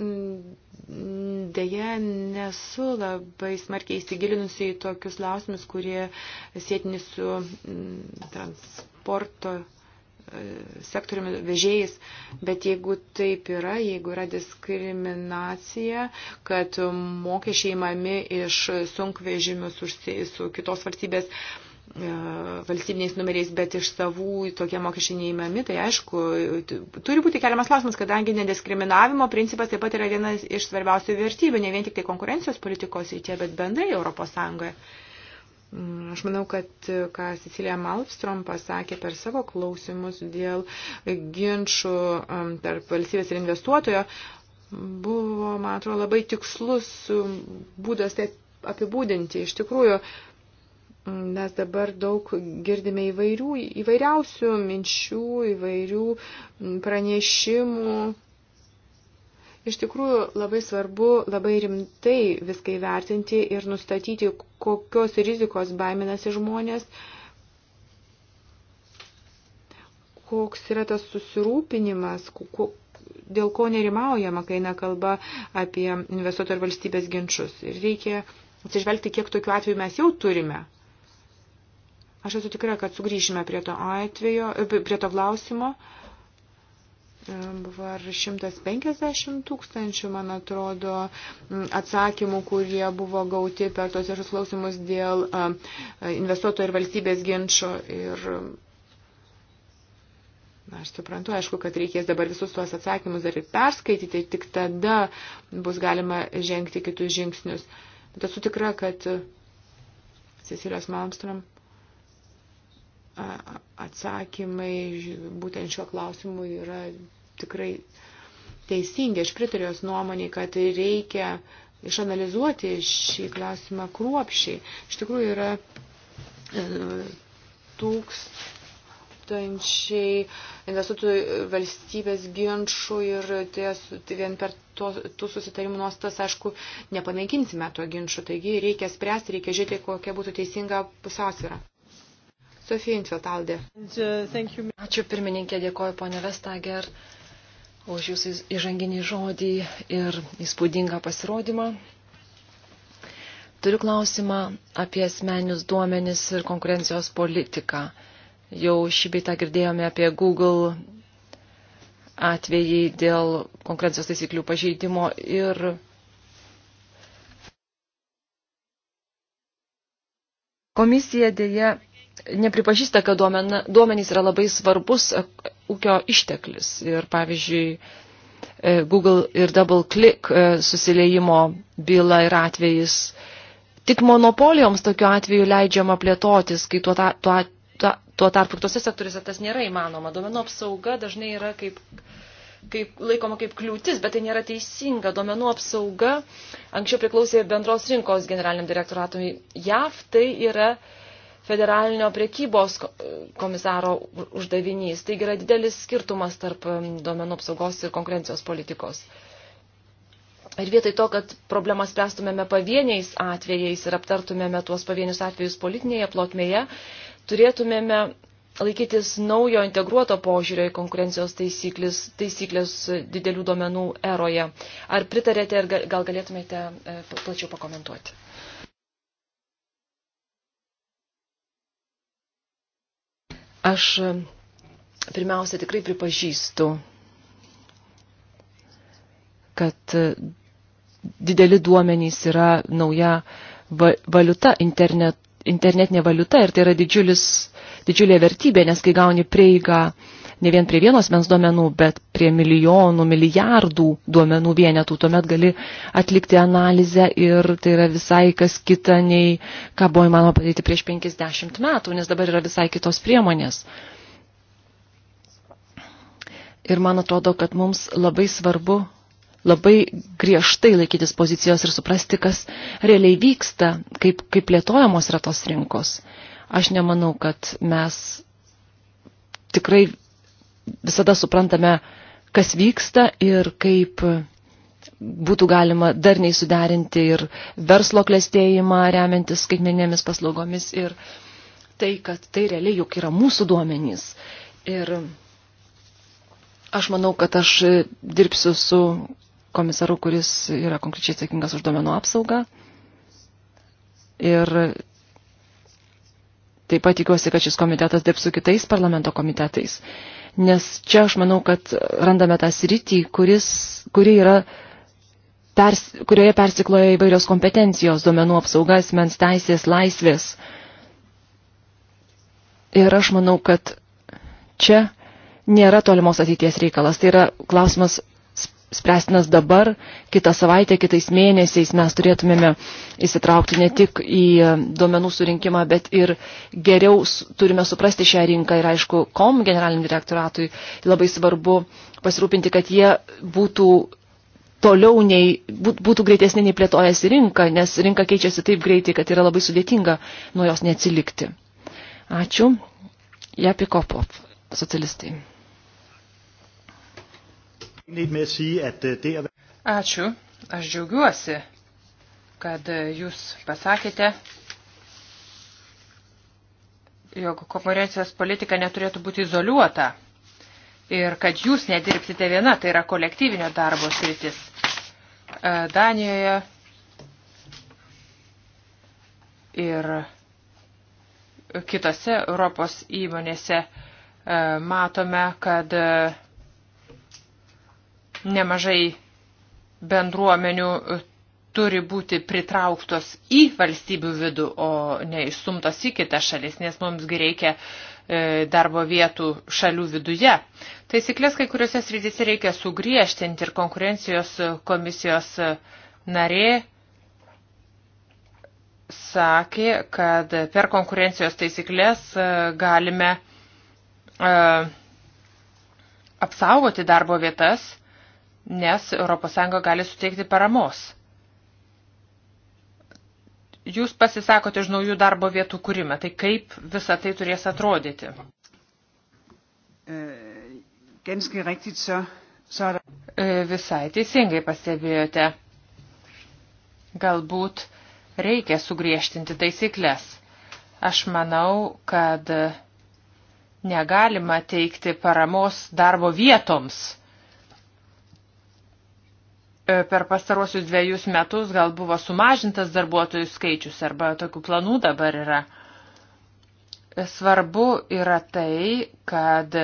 Mm, deja, nesu labai smarkiai įsigilinusi į tokius lausimus, kurie sėtini su mm, transporto e, sektoriumi vežėjais, bet jeigu taip yra, jeigu yra diskriminacija, kad mokesčiai įmami iš sunkvežimius su kitos valstybės E, valstybiniais numeriais, bet iš savų tokie mokesčiai neįmami, tai aišku, turi būti keliamas klausimas, kadangi nediskriminavimo principas taip pat yra vienas iš svarbiausių vertybių, ne vien tik tai konkurencijos politikos rytie, bet bendrai Europos Sąjungoje. Mm, aš manau, kad ką Cecilija Malmstrom pasakė per savo klausimus dėl ginčių tarp valstybės ir investuotojo, buvo, man atrodo, labai tikslus būdas tai apibūdinti. Iš tikrųjų, uh, Mes dabar daug girdime įvairių, įvairiausių minčių, įvairių pranešimų. Iš tikrųjų, labai svarbu labai rimtai viską įvertinti ir nustatyti, kokios rizikos baiminasi žmonės, koks yra tas susirūpinimas, dėl ko nerimaujama, kai eina kalba apie investuotojų ir valstybės ginčius. Ir reikia atsižvelgti, kiek tokių atvejų mes jau turime. Aš esu tikra, kad sugrįšime prie to atvejo, e, prie to klausimo. E, buvo 150 tūkstančių, man atrodo, atsakymų, kurie buvo gauti per tos viešus klausimus dėl e, investuotojo ir valstybės ginčio. Ir Na, aš suprantu, aišku, kad reikės dabar visus tuos atsakymus dar ir perskaityti, tik tada bus galima žengti kitus žingsnius. Bet esu tikra, kad Cecilijos Malmström atsakymai būtent šiuo klausimu yra tikrai teisingi. Aš pritariu jos nuomonį, kad reikia išanalizuoti šį klausimą kruopšiai. Iš tikrųjų yra e, tūkstančiai investuotojų valstybės ginčių ir ties, tai vien per to, tų susitarimų nuostas, aišku, nepanaikinsime to ginčių. Taigi reikia spręsti, reikia žiūrėti, kokia būtų teisinga pusiausvyrą. Sofija Infeltaldė. Ačiū pirmininkė, dėkoju ponė Vestager už jūsų įžanginį žodį ir įspūdingą pasirodymą. Turiu klausimą apie asmenius duomenis ir konkurencijos politiką. Jau šį beitą girdėjome apie Google atvejai dėl konkurencijos taisyklių pažeidimo ir komisija dėja nepripažįsta, kad duomenys yra labai svarbus e, ūkio išteklis. Ir pavyzdžiui, e, Google ir DoubleClick e, susiliejimo byla ir atvejis. Tik monopolijoms tokiu atveju leidžiama plėtotis, kai tuo, ta, tuo, tuo, tuo tarpu kitose sektoriuose tas nėra įmanoma. Duomenų apsauga dažnai yra kaip, kaip, laikoma kaip kliūtis, bet tai nėra teisinga. Duomenų apsauga anksčiau priklausė bendros rinkos generaliniam direktoratui JAV, tai yra uh, federalinio priekybos komisaro uždavinys. Taigi yra didelis skirtumas tarp duomenų apsaugos ir konkurencijos politikos. Ir vietoj to, kad problemą spręstumėme pavieniais atvejais ir aptartumėme tuos pavienius atvejus politinėje plotmėje, turėtumėme laikytis naujo integruoto požiūrio į konkurencijos taisyklės, taisyklės didelių duomenų eroje. Ar pritarėte ir gal galėtumėte e, plačiau pakomentuoti? Aš e, pirmiausia tikrai pripažįstu, kad e, dideli duomenys yra nauja valiuta, internet, internetinė valiuta ir tai yra didžiulis, didžiulė vertybė, nes kai gauni prieigą ne vien prie vienos mens duomenų, bet prie milijonų, milijardų duomenų vienetų. Tuomet gali atlikti analizę ir tai yra visai kas kita nei ką buvo įmanoma padaryti prieš 50 metų, nes dabar yra visai kitos priemonės. Ir man atrodo, kad mums labai svarbu labai griežtai laikytis pozicijos ir suprasti, kas realiai vyksta, kaip, kaip plėtojamos yra tos rinkos. Aš nemanau, kad mes tikrai visada suprantame, kas vyksta ir kaip būtų galima darniai suderinti ir verslo klėstėjimą, remiantis skaitmenėmis paslaugomis ir tai, kad tai realiai juk yra mūsų duomenys. Ir aš manau, kad aš dirbsiu su komisaru, kuris yra konkrečiai atsakingas už duomenų apsaugą. Ir taip pat tikiuosi, kad šis komitetas dirbs su kitais parlamento komitetais. Uh, nes čia aš manau, kad randame tą sritį, kuris, kuri yra pers, kurioje persikloja įvairios kompetencijos, duomenų apsauga, asmens teisės, laisvės. Ir aš manau, kad čia nėra tolimos ateities reikalas. Tai yra klausimas spręstinas dabar, kitą savaitę, kitais mėnesiais mes turėtumėme įsitraukti ne tik į duomenų surinkimą, bet ir geriau turime suprasti šią rinką ir aišku, kom generaliniam direktoratui labai svarbu pasirūpinti, kad jie būtų toliau nei, būtų greitesnė nei plėtojasi rinka, nes rinka keičiasi taip greitai, kad yra labai sudėtinga nuo jos neatsilikti. Ačiū. Japikopov, socialistai. Øh, Ačiū. Aš džiaugiuosi, kad e, jūs pasakėte, jog konkurencijos politika neturėtų būti izoliuota ir kad jūs nedirbsite viena, tai yra kolektyvinio darbo sritis. E, Danijoje ir kitose Europos įmonėse e, matome, kad Nemažai bendruomenių e, turi būti pritrauktos į valstybių vidų, o ne išsumtos į kitas šalis, nes mums reikia e, darbo vietų šalių viduje. Taisyklės kai kuriuose srityse reikia sugriežtinti ir konkurencijos komisijos e, narė sakė, kad per konkurencijos taisyklės galime apsaugoti darbo vietas nes ES gali suteikti paramos. Jūs pasisakote už naujų darbo vietų kūrimą, tai kaip visa tai turės atrodyti? E, er e, visai teisingai pastebėjote. Galbūt reikia sugriežtinti taisyklės. Aš manau, kad negalima teikti paramos darbo vietoms E, per pastaruosius dviejus metus gal buvo sumažintas darbuotojų skaičius arba tokių planų dabar yra. E, svarbu yra tai, kad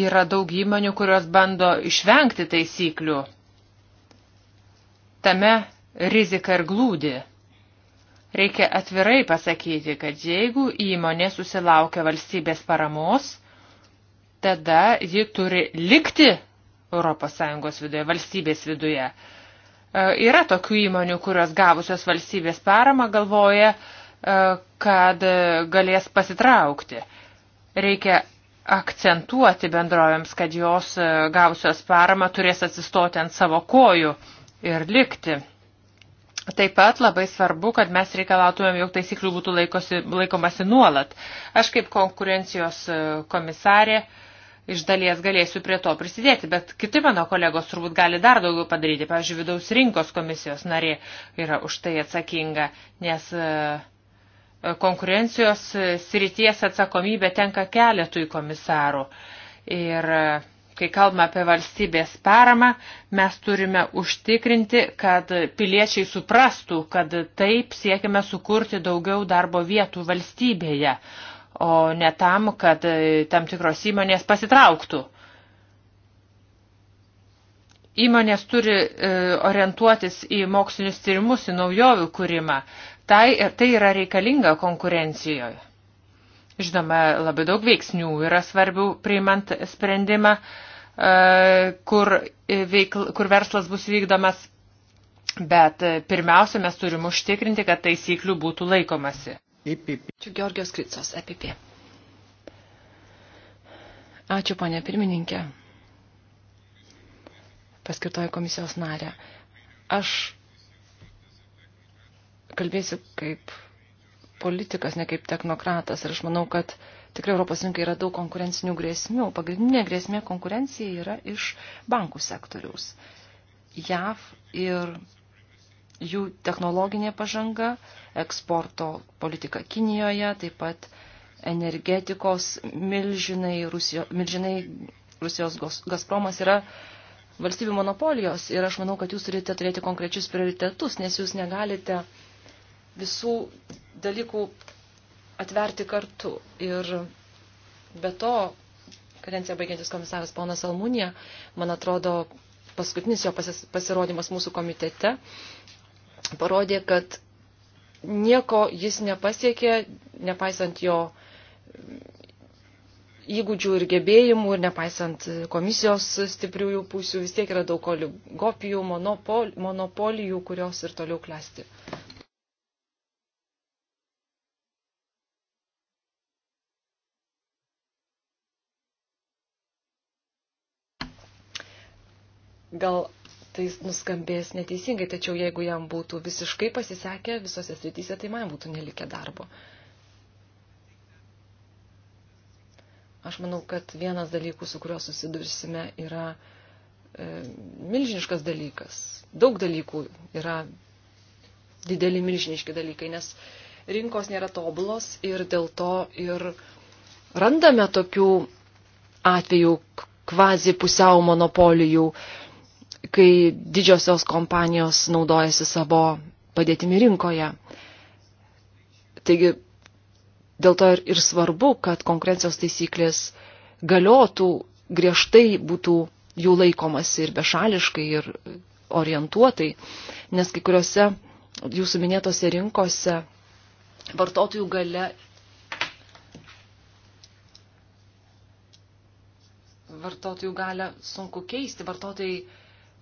yra daug įmonių, kurios bando išvengti taisyklių. Tame rizika ir glūdi. Reikia atvirai pasakyti, kad jeigu įmonė susilaukia valstybės paramos, tada ji turi likti ES viduje, valstybės viduje. E, yra tokių įmonių, kurios gavusios valstybės paramą galvoja, e, kad galės pasitraukti. Reikia akcentuoti bendrovėms, kad jos e, gavusios paramą turės atsistoti ant savo kojų ir likti. Taip pat labai svarbu, kad mes reikalautumėm, jog taisyklių būtų laikosi, laikomasi nuolat. Aš kaip konkurencijos komisarė uh, iš dalies galėsiu prie to prisidėti, bet kiti mano kolegos turbūt gali dar daugiau padaryti. Pavyzdžiui, vidaus rinkos komisijos narė yra už tai atsakinga, nes e, e, konkurencijos e, srities atsakomybė tenka keletui komisarų. Ir kai kalbame apie valstybės paramą, mes turime užtikrinti, kad piliečiai suprastų, kad taip siekime sukurti daugiau darbo vietų valstybėje o ne tam, kad e, tam tikros įmonės pasitrauktų. Įmonės turi e, orientuotis į mokslinius tyrimus, į naujovių kūrimą. Tai, tai yra reikalinga konkurencijoje. Žinoma, labai daug veiksnių yra svarbių priimant sprendimą, e, kur, veikl, kur verslas bus vykdomas, bet pirmiausia, mes turim užtikrinti, kad taisyklių būtų laikomasi. IPP Čia Georgios Kricos, EPP. Ačiū, ponė pirmininkė, paskirtoji komisijos narė. Aš kalbėsiu kaip politikas, ne kaip technokratas. Ir aš manau, kad tikrai Europos rinkai yra daug konkurencinių grėsmių. Pagrindinė grėsmė konkurencija yra iš bankų sektoriaus. JAV ir jų technologinė pažanga, eksporto politika Kinijoje, taip pat energetikos milžinai, Rusijo, milžinai Rusijos Gazpromas yra valstybių monopolijos ir aš manau, kad jūs turite turėti konkrečius prioritetus, nes jūs negalite visų dalykų atverti kartu. Ir be to, kadencija baigiantis komisaras ponas Almunija, man atrodo, paskutinis jo pasirodymas mūsų komitete parodė, kad nieko jis nepasiekė, nepaisant jo įgūdžių ir gebėjimų ir nepaisant komisijos stipriųjų pusių, vis tiek yra daug oligopijų, monopol, monopolijų, kurios ir toliau klesti. Gal tai nuskambės neteisingai, tačiau jeigu jam būtų visiškai pasisekę visose srityse, tai man būtų nelikę darbo. Aš manau, kad vienas dalykų, su kuriuo susidursime, yra e, milžiniškas dalykas. Daug dalykų yra dideli milžiniški dalykai, nes rinkos nėra tobulos ir dėl to ir randame tokių atvejų kvazi pusiau monopolijų, kai didžiosios kompanijos naudojasi savo padėtimi rinkoje. Taigi dėl to ir, ir svarbu, kad konkurencijos taisyklės galiotų griežtai būtų jų laikomasi ir bešališkai, ir orientuotai, nes kai kuriuose jūsų minėtose rinkose vartotojų gale. Vartotojų galę sunku keisti, vartotojai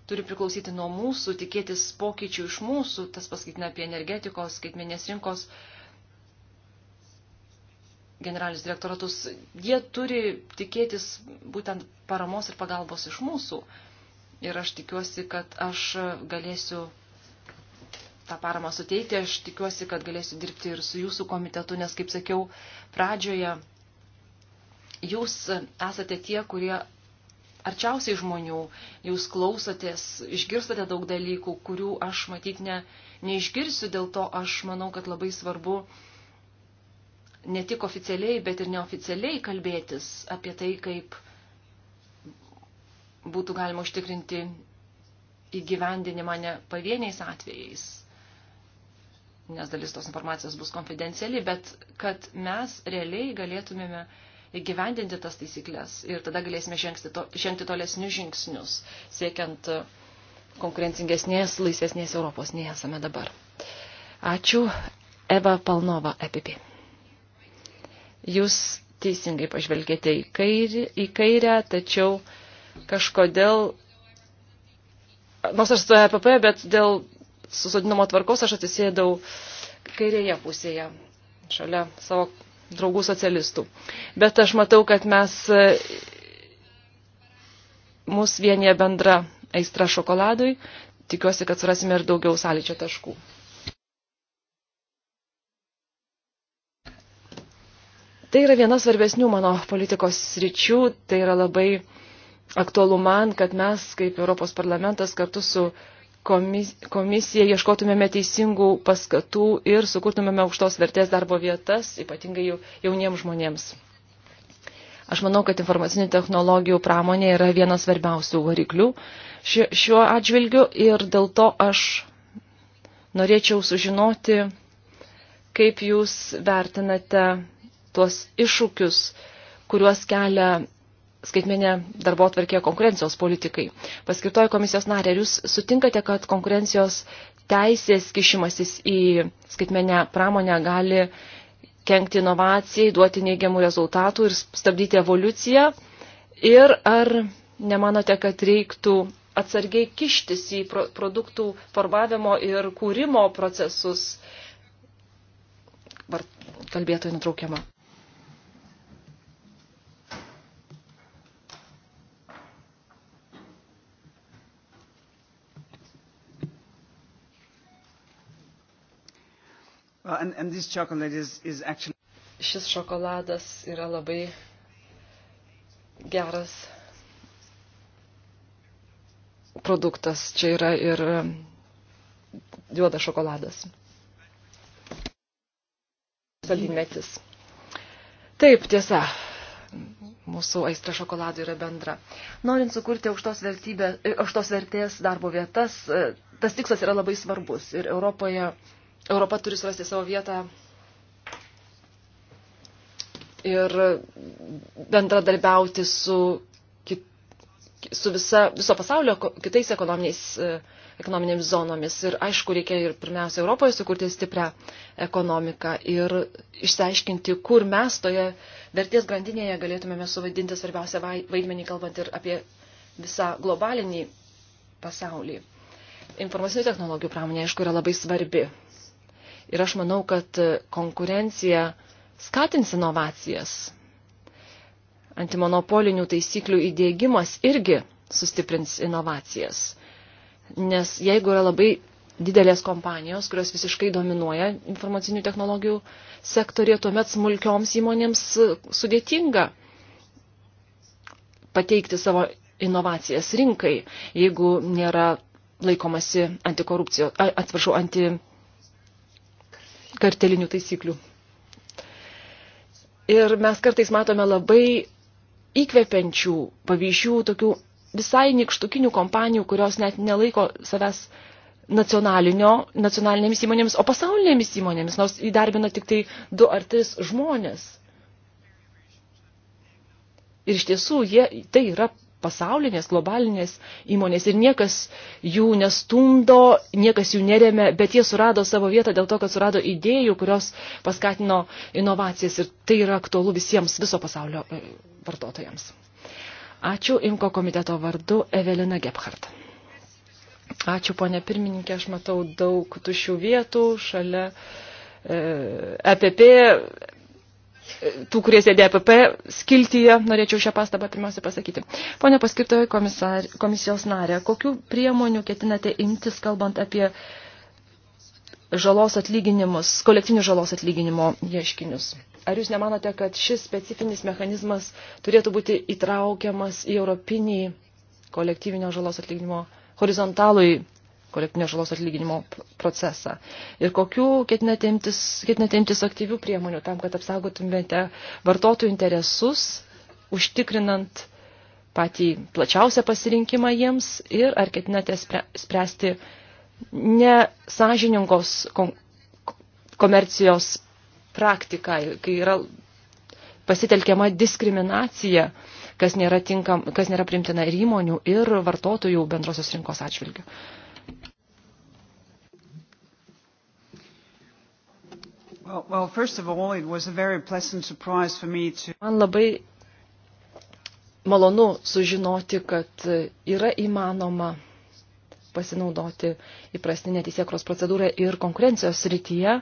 turi priklausyti nuo mūsų, tikėtis pokyčių iš mūsų, tas paskaitina apie energetikos, skaitmenės rinkos generalinis direktoratus, jie turi tikėtis būtent paramos ir pagalbos iš mūsų. Ir aš tikiuosi, kad aš galėsiu tą paramą suteikti, aš tikiuosi, kad galėsiu dirbti ir su jūsų komitetu, nes, kaip sakiau, pradžioje jūs esate tie, kurie arčiausiai žmonių, jūs klausotės, išgirstate daug dalykų, kurių aš matyt ne, neišgirsiu, dėl to aš manau, kad labai svarbu ne tik oficialiai, bet ir neoficialiai kalbėtis apie tai, kaip būtų galima užtikrinti įgyvendinimą ne pavieniais atvejais, nes dalis tos informacijos bus konfidenciali, bet kad mes realiai galėtumėme įgyvendinti tas taisyklės ir tada galėsime žengti, to, žengti tolesnius žingsnius, siekiant e, konkurencingesnės, laisvesnės Europos, nei esame dabar. Ačiū, Eva Palnova, EPP. Jūs teisingai pažvelgėte į kairę, į kairę tačiau kažkodėl, nors aš stoju EPP, bet dėl susodinamo tvarkos aš atsisėdau kairėje pusėje, šalia savo draugų socialistų. Bet aš matau, kad mes e, mus vienyje bendra aistra šokoladui. Tikiuosi, kad surasime ir daugiau sąlyčio taškų. Tai yra viena svarbesnių mano politikos sričių, tai yra labai aktualu man, kad mes kaip Europos parlamentas kartu su komis, komisija ieškotumėme teisingų paskatų ir sukurtumėme aukštos vertės darbo vietas, ypatingai jauniems žmonėms. Aš manau, kad informacinių technologijų pramonė yra vienas svarbiausių variklių šiuo atžvilgiu ir dėl to aš norėčiau sužinoti, kaip jūs vertinate tuos iššūkius, kuriuos kelia skaitmenė darbo atvarkė konkurencijos politikai. Paskirtoji komisijos narė, ar jūs sutinkate, kad konkurencijos teisės kišimasis į skaitmenę pramonę gali kenkti inovacijai, duoti neigiamų rezultatų ir stabdyti evoliuciją? Ir ar nemanote, kad reiktų atsargiai kištis į pro produktų formavimo ir kūrimo procesus? Kalbėtojų nutraukiama. Well, and, and this chocolate is, is actually... Šis šokoladas yra labai geras produktas. Čia yra ir um, juoda šokoladas. Saldinmetis. Taip, tiesa. Mūsų aistra šokoladų yra bendra. Norint sukurti aukštos, vertybė, aukštos vertės darbo vietas, tas tikslas yra labai svarbus. Ir Europoje Europa turi surasti savo vietą ir bendradarbiauti su, kit, su visa, viso pasaulio kitais ekonominėmis zonomis. Ir aišku, reikia ir pirmiausia Europoje sukurti stiprią ekonomiką ir išsiaiškinti, kur mes toje vertės grandinėje galėtumėme suvaidinti svarbiausią vaidmenį, kalbant ir apie visą globalinį pasaulį. Informacinių technologijų pramonė, aišku, yra labai svarbi Ir aš manau, kad konkurencija skatins inovacijas. Antimonopolinių taisyklių įdėgymas irgi sustiprins inovacijas. Nes jeigu yra labai didelės kompanijos, kurios visiškai dominuoja informacinių technologijų sektorė, tuomet smulkioms įmonėms sudėtinga pateikti savo inovacijas rinkai, jeigu nėra laikomasi antikorupcijos, atsiprašau, anti kartelinių taisyklių. Ir mes kartais matome labai įkvepiančių pavyzdžių, tokių visai nikštukinių kompanijų, kurios net nelaiko savęs nacionalinėmis įmonėmis, o pasaulinėmis įmonėmis, nors įdarbina tik tai du ar tris žmonės. Ir iš tiesų, jie, tai yra pasaulinės, globalinės įmonės ir niekas jų nestumdo, niekas jų neremė, bet jie surado savo vietą dėl to, kad surado idėjų, kurios paskatino inovacijas ir tai yra aktualu visiems viso pasaulio e, vartotojams. Ačiū Imko komiteto vardu Evelina Gebhardt. Ačiū, ponė pirmininkė, aš matau daug tušių vietų šalia EPP e tų, kurie sėdė APP e skiltyje, norėčiau šią pastabą pirmiausia pasakyti. Pone paskirtojo komisijos narė, kokiu priemonių ketinate imtis, kalbant apie žalos atlyginimus, kolektyvinių žalos atlyginimo ieškinius? Ar jūs nemanote, kad šis specifinis mechanizmas turėtų būti įtraukiamas į europinį kolektyvinio žalos atlyginimo horizontalui kolektinio žalos atlyginimo procesą. Ir kokiu ketinate imtis, ketinate imtis aktyvių priemonių tam, kad apsaugotumėte vartotojų interesus, užtikrinant patį plačiausią pasirinkimą jiems ir ar ketinate spręsti nesažiningos komercijos praktiką, kai yra pasitelkiama diskriminacija, kas nėra, tinkam, kas nėra primtina ir įmonių, ir vartotojų bendrosios rinkos atžvilgių. Well, well, first of all, it was a very pleasant surprise for me to... Man labai malonu sužinoti, kad e, yra įmanoma pasinaudoti įprastinę teisėkros procedūrą ir konkurencijos srityje.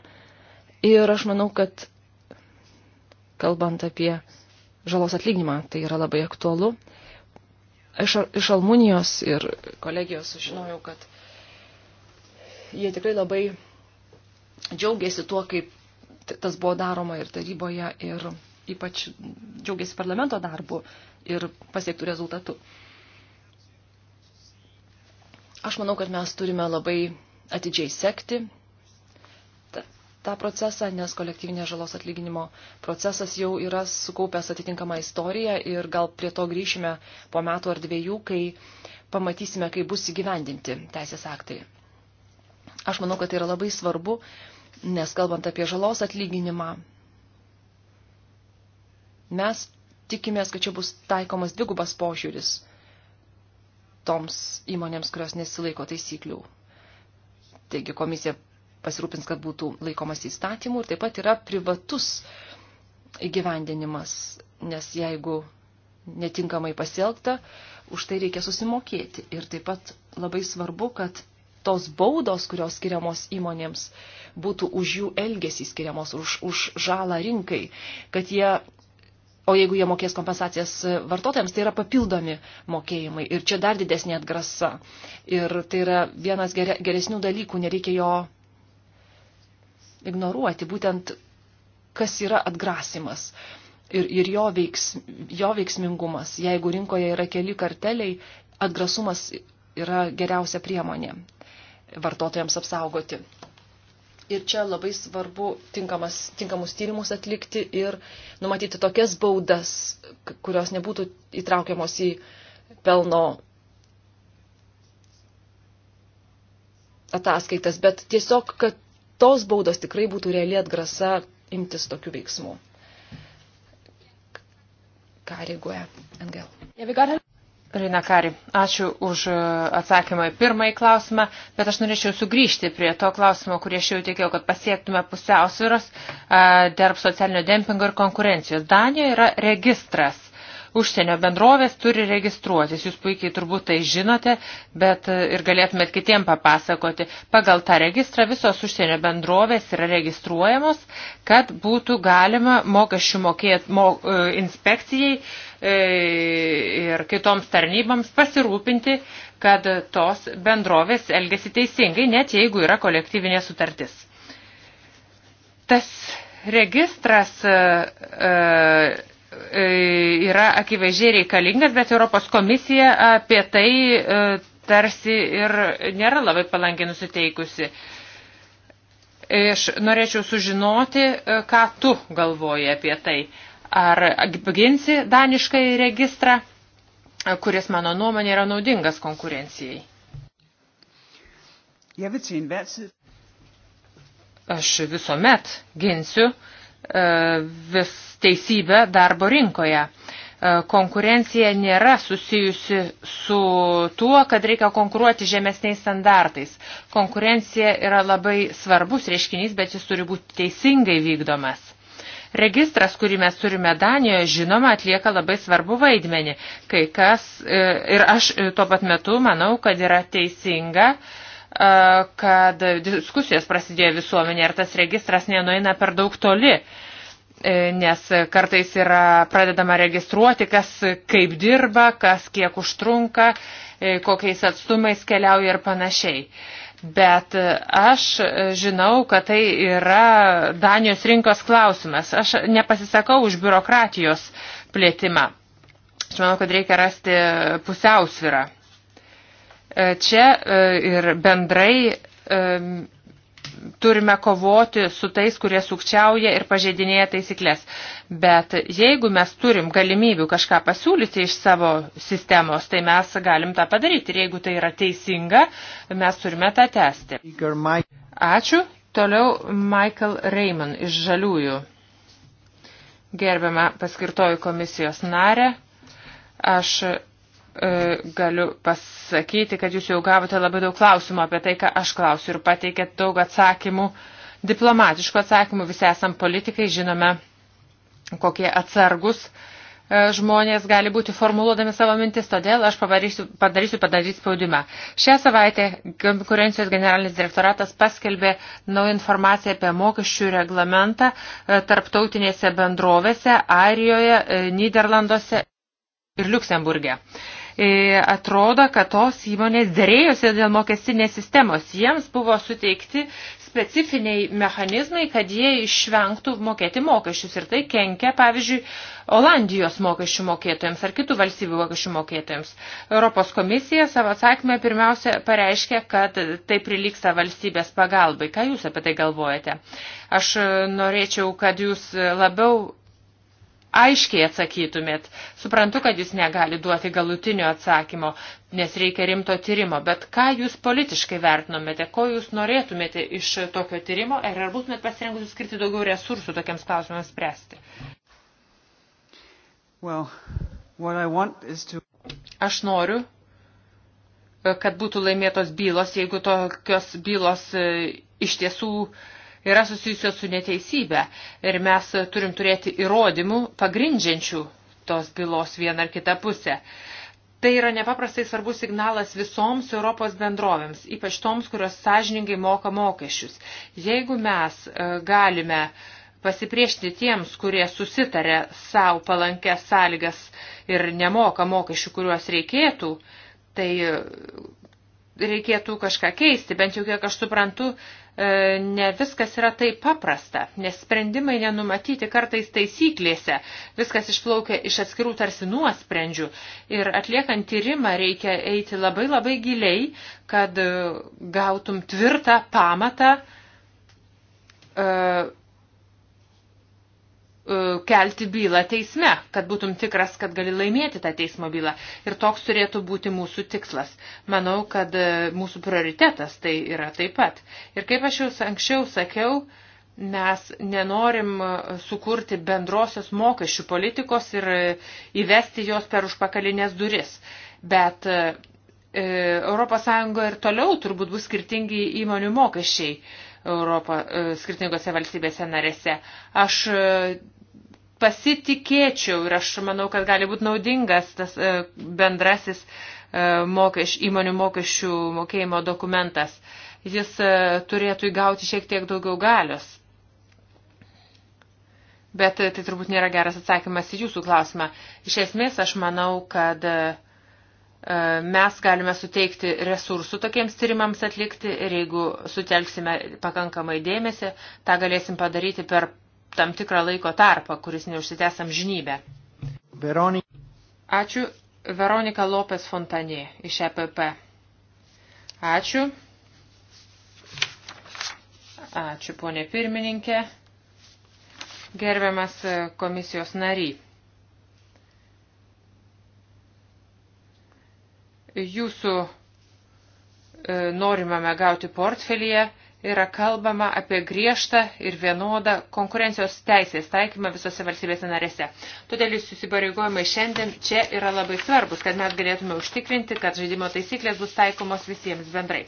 Ir aš manau, kad kalbant apie žalos atlyginimą, tai yra labai aktualu. Iš, iš Almunijos ir kolegijos sužinojau, kad jie tikrai labai džiaugiasi tuo, kaip tas buvo daroma ir taryboje, ir ypač džiaugiasi parlamento darbu ir pasiektų rezultatų. Aš manau, kad mes turime labai atidžiai sekti tą procesą, nes kolektyvinės žalos atlyginimo procesas jau yra sukaupęs atitinkamą istoriją ir gal prie to grįšime po metų ar dviejų, kai pamatysime, kai bus įgyvendinti teisės aktai. Aš manau, kad tai yra labai svarbu, nes kalbant apie žalos atlyginimą, mes tikimės, kad čia bus taikomas dvigubas požiūris toms įmonėms, kurios nesilaiko taisyklių. Taigi komisija pasirūpins, kad būtų laikomas įstatymų ir taip pat yra privatus įgyvendinimas, nes jeigu netinkamai pasielgta, už tai reikia susimokėti. Ir taip pat labai svarbu, kad tos baudos, kurios skiriamos įmonėms, būtų už jų elgesį skiriamos, už, už žalą rinkai, kad jie, o jeigu jie mokės kompensacijas vartotojams, tai yra papildomi mokėjimai ir čia dar didesnė atgrasa. Ir tai yra vienas geresnių dalykų, nereikia jo ignoruoti, būtent kas yra atgrasimas ir, ir jo, veiks, jo veiksmingumas. Jeigu rinkoje yra keli karteliai, atgrasumas yra geriausia priemonė vartotojams apsaugoti. Ir čia labai svarbu tinkamas, tinkamus tyrimus atlikti ir numatyti tokias baudas, kurios nebūtų įtraukiamos į pelno ataskaitas, bet tiesiog, kad tos baudos tikrai būtų realiai atgrasa imtis tokių veiksmų. Ką reaguoja NGL? Rinakari, ačiū už e, atsakymą į pirmąjį klausimą, bet aš norėčiau sugrįžti prie to klausimo, kurį aš jau tikėjau, kad pasiektume pusiausviros e, tarp socialinio dempingo ir konkurencijos. Danija yra registras užsienio bendrovės turi registruotis. Jūs puikiai turbūt tai žinote, bet e, ir galėtumėt kitiem papasakoti. Pagal tą registrą visos užsienio bendrovės yra registruojamos, kad būtų galima mokesčių mokėt, mo, e, inspekcijai e, ir kitoms tarnyboms pasirūpinti, kad tos bendrovės elgesi teisingai, net jeigu yra kolektyvinė sutartis. Tas registras e, E, yra akivaizdžiai reikalingas, bet Europos komisija apie tai e, tarsi ir nėra labai palankiai nusiteikusi. Aš norėčiau sužinoti, e, ką tu galvoji apie tai. Ar ginsi daniškai registrą, kuris, mano nuomonė, yra naudingas konkurencijai? Aš visuomet ginsiu vis teisybę darbo rinkoje. E, konkurencija nėra susijusi su tuo, kad reikia konkuruoti žemesniais standartais. Konkurencija yra labai svarbus reiškinys, bet jis turi būti teisingai vykdomas. Registras, kurį mes turime Danijoje, žinoma, atlieka labai svarbu vaidmenį. Kai kas, e, ir aš e, tuo pat metu manau, kad yra teisinga, kad diskusijos prasidėjo visuomenė ir tas registras nenueina per daug toli. E, nes kartais yra pradedama registruoti, kas kaip dirba, kas kiek užtrunka, e, kokiais atstumais keliauja ir panašiai. Bet aš žinau, kad tai yra Danijos rinkos klausimas. Aš nepasisakau už biurokratijos plėtimą. Aš manau, kad reikia rasti pusiausvirą. E, čia ir bendrai turime kovoti su tais, kurie sukčiauja ir pažeidinėja taisyklės. Bet jeigu mes turim galimybių kažką pasiūlyti iš savo sistemos, tai mes galim tą padaryti. Ir jeigu tai yra teisinga, mes turime tą tęsti. Ačiū. Toliau Michael Raymond iš Žaliųjų. Gerbiama paskirtoji komisijos narė. Aš E, galiu pasakyti, kad jūs jau gavote labai daug klausimų apie tai, ką aš klausiu ir pateikėt daug atsakymų, diplomatiškų atsakymų, visi esam politikai, žinome, kokie atsargus e, žmonės gali būti formuluodami savo mintis, todėl aš padarysiu, padarysiu padaryti spaudimą. Šią savaitę konkurencijos generalinis direktoratas paskelbė naują informaciją apie mokesčių reglamentą e, tarptautinėse bendrovėse, Airijoje, Niderlanduose ir Luksemburgė. E, atrodo, kad tos įmonės dėrėjosi dėl mokestinės sistemos. Jiems buvo suteikti specifiniai mechanizmai, kad jie išvengtų mokėti mokesčius. Ir tai kenkia, pavyzdžiui, Olandijos mokesčių mokėtojams ar kitų valstybių mokesčių mokėtojams. Europos komisija savo atsakymę pirmiausia pareiškia, kad tai priliksta valstybės pagalbai. Ką Jūs apie tai galvojate? Aš norėčiau, kad Jūs labiau aiškiai atsakytumėt. Suprantu, kad jis negali duoti galutinio atsakymo, nes reikia rimto tyrimo, bet ką jūs politiškai vertinomėte, ko jūs norėtumėte iš tokio tyrimo ir ar būtumėt pasirengusi skirti daugiau resursų tokiems klausimams spręsti? Well, to... Aš noriu e, kad būtų laimėtos bylos, jeigu tokios bylos e, iš tiesų uh, yra susijusios su neteisybė ir mes turim turėti įrodymų pagrindžiančių tos bylos vieną ar kitą pusę. Tai yra nepaprastai svarbus signalas visoms Europos bendrovėms, ypač toms, kurios sąžiningai moka mokesčius. Jeigu mes e, galime pasipriešinti tiems, kurie susitarė savo palankęs sąlygas ir nemoka mokesčių, kuriuos reikėtų, tai reikėtų kažką keisti. Bent jau kiek aš suprantu, E, ne viskas yra taip paprasta, nes sprendimai nenumatyti kartais taisyklėse, viskas išplaukia iš atskirų tarsi nuosprendžių ir atliekant tyrimą reikia eiti labai labai giliai, kad e, gautum tvirtą pamatą e, E, kelti bylą teisme, kad būtum tikras, kad gali laimėti tą teismo bylą. Ir toks turėtų būti mūsų tikslas. Manau, kad e, mūsų prioritetas tai yra taip pat. Ir kaip aš jau anksčiau sakiau, mes nenorim e, sukurti bendrosios mokesčių politikos ir įvesti jos per užpakalinės duris. Bet ES ir toliau turbūt bus skirtingi įmonių mokesčiai. Europą skirtingose valstybėse narėse. Aš pasitikėčiau ir aš manau, kad gali būti naudingas tas e, bendrasis e, mokeš, įmonių mokesčių mokėjimo dokumentas. Jis e, turėtų įgauti šiek tiek daugiau galios. Bet tai turbūt nėra geras atsakymas į jūsų klausimą. Iš esmės aš manau, kad mes galime suteikti resursų tokiems tyrimams atlikti ir jeigu sutelksime pakankamai dėmesį, tą galėsim padaryti per tam tikrą laiko tarpą, kuris neužsitęs amžinybę. Veroni... Ačiū Veronika Lopes Fontanė iš EPP. Ačiū. Ačiū, ponė pirmininkė. Gerbiamas komisijos nary. Jūsų e, norimame gauti portfelyje yra kalbama apie griežtą ir vienodą konkurencijos teisės taikymą visose valstybėse narėse. Todėl jis susibareigojimai šiandien čia yra labai svarbus, kad mes galėtume užtikrinti, kad žaidimo taisyklės bus taikomos visiems bendrai.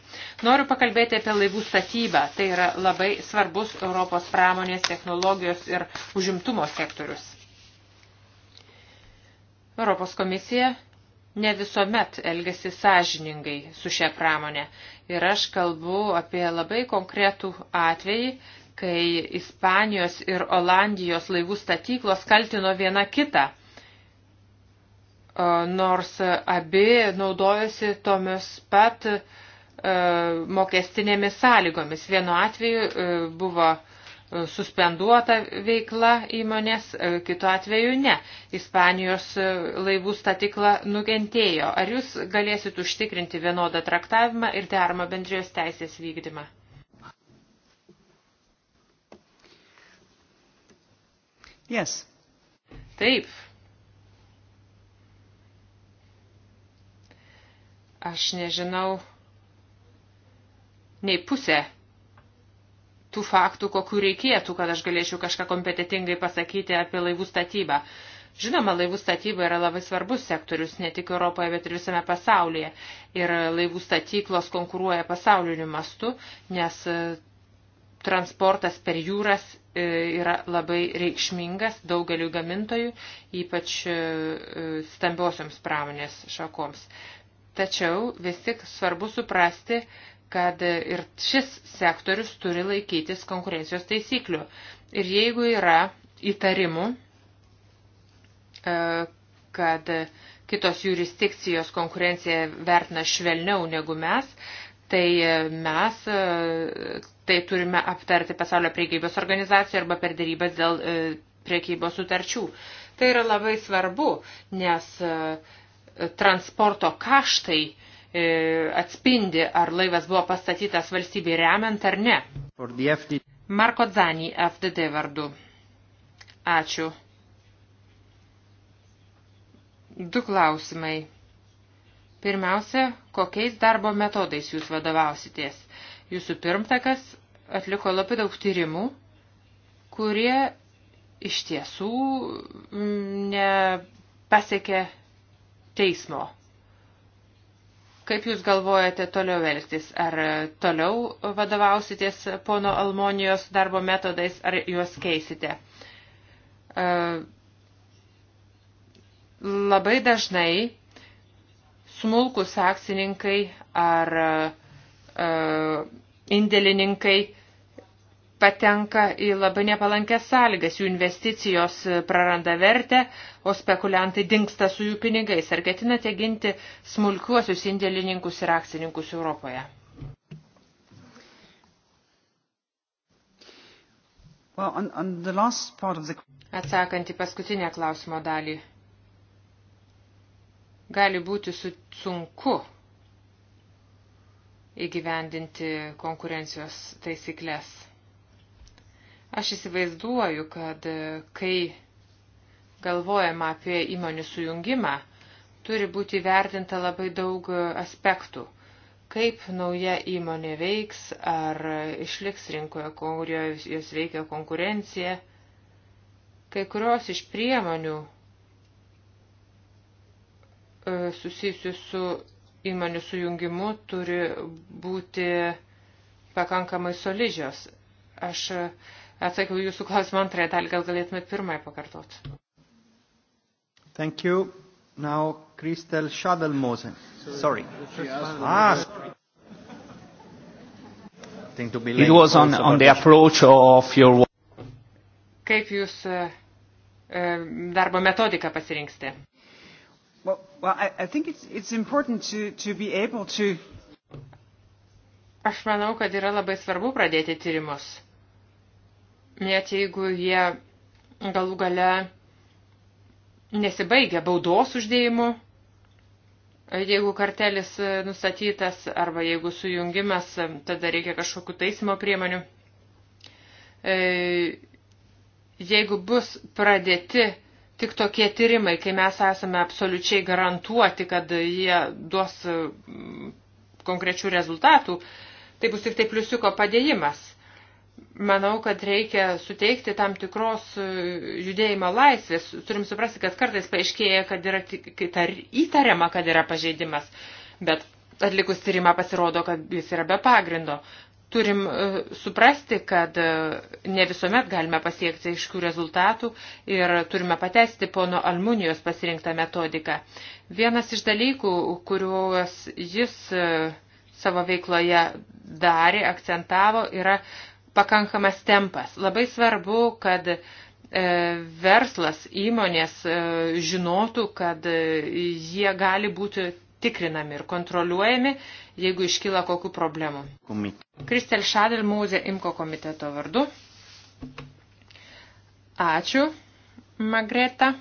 Noriu pakalbėti apie laivų statybą. Tai yra labai svarbus Europos pramonės, technologijos ir užimtumo sektorius. Europos komisija ne visuomet elgesi sąžiningai su šia pramonė. Ir aš kalbu apie labai konkretų atvejį, kai Ispanijos ir Olandijos laivų statyklos kaltino viena kitą, nors abi naudojosi tomis pat e, mokestinėmis sąlygomis. Vienu atveju e, buvo uh, suspenduota veikla įmonės, e, kitu atveju ne. Ispanijos e, laivų statikla nukentėjo. Ar jūs galėsit užtikrinti vienodą traktavimą ir dermą bendrijos teisės vykdymą? Yes. Taip. Aš nežinau nei pusę tų faktų, kokiu reikėtų, kad aš galėčiau kažką kompetitingai pasakyti apie laivų statybą. Žinoma, laivų statyba yra labai svarbus sektorius, ne tik Europoje, bet ir visame pasaulyje. Ir laivų statyklos konkuruoja pasauliniu mastu, nes e, transportas per jūras e, yra labai reikšmingas daugeliu gamintojų, ypač e, stambiosioms pramonės šakoms. Tačiau vis tik svarbu suprasti, kad ir šis sektorius turi laikytis konkurencijos taisyklių. Ir jeigu yra įtarimų, e, kad kitos jurisdikcijos konkurenciją vertina švelniau negu mes, tai mes e, tai turime aptarti pasaulio priekybos organizacijoje arba per dėrybas dėl e, priekybos sutarčių. Tai yra labai svarbu, nes transporto kaštai uh, E, atspindi, ar laivas buvo pastatytas valstybei remiant ar ne. Marko Zanį FDD vardu. Ačiū. Du klausimai. Pirmiausia, kokiais darbo metodais jūs vadovausitės? Jūsų pirmtakas atliko labai daug tyrimų, kurie iš tiesų mm, nepasiekė teismo. Kaip Jūs galvojate toliau elgtis? Ar toliau vadovausitės pono Almonijos darbo metodais, ar juos keisite? E, labai dažnai smulkus akcininkai ar e, indėlininkai patenka į labai nepalankęs sąlygas, jų investicijos praranda vertę, o spekuliantai dinksta su jų pinigais. Ar ketinate ginti smulkiuosius indėlininkus ir akcininkus Europoje? Well, on, on the last part of the... Atsakant į paskutinę klausimo dalį. Gali būti su, sunku įgyvendinti konkurencijos taisyklės Aš įsivaizduoju, kad e, kai galvojama apie įmonių sujungimą, turi būti vertinta labai daug e, aspektų. Kaip nauja įmonė veiks, ar išliks rinkoje, kurioje jos veikia konkurencija. Kai kurios iš priemonių e, susijusių su įmonių sujungimu turi būti pakankamai solidžios. Aš Atsakiau jūsų klausimą antrąją dalį, gal galėtumėt pirmąją pakartoti. Thank you. Now, Kristel Schadelmosen. Sorry. Ah, sorry. It was on, on the approach of your Kaip jūs uh, darbo metodiką pasirinksite? Well, well I, I think it's, it's important to, to be able to... Aš manau, kad yra labai svarbu pradėti tyrimus net jeigu jie galų gale nesibaigia baudos uždėjimu, jeigu kartelis nustatytas arba jeigu sujungimas, tada reikia kažkokiu taisymo priemonių. E, jeigu bus pradėti tik tokie tyrimai, kai mes esame absoliučiai garantuoti, kad jie duos mm, konkrečių rezultatų, tai bus tik tai pliusiuko padėjimas – manau, kad reikia suteikti tam tikros e, judėjimo laisvės. Turim suprasti, kad kartais paaiškėja, kad yra įtariama, kad yra pažeidimas, bet atlikus tyrimą pasirodo, kad jis yra be pagrindo. Turim e, suprasti, kad e, ne visuomet galime pasiekti aiškių rezultatų ir turime patesti pono Almunijos pasirinktą metodiką. Vienas iš dalykų, kuriuos jis savo veikloje darė, akcentavo, yra pakankamas tempas. Labai svarbu, kad e, verslas įmonės e, žinotų, kad e, jie gali būti tikrinami ir kontroliuojami, jeigu iškyla kokių problemų. Kristel Šadel Mūzė Imko komiteto vardu. Ačiū, Magreta.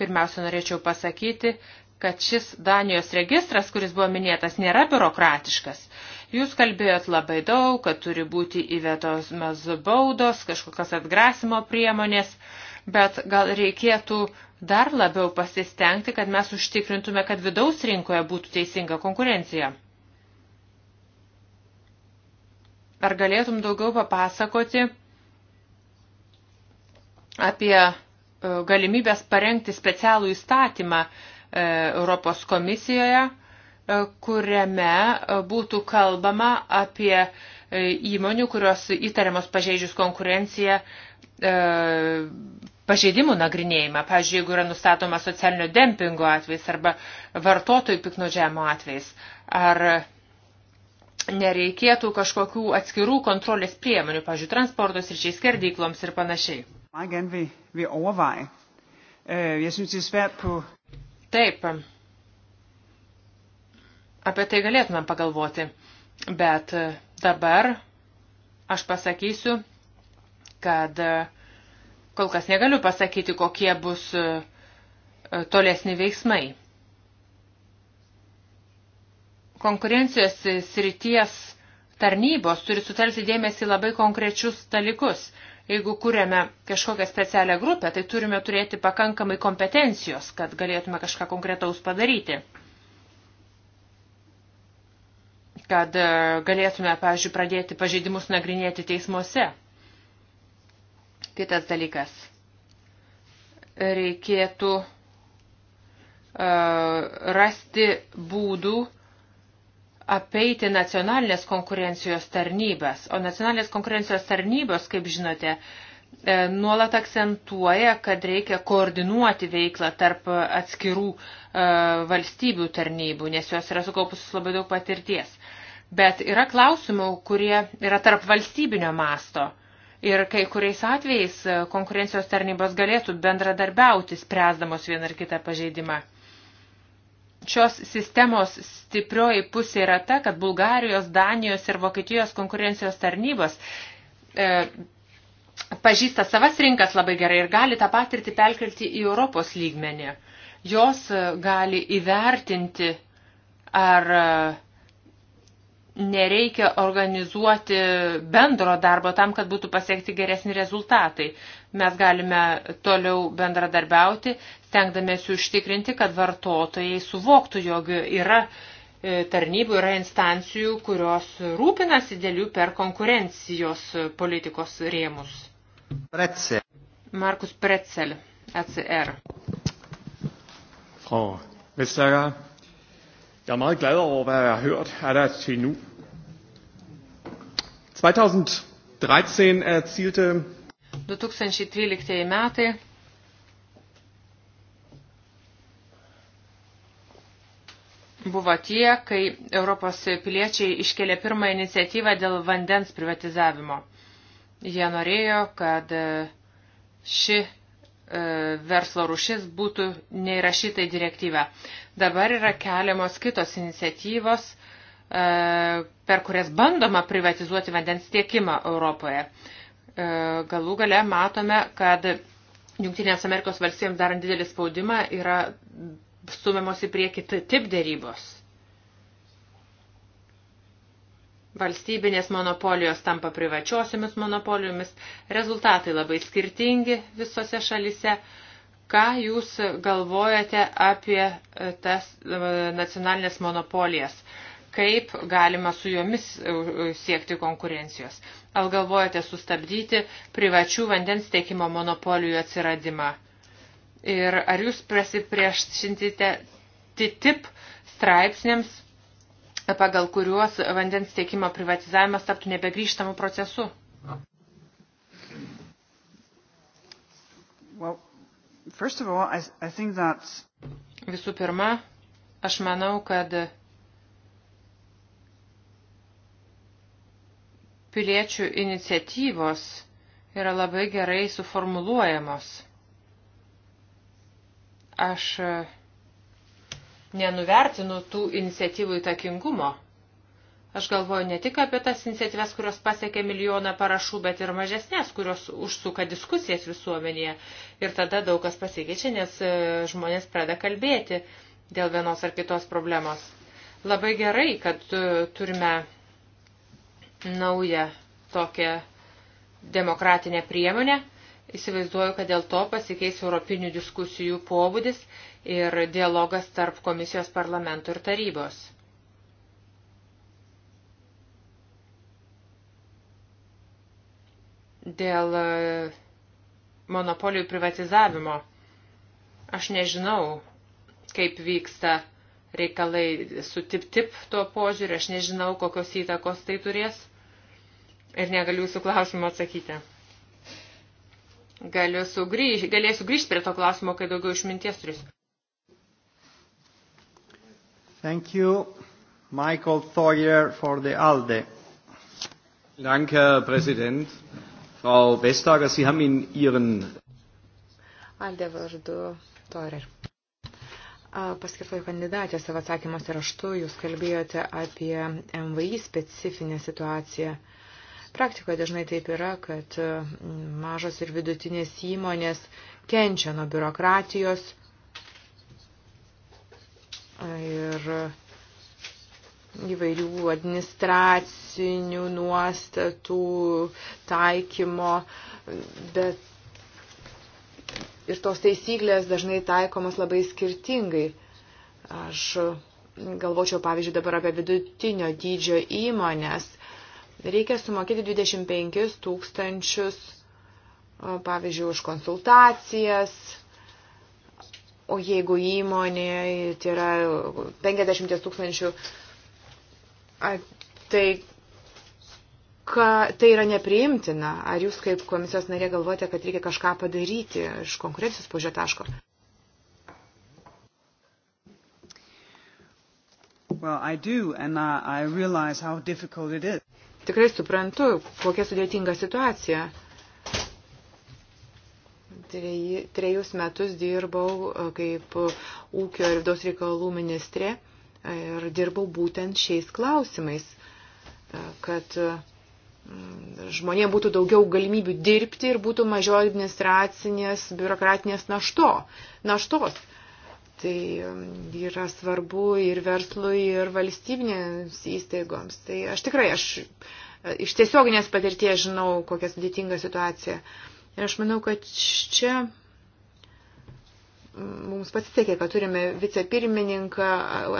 Pirmiausia, norėčiau pasakyti, kad šis Danijos registras, kuris buvo minėtas, nėra biurokratiškas. Jūs kalbėjot labai daug, kad turi būti įvietos mes baudos, kažkokios atgrasimo priemonės, bet gal reikėtų dar labiau pasistengti, kad mes užtikrintume, kad vidaus rinkoje būtų teisinga konkurencija. Ar galėtum daugiau papasakoti apie e, galimybės parengti specialų įstatymą e, Europos komisijoje, kuriame e, būtų kalbama apie e, įmonių, kurios įtariamos pažeidžius konkurenciją, e, pažeidimų nagrinėjimą. Pavyzdžiui, jeigu yra nustatoma socialinio dempingo atvejs arba vartotojų piknaudžiavimo atvejs. Ar nereikėtų kažkokių atskirų kontrolės priemonių, pavyzdžiui, transportos ir šiais skerdykloms ir panašiai. Øh, er Taip, Apie tai galėtumėm pagalvoti. Bet e, dabar aš pasakysiu, kad e, kol kas negaliu pasakyti, kokie bus e, tolesni veiksmai. Konkurencijos srities tarnybos turi sutelkti dėmesį labai konkrečius dalykus. Jeigu kūrėme kažkokią specialią grupę, tai turime turėti pakankamai kompetencijos, kad galėtume kažką konkretaus padaryti. kad e, galėtume, pavyzdžiui, pradėti pažeidimus nagrinėti teismuose. Kitas dalykas. Reikėtų uh, rasti būdų apeiti nacionalinės konkurencijos tarnybas. O nacionalinės konkurencijos tarnybos, kaip žinote, e, nuolat akcentuoja, kad reikia koordinuoti veiklą tarp atskirų uh, valstybių tarnybų, nes jos yra sukaupusios labai daug patirties. Uh, Bet yra klausimų, kurie yra tarp valstybinio masto. Ir kai kuriais atvejais e, konkurencijos tarnybos galėtų bendradarbiauti, spręsdamos vieną ar kitą pažeidimą. Šios sistemos stiprioji pusė yra ta, kad Bulgarijos, Danijos ir Vokietijos konkurencijos tarnybos e, pažįsta savas rinkas labai gerai ir gali tą patirtį pelkelti į Europos lygmenį. Jos e, gali įvertinti, ar e, nereikia organizuoti bendro darbo tam, kad būtų pasiekti geresni rezultatai. Mes galime toliau bendradarbiauti, stengdamėsi užtikrinti, kad vartotojai suvoktų, jog yra e, tarnybų, yra instancijų, kurios rūpinasi dėl jų per konkurencijos politikos rėmus. Pretzel. Markus Pretzel, ACR. Frau oh, Vestager, Jeg er meget glad over, hvad jeg har hørt her der til nu. 2013 erzielte 2013 metai buvo tie, kai Europos piliečiai iškėlė pirmą iniciatyvą dėl vandens privatizavimo. Jie norėjo, kad ši e, verslo rušis būtų neįrašyta į direktyvę. Dabar yra keliamos kitos iniciatyvos, e, per kurias bandoma privatizuoti vandens tiekimą Europoje. E, galų gale matome, kad Junktinės Amerikos valstybėms darant didelį spaudimą yra stumiamos į priekį tip dėrybos. Valstybinės monopolijos tampa privačiosiomis monopolijomis, rezultatai labai skirtingi visose šalise. Uh, Ką jūs galvojate apie e, tas e, nacionalinės monopolijas? Kaip galima su jomis e, siekti konkurencijos? Al galvojate sustabdyti privačių vandens tiekimo monopolijų atsiradimą? Ir ar jūs prasipriešintite TTIP straipsniams, pagal kuriuos vandens tiekimo privatizavimas taptų nebegrįžtamų procesų? Well. First of all, I, I think that... Visų pirma, aš manau, kad piliečių iniciatyvos yra labai gerai suformuluojamos. Aš nenuvertinu tų iniciatyvų įtakingumo. Aš galvoju ne tik apie tas iniciatyves, kurios pasiekė milijoną parašų, bet ir mažesnės, kurios užsuka diskusijas visuomenėje. Ir tada daug kas pasikeičia, nes e, žmonės pradeda kalbėti dėl vienos ar kitos problemos. Labai gerai, kad e, turime naują tokią demokratinę priemonę. Įsivaizduoju, kad dėl to pasikeis europinių diskusijų pobūdis ir dialogas tarp komisijos parlamento ir tarybos. dėl e, monopolijų privatizavimo. Aš nežinau, kaip vyksta reikalai su tip-tip tuo požiūriu, aš nežinau, kokios įtakos tai turės ir negaliu jūsų klausimo atsakyti. Galiu sugrįž, galėsiu grįžti prie to klausimo, kai daugiau išminties turėsiu. Thank you, Michael Thoyer for the ALDE. Danke, Herr Präsident. Frau Vestager, Sie haben in Ihren. Alde vardu Torer. Paskirtoji kandidatė savo atsakymuose raštu, jūs kalbėjote apie MVI specifinę situaciją. Praktikoje dažnai taip yra, kad mm, mažos ir vidutinės įmonės kenčia nuo biurokratijos ir įvairių administracinių nuostatų taikymo, bet ir tos taisyklės dažnai taikomas labai skirtingai. Aš galvočiau, pavyzdžiui, dabar apie vidutinio dydžio įmonės. Reikia sumokėti 25 tūkstančius, pavyzdžiui, už konsultacijas, o jeigu įmonė tai yra 50 tūkstančių A, tai, ka, tai yra nepriimtina. Ar jūs kaip komisijos narė galvojate, kad reikia kažką padaryti iš konkurencijos požiūrio taško? Well, I do, and I, I realize how difficult it is. Tikrai suprantu, kokia sudėtinga situacija. Treji, trejus metus dirbau uh, kaip uh, ūkio ir vidaus reikalų ministrė ir dirbau būtent šiais klausimais, e, kad e, žmonė būtų daugiau galimybių dirbti ir būtų mažiau administracinės, biurokratinės našto, naštos. Tai e, yra svarbu ir verslui, ir valstybinėms įstaigoms. Tai aš tikrai, aš iš tiesioginės patirties žinau, kokia sudėtinga situacija. Ir aš manau, kad čia mums pasisekė, kad turime vicepirmininką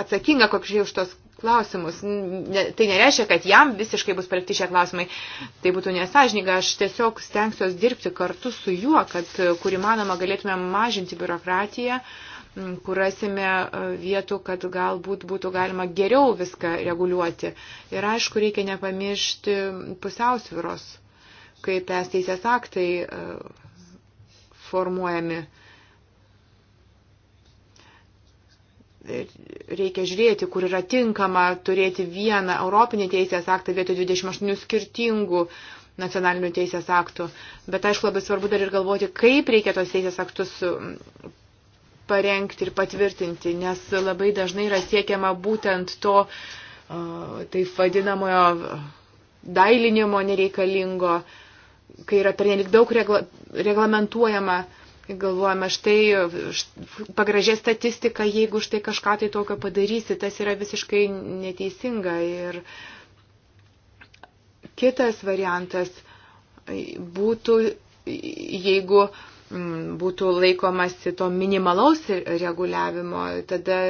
atsakingą kokžiai už tos klausimus. Ne, tai nereiškia, kad jam visiškai bus palikti šie klausimai. Tai būtų nesažininga. Aš tiesiog stengsiuos dirbti kartu su juo, kad kur įmanoma galėtume mažinti biurokratiją, kur rasime e, vietų, kad galbūt būtų galima geriau viską reguliuoti. Ir aišku, reikia nepamiršti pusiausviros, kaip es teisės aktai e, formuojami reikia žiūrėti, kur yra tinkama turėti vieną Europinį teisės aktą vietoj 28 skirtingų nacionalinių teisės aktų. Bet aišku, labai svarbu dar ir galvoti, kaip reikia tos teisės aktus mm, parengti ir patvirtinti, nes labai dažnai yra siekiama būtent to taip vadinamojo dailinimo nereikalingo, kai yra pernelik daug regla, reglamentuojama galvojame, štai pagražė statistika, jeigu štai kažką tai tokio padarysi, tas yra visiškai neteisinga. Ir kitas variantas būtų, jeigu mm, būtų laikomasi to minimalaus reguliavimo, tada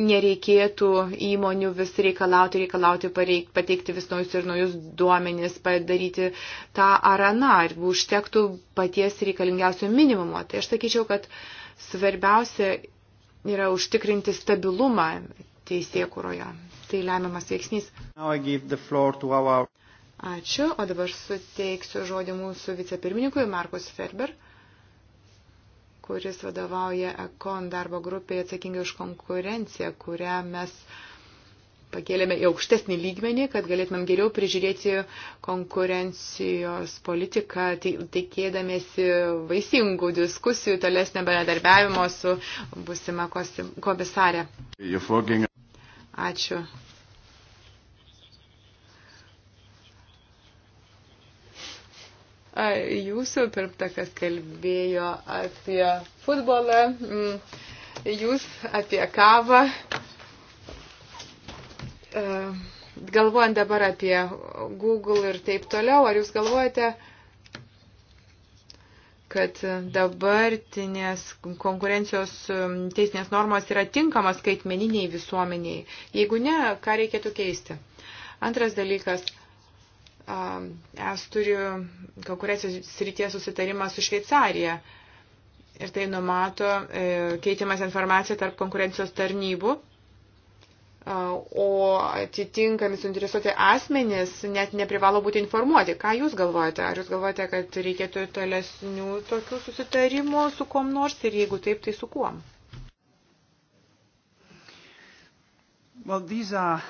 nereikėtų įmonių vis reikalauti, reikalauti pareik, pateikti vis naujus ir naujus duomenis, padaryti tą ar aną, ir užtektų paties reikalingiausio minimumo. Tai aš sakyčiau, kad svarbiausia yra užtikrinti stabilumą teisėkuroje. Tai lemiamas veiksnys. Our... Ačiū, o dabar suteiksiu žodį mūsų vicepirmininkui Markus Ferber kuris vadovauja ECON darbo grupėje atsakingai už konkurenciją, kurią mes pakėlėme į aukštesnį lygmenį, kad galėtumėm geriau prižiūrėti konkurencijos politiką, tai tikėdamėsi vaisingų diskusijų, tolesnio bendradarbiavimo su busima komisarė. Ačiū Jūsų pirmtakas kalbėjo apie futbolą, mm, jūs apie kavą. Galvojant dabar apie Google ir taip toliau, ar jūs galvojate, kad dabartinės konkurencijos mm, teisinės normos yra tinkamas skaitmeniniai visuomeniai. Jeigu ne, ką reikėtų keisti? Antras dalykas – es turi konkurencijos srities susitarimą su Šveicarija. Ir tai numato e, keitimas informacija tarp konkurencijos tarnybų. O atitinkami suinteresuoti asmenys net neprivalo būti informuoti. Ką Jūs galvojate? Ar Jūs galvojate, kad reikėtų tolesnių tokių susitarimų su kom nors ir jeigu taip, tai su kuom? Well, these are,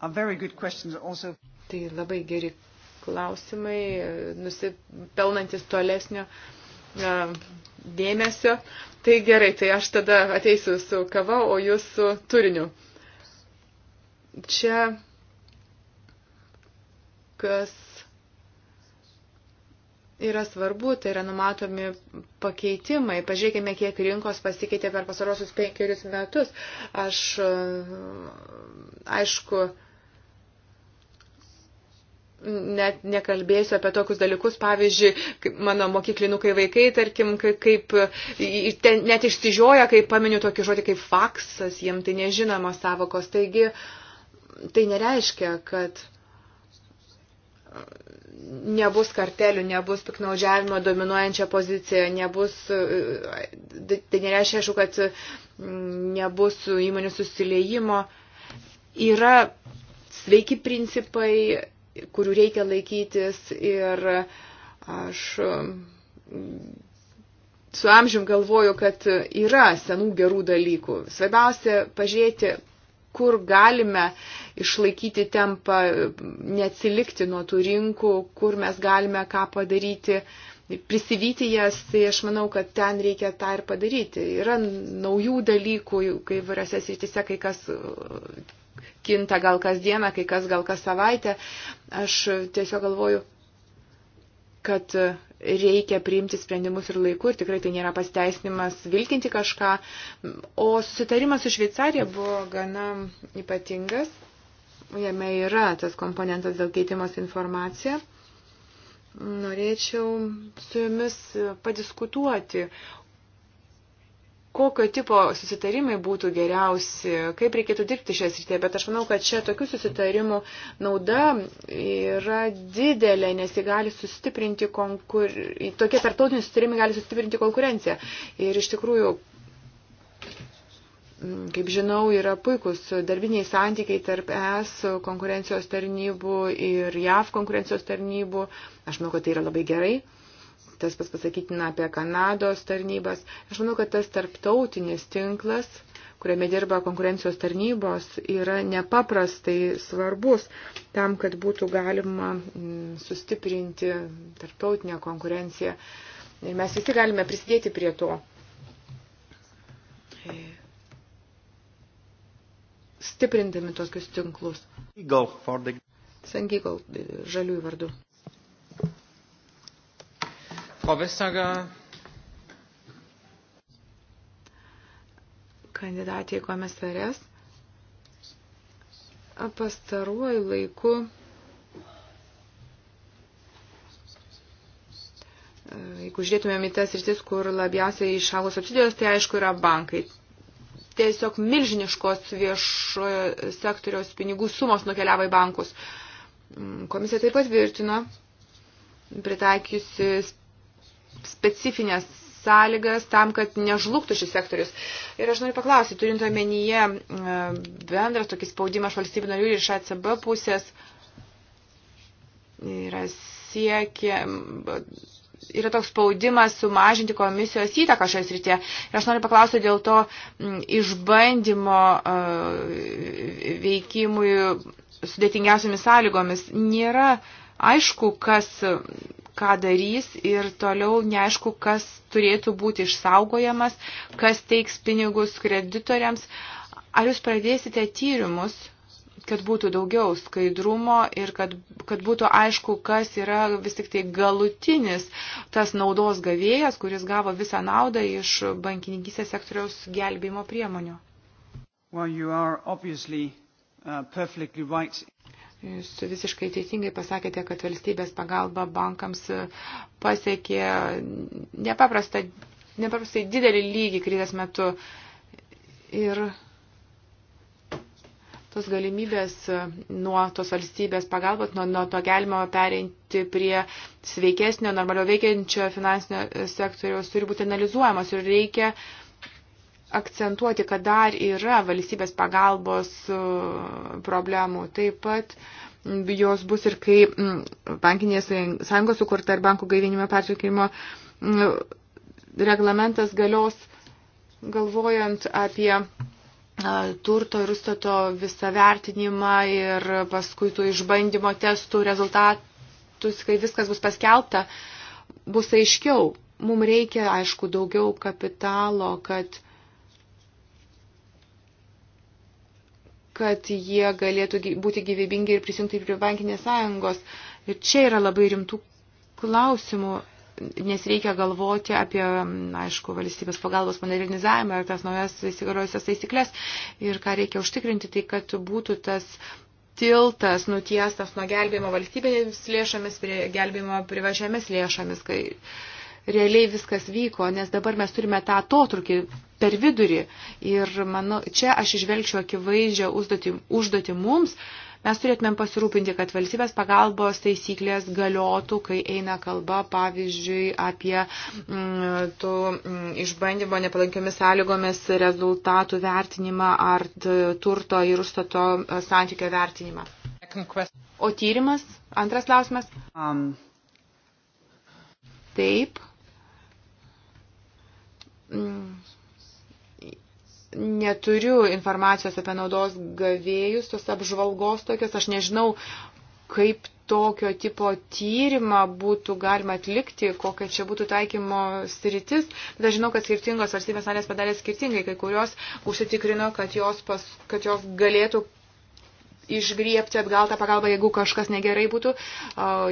are very good questions also. Tai labai geri klausimai, nusipelnantis tolesnio dėmesio. Tai gerai, tai aš tada ateisiu su kava, o jūs su turiniu. Čia kas yra svarbu, tai yra numatomi pakeitimai. Pažiūrėkime, kiek rinkos pasikeitė per pasarosius penkerius metus. Aš, aišku, net nekalbėsiu apie tokius dalykus, pavyzdžiui, mano mokyklinukai vaikai, tarkim, kaip ten, net išsižioja, kai paminiu tokį žodį kaip faksas, jiem tai nežinomos savokos. Taigi, tai nereiškia, kad nebus kartelių, nebus piknaudžiavimo dominuojančia pozicija, nebus, tai, tai nereiškia, aišku, kad nebus įmonių susiliejimo. Yra sveiki principai kurių reikia laikytis ir aš mm, su amžium galvoju, kad yra senų gerų dalykų. Svarbiausia pažiūrėti, kur galime išlaikyti tempą, neatsilikti nuo tų rinkų, kur mes galime ką padaryti, prisivyti jas, tai aš manau, kad ten reikia tą ir padaryti. Yra naujų dalykų, kai variose srityse kai kas kinta gal kasdieną, kai kas gal kas savaitę. Aš tiesiog galvoju, kad reikia priimti sprendimus ir laiku ir tikrai tai nėra pasteisnimas vilkinti kažką. O susitarimas su Šveicarija buvo gana ypatingas. Jame yra tas komponentas dėl keitimas informacija. Norėčiau su jumis padiskutuoti, kokio tipo susitarimai būtų geriausi, kaip reikėtų dirbti šią sritį, bet aš manau, kad čia tokių susitarimų nauda yra didelė, nes jie gali sustiprinti konkur... tokie tartautiniai susitarimai gali sustiprinti konkurenciją. Ir iš tikrųjų, mm, kaip žinau, yra puikus darbiniai santykiai tarp ES konkurencijos tarnybų ir JAV konkurencijos tarnybų. Aš manau, kad tai yra labai gerai. Tas pas pasakytina apie Kanados tarnybas. Aš manau, kad tas tarptautinis tinklas, kuriame dirba konkurencijos tarnybos, yra nepaprastai svarbus tam, kad būtų galima mm, sustiprinti tarptautinę konkurenciją. Ir mes visi galime prisidėti prie to. Stiprindami tokius tinklus. Sangygal, žaliųjų vardu. Frau Vestager. Kandidatė į komisarės. Pastaruoju laiku jeigu žiūrėtumėm į tas rytis, kur labiausiai iššalo subsidijos, tai aišku yra bankai. Tiesiog milžiniškos viešojo sektoriaus pinigų sumos nukeliavo į bankus. Komisija taip pat virtino, pritaikiusi specifines sąlygas tam, kad nežlugtų šis sektorius. Ir aš noriu paklausyti, turint omenyje e, bendrą tokį spaudimą iš valstybių narių ir iš ACB pusės, yra siekia yra toks spaudimas sumažinti komisijos įtaką šioje srityje. Ir aš noriu paklausti dėl to išbandymo e, veikimui sudėtingiausiamis sąlygomis. Nėra uh, aišku, kas ką darys ir toliau neaišku, kas turėtų būti išsaugojamas, kas teiks pinigus kreditoriams. Ar jūs pradėsite tyrimus, kad būtų daugiau skaidrumo ir kad, kad būtų aišku, kas yra vis tik tai galutinis tas naudos gavėjas, kuris gavo visą naudą iš bankininkysės sektoriaus gelbėjimo priemonių? Well, you are obviously uh, perfectly right Jūs visiškai teisingai pasakėte, kad valstybės pagalba bankams pasiekė nepaprastą, nepaprastai didelį lygį krizės metu. Ir tos galimybės nuo tos valstybės pagalbos, nuo, nuo to galima pereinti prie sveikesnio, normalio veikiančio finansinio sektoriaus turi būti analizuojamos ir reikia uh, akcentuoti, kad dar yra valstybės pagalbos e, problemų. Taip pat jos bus ir kai bankinės sąjungos sukurta ir bankų gaivinimo pertvarkymo reglamentas galios galvojant apie e, turto ir užstato visą vertinimą ir paskui tų išbandymo testų rezultatus, kai viskas bus paskelbta, bus aiškiau. Mums reikia, aišku, daugiau kapitalo, kad kad jie galėtų būti gyvybingi ir prisijungti prie bankinės sąjungos. Ir čia yra labai rimtų klausimų, nes reikia galvoti apie, aišku, valstybės pagalbos modernizavimą ir tas naujas įsigaliojusias taisyklės. Ir ką reikia užtikrinti, tai kad būtų tas tiltas nutiestas nuo gelbėjimo valstybinėmis lėšomis prie gelbėjimo privačiamis lėšomis. Kai, uh, realiai viskas vyko, nes dabar mes turime tą atotrukį per vidurį. Ir manu, čia aš išvelgčiau akivaizdžią užduotį, užduotį mums. Mes turėtumėm pasirūpinti, kad valstybės pagalbos taisyklės galiotų, kai eina kalba, pavyzdžiui, apie mm, tų mm, išbandymo nepalankiomis sąlygomis rezultatų vertinimą ar turto ir užstato e, santykio vertinimą. O tyrimas? Antras klausimas? Um. Taip. Mm. neturiu informacijos apie naudos gavėjus, tos apžvalgos tokios, aš nežinau, kaip tokio tipo tyrimą būtų galima atlikti, kokia čia būtų taikymo sritis. Bet aš žinau, kad skirtingos valstybės narės padarė skirtingai, kai kurios užsitikrino, kad jos, pas, kad jos galėtų išgriepti atgal tą pagalbą, jeigu kažkas negerai būtų,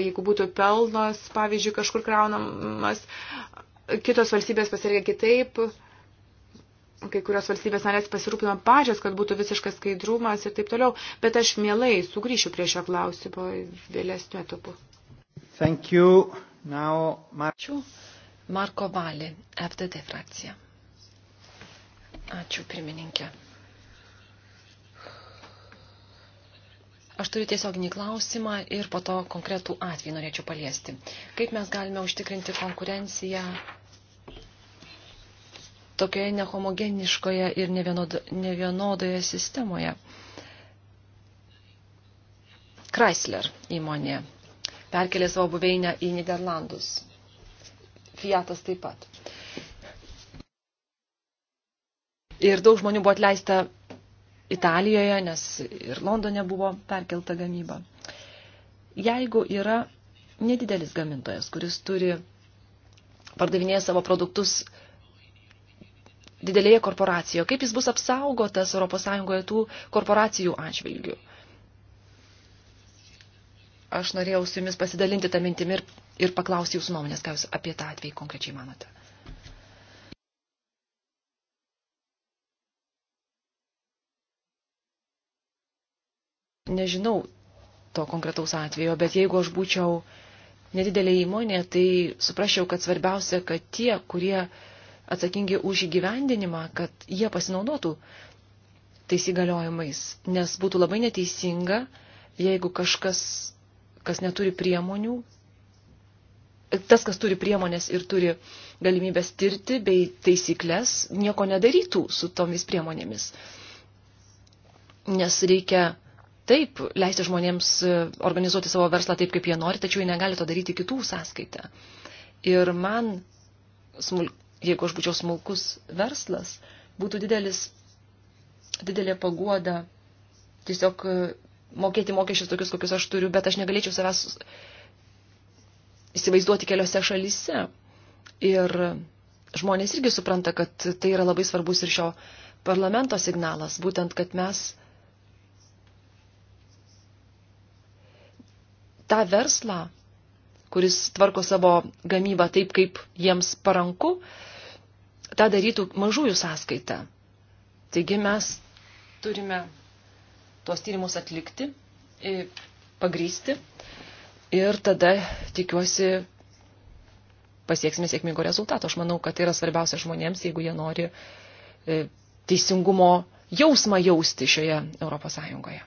jeigu būtų pelnas, pavyzdžiui, kažkur kraunamas kitos valstybės pasirgė kitaip, kai kurios valstybės narės pasirūpino pačios, kad būtų visiškas skaidrumas ir taip toliau. Bet aš mielai sugrįšiu prie šio klausimo vėlesniu etapu. Thank you. Now, Mar Ačiū. Marko Valį, FDD frakcija. Ačiū, pirmininkė. Aš turiu tiesioginį klausimą ir po to konkretų atvejį norėčiau paliesti. Kaip mes galime užtikrinti konkurenciją tokioje nehomogeniškoje ir nevienodoje sistemoje. Chrysler įmonė perkelė savo buveinę į Niderlandus. Fiatas taip pat. Ir daug žmonių buvo atleista Italijoje, nes ir Londone buvo perkelta gamyba. Jeigu yra nedidelis gamintojas, kuris turi pardavinėję savo produktus didelėje korporacijoje, kaip jis bus apsaugotas ES tų korporacijų atžvilgių. Aš norėjau su jumis pasidalinti tą mintimį ir, ir paklausti jūsų nuomonės, ką jūs apie tą atvejį konkrečiai manote. Nežinau to konkretaus atvejo, bet jeigu aš būčiau nedidelė įmonė, tai suprasčiau, kad svarbiausia, kad tie, kurie uh, atsakingi už įgyvendinimą, kad jie pasinaudotų tais įgaliojimais, nes būtų labai neteisinga, jeigu kažkas, kas neturi priemonių, tas, kas turi priemonės ir turi galimybės tirti bei taisyklės, nieko nedarytų su tomis priemonėmis. Nes reikia taip leisti žmonėms e, organizuoti savo verslą taip, kaip jie nori, tačiau jie negali to daryti kitų sąskaitą. Ir man smulk jeigu aš būčiau smulkus verslas, būtų didelis, didelė paguoda tiesiog e, mokėti mokesčius tokius, kokius aš turiu, bet aš negalėčiau savęs įsivaizduoti keliose šalyse. Ir žmonės irgi supranta, kad tai yra labai svarbus ir šio parlamento signalas, būtent, kad mes tą verslą, kuris tvarko savo gamybą taip, kaip jiems paranku, uh, tą darytų mažųjų sąskaita. Taigi mes turime tuos tyrimus atlikti, pagrysti ir tada tikiuosi pasieksime sėkmingo rezultato. Aš manau, kad tai yra svarbiausia žmonėms, jeigu jie nori teisingumo jausmą jausti šioje Europos Sąjungoje.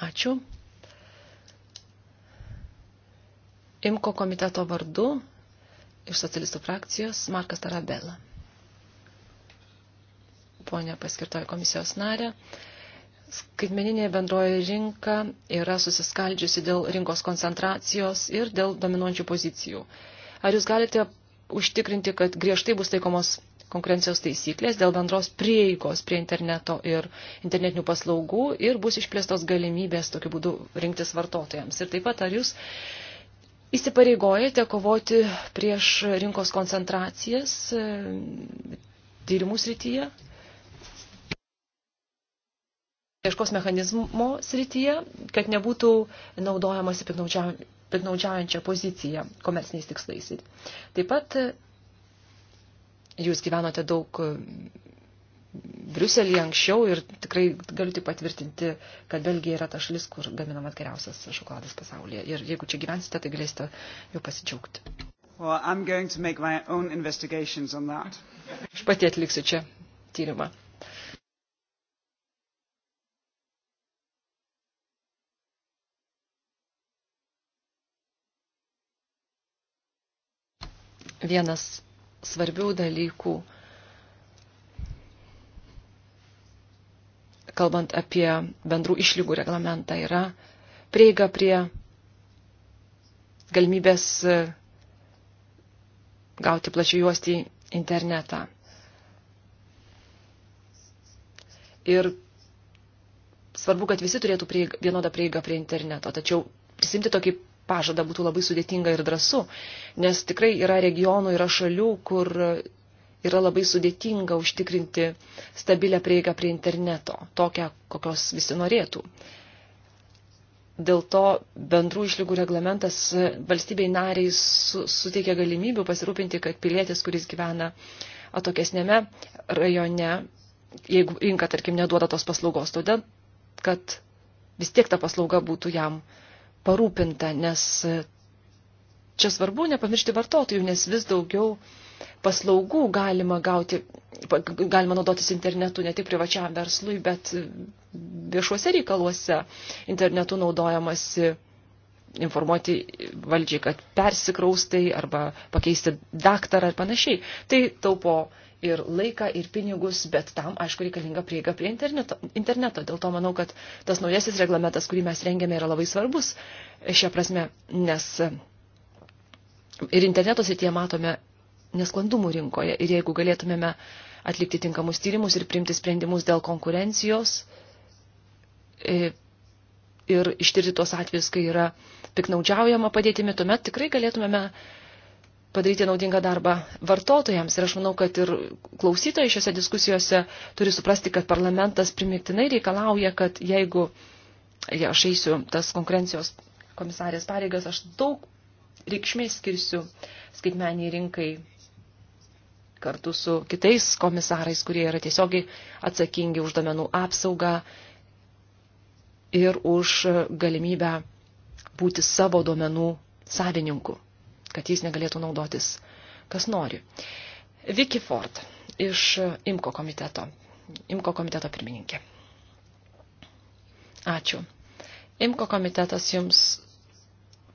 Ačiū. Imko komiteto vardu iš socialistų frakcijos Markas Tarabela. Pone paskirtoji komisijos narė, skaitmeninė bendroji rinka yra susiskaldžiusi dėl rinkos koncentracijos ir dėl dominuojančių pozicijų. Ar jūs galite užtikrinti, kad griežtai bus taikomos konkurencijos taisyklės dėl bendros prieigos prie interneto ir internetinių paslaugų ir bus išplėstos galimybės tokiu būdu rinktis vartotojams. Ir taip pat ar jūs įsipareigojate kovoti prieš rinkos koncentracijas e, tyrimų srityje, ieškos mechanizmo srityje, kad nebūtų naudojamasi piknaudžiaujančią poziciją komerciniais tikslais. Taip pat e, jūs gyvenote daug Briuselį anksčiau ir tikrai galiu tik patvirtinti, kad Belgija yra ta šalis, kur gaminamas geriausias šokoladas pasaulyje. Ir jeigu čia gyvensite, tai galėsite jau pasidžiaugti. Well, Aš pati atliksiu čia tyrimą. Vienas svarbių dalykų kalbant apie bendrų išlygų reglamentą, yra prieiga prie galimybės e, gauti plačių juostį internetą. Ir svarbu, kad visi turėtų prieig, vienodą prieigą prie interneto, tačiau prisimti tokį pažadą būtų labai sudėtinga ir drasu, nes tikrai yra regionų, yra šalių, kur yra labai sudėtinga užtikrinti stabilę prieigą prie interneto, tokią, kokios visi norėtų. Dėl to bendrų išlygų reglamentas valstybei nariai su, suteikia galimybių pasirūpinti, kad pilietis, kuris gyvena atokesnėme rajone, jeigu rinka, tarkim, neduoda tos paslaugos, todėl, kad vis tiek ta paslauga būtų jam parūpinta, nes čia svarbu nepamiršti vartotojų, nes vis daugiau paslaugų galima gauti, galima naudotis internetu ne tik privačiam verslui, bet viešuose reikaluose internetu naudojamasi informuoti valdžiai, kad persikraustai arba pakeisti daktarą ar panašiai. Tai taupo ir laiką, ir pinigus, bet tam, aišku, reikalinga prieiga prie interneto. interneto. Dėl to manau, kad tas naujasis reglamentas, kurį mes rengėme, yra labai svarbus šią prasme, nes ir interneto srityje matome nesklandumų rinkoje. Ir jeigu galėtumėme atlikti tinkamus tyrimus ir priimti sprendimus dėl konkurencijos e, ir ištirti tuos atvejus, kai yra piknaudžiaujama padėtimi, tuomet tikrai galėtumėme padaryti naudingą darbą vartotojams. Ir aš manau, kad ir klausytojai šiuose diskusijose turi suprasti, kad parlamentas primiktinai reikalauja, kad jeigu aš eisiu tas konkurencijos komisarės pareigas, aš daug reikšmės skirsiu skaitmeniai rinkai kartu su kitais komisarais, kurie yra tiesiogiai atsakingi už domenų apsaugą ir už galimybę būti savo domenų savininku, kad jais negalėtų naudotis kas nori. Vicky Ford iš IMKO komiteto, IMKO komiteto pirmininkė. Ačiū. IMKO komitetas jums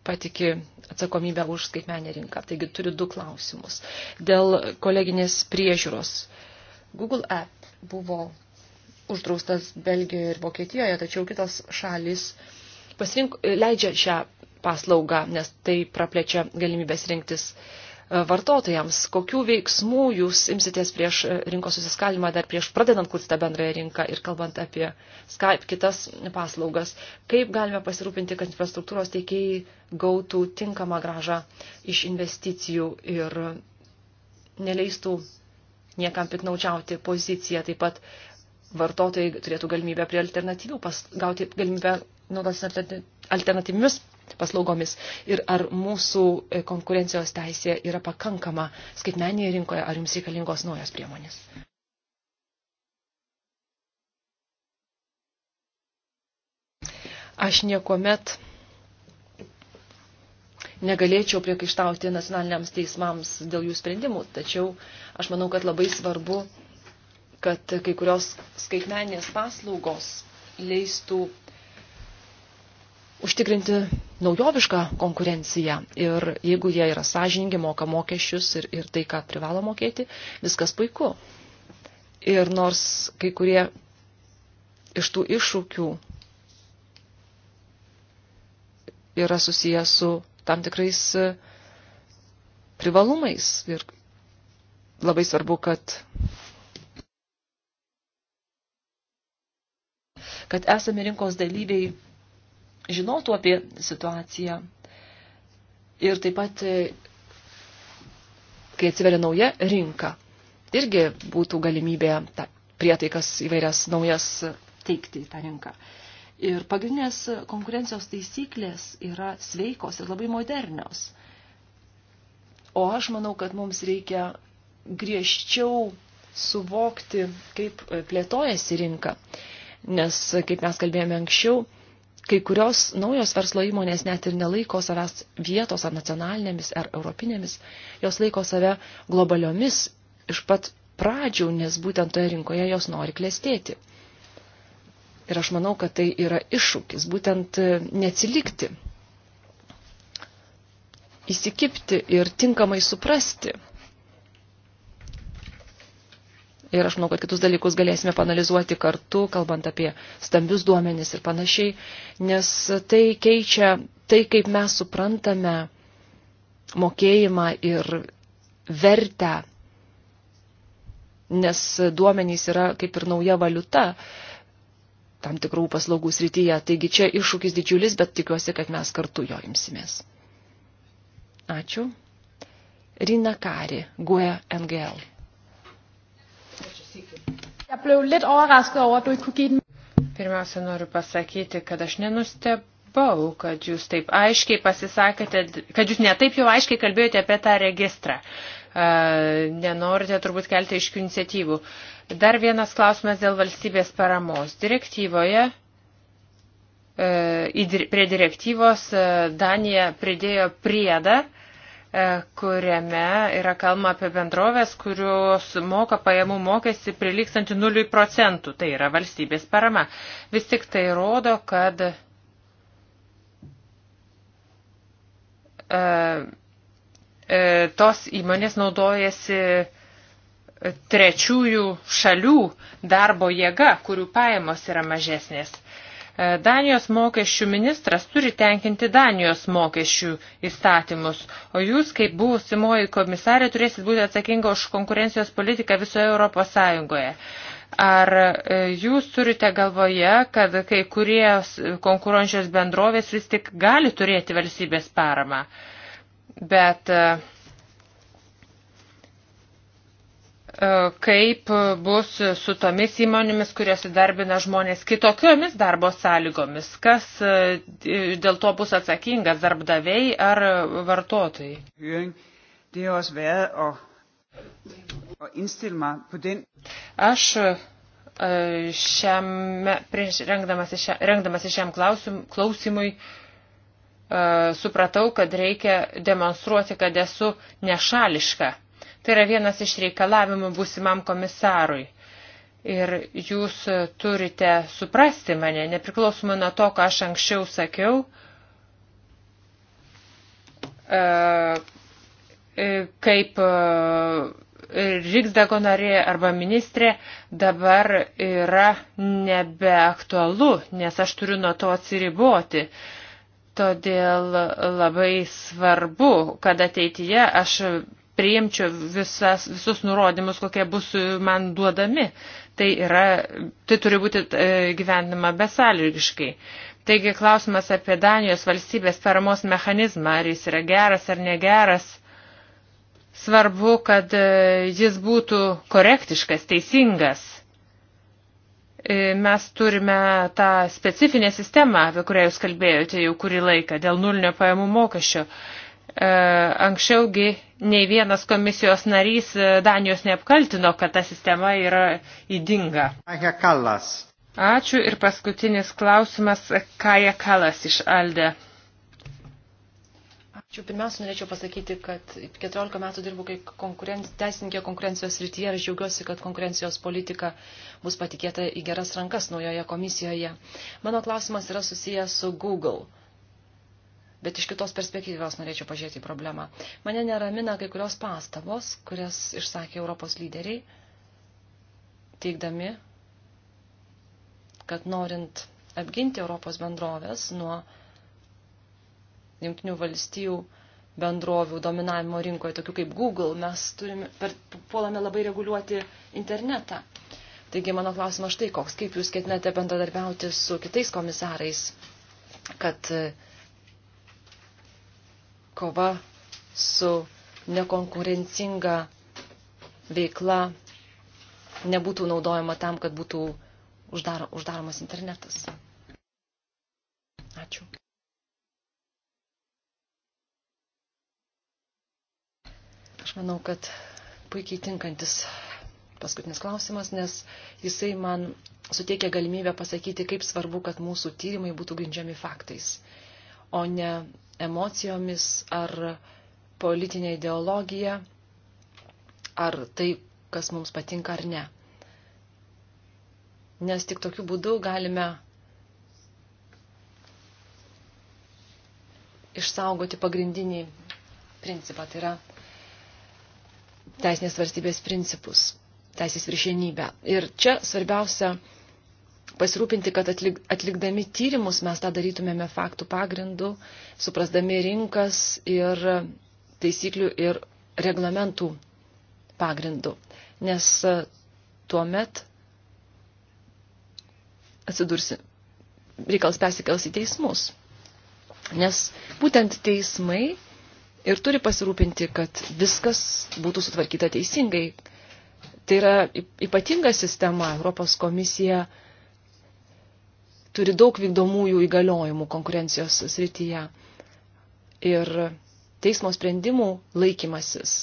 patiki atsakomybę už skaitmenę rinką. Taigi turiu du klausimus. Dėl koleginės priežiūros. Google App buvo uždraustas Belgijoje ir Vokietijoje, tačiau kitos šalis pasirink, leidžia šią paslaugą, nes tai praplečia galimybės rinktis uh, E, vartotojams. Kokių veiksmų jūs imsitės prieš e, rinkos susiskalimą dar prieš pradedant kurti tą bendrąją rinką ir kalbant apie Skype kitas paslaugas? Kaip galime pasirūpinti, kad infrastruktūros teikėjai gautų tinkamą gražą iš investicijų ir neleistų niekam piknaučiauti poziciją. Taip pat vartotojai turėtų galimybę prie alternatyvių, pas, gauti galimybę naudotis alternatyvimis paslaugomis ir ar mūsų e, konkurencijos teisė yra pakankama skaitmenėje rinkoje, ar jums reikalingos naujos priemonės. Aš niekuomet negalėčiau priekaištauti nacionaliniams teismams dėl jų sprendimų, tačiau aš manau, kad labai svarbu, kad kai kurios skaitmenės paslaugos leistų užtikrinti naujovišką konkurenciją. Ir jeigu jie yra sąžiningi, moka mokesčius ir, ir tai, ką privalo mokėti, viskas puiku. Ir nors kai kurie iš tų iššūkių yra susijęs su tam tikrais e, privalumais. Ir labai svarbu, kad, kad esame rinkos dalyviai žinotų apie situaciją. Ir taip pat, e, kai atsiveria nauja rinka, irgi būtų galimybė ta, prietaikas įvairias naujas teikti į tą rinką. Ir pagrindinės konkurencijos taisyklės yra sveikos ir labai modernios. O aš manau, kad mums reikia griežčiau suvokti, kaip e, plėtojasi rinka. Nes, kaip mes kalbėjome anksčiau, kai kurios naujos verslo įmonės net ir nelaiko savęs vietos ar nacionalinėmis ar europinėmis, jos laiko save globaliomis iš pat pradžių, nes būtent toje rinkoje jos nori klestėti. Ir aš manau, kad tai yra iššūkis, būtent e, neatsilikti, įsikipti ir tinkamai suprasti Ir aš manau, kad kitus dalykus galėsime panalizuoti kartu, kalbant apie stambius duomenis ir panašiai, nes tai keičia tai, kaip mes suprantame mokėjimą ir vertę, nes duomenys yra kaip ir nauja valiuta tam tikrų paslaugų srityje. Taigi čia iššūkis didžiulis, bet tikiuosi, kad mes kartu jo imsimės. Ačiū. Rina Kari, GUE NGL sykį. Pirmiausia, noriu pasakyti, kad aš nenustebau, kad jūs taip aiškiai pasisakėte, kad jūs netaip jau aiškiai kalbėjote apie tą registrą. Nenorite turbūt kelti iškių iniciatyvų. Dar vienas klausimas dėl valstybės paramos. Direktyvoje e, prie direktyvos e, Danija pridėjo priedą, E, kuriame yra kalba apie bendrovės, kurios moka pajamų mokestį prilikstantį 0 procentų. Tai yra valstybės parama. Vis tik tai rodo, kad e, e, tos įmonės naudojasi trečiųjų šalių darbo jėga, kurių pajamos yra mažesnės. E, Danijos mokesčių ministras turi tenkinti Danijos mokesčių įstatymus, o jūs, kaip būsimoji komisarė, turėsit būti atsakinga už konkurencijos politiką visoje Europos Sąjungoje. Ar e, jūs turite galvoje, kad kai kurie konkuruojančios bendrovės vis tik gali turėti valstybės paramą? Bet uh, E, kaip bus su tomis įmonėmis, kurios įdarbina žmonės kitokiomis darbo sąlygomis, kas e, dėl to bus atsakingas darbdaviai ar vartotojai. Aš e, šiame, prieš rengdamasi šiam, rengdamasi šiam klausim, klausimui supratau, kad reikia demonstruoti, kad esu nešališka Tai yra vienas iš reikalavimų būsimam komisarui. Ir jūs turite suprasti mane, nepriklausomai nuo to, ką aš anksčiau sakiau, e, e, kaip e, Riksdago narė arba ministrė dabar yra nebeaktualu, nes aš turiu nuo to atsiriboti. Todėl labai svarbu, kad ateityje aš priimčiau visas, visus nurodymus, kokie bus man duodami. Tai, yra, tai turi būti e, gyvenima besąlygiškai. Taigi klausimas apie Danijos valstybės paramos mechanizmą, ar jis yra geras ar negeras. Svarbu, kad e, jis būtų korektiškas, teisingas. E, mes turime tą specifinę sistemą, apie kurią jūs kalbėjote jau kurį laiką, dėl nulinio pajamų mokesčio E, anksčiaugi nei vienas komisijos narys e, Danijos neapkaltino, kad ta sistema yra įdinga. Ačiū ir paskutinis klausimas Kaja Kalas iš Alde. Ačiū. Pirmiausia, norėčiau pasakyti, kad 14 metų dirbu kaip konkurenci... teisininkė konkurencijos srityje ir džiaugiuosi, kad konkurencijos politika bus patikėta į geras rankas naujoje komisijoje. Mano klausimas yra susijęs su Google bet iš kitos perspektyvos norėčiau pažiūrėti į problemą. Mane neramina kai kurios pastabos, kurias išsakė Europos lyderiai, teikdami, kad norint apginti Europos bendrovės nuo jungtinių valstijų bendrovių dominavimo rinkoje, tokių kaip Google, mes turime, per, puolame labai reguliuoti internetą. Taigi mano klausimas štai koks, kaip jūs ketinate bendradarbiauti su kitais komisarais, kad uh, kova su nekonkurencinga veikla nebūtų naudojama tam, kad būtų uždaro, uždaromas internetas. Ačiū. Aš manau, kad puikiai tinkantis paskutinis klausimas, nes jisai man suteikia galimybę pasakyti, kaip svarbu, kad mūsų tyrimai būtų grindžiami faktais, o ne emocijomis ar politinė ideologija, ar tai, kas mums patinka ar ne. Nes tik tokiu būdu galime išsaugoti pagrindinį principą, tai yra teisinės valstybės principus, teisės viršienybę. Ir čia svarbiausia pasirūpinti, kad atlik, atlikdami tyrimus mes tą darytumėme faktų pagrindu, suprasdami rinkas ir taisyklių ir reglamentų pagrindu. Nes e, tuo met atsidursi, reikalas persikels į teismus. Nes būtent teismai ir turi pasirūpinti, kad viskas būtų sutvarkyta teisingai. Tai yra ypatinga sistema. Europos komisija uh, turi daug vykdomųjų įgaliojimų konkurencijos srityje. Ir teismo sprendimų laikymasis,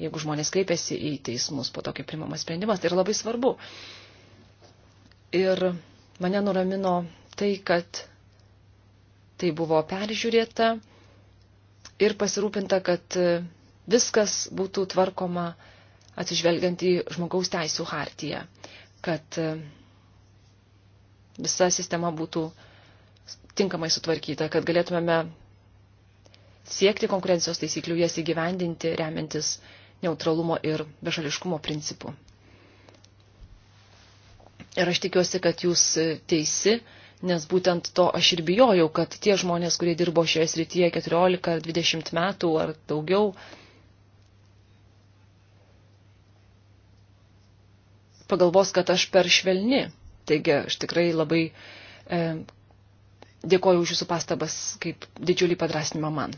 jeigu žmonės kreipiasi į teismus po tokio primamas sprendimas, tai yra labai svarbu. Ir mane nuramino tai, kad tai buvo peržiūrėta ir pasirūpinta, kad viskas būtų tvarkoma atsižvelgiant į žmogaus teisų hartiją, kad visa sistema būtų tinkamai sutvarkyta, kad galėtumėme siekti konkurencijos taisyklių, jas įgyvendinti, remiantis neutralumo ir bešališkumo principų. Ir aš tikiuosi, kad jūs teisi, nes būtent to aš ir bijojau, kad tie žmonės, kurie dirbo šioje srityje 14 ar 20 metų ar daugiau, pagalvos, kad aš per švelni Taigi aš tikrai labai e, dėkoju už jūsų pastabas kaip didžiulį padrasnimą man.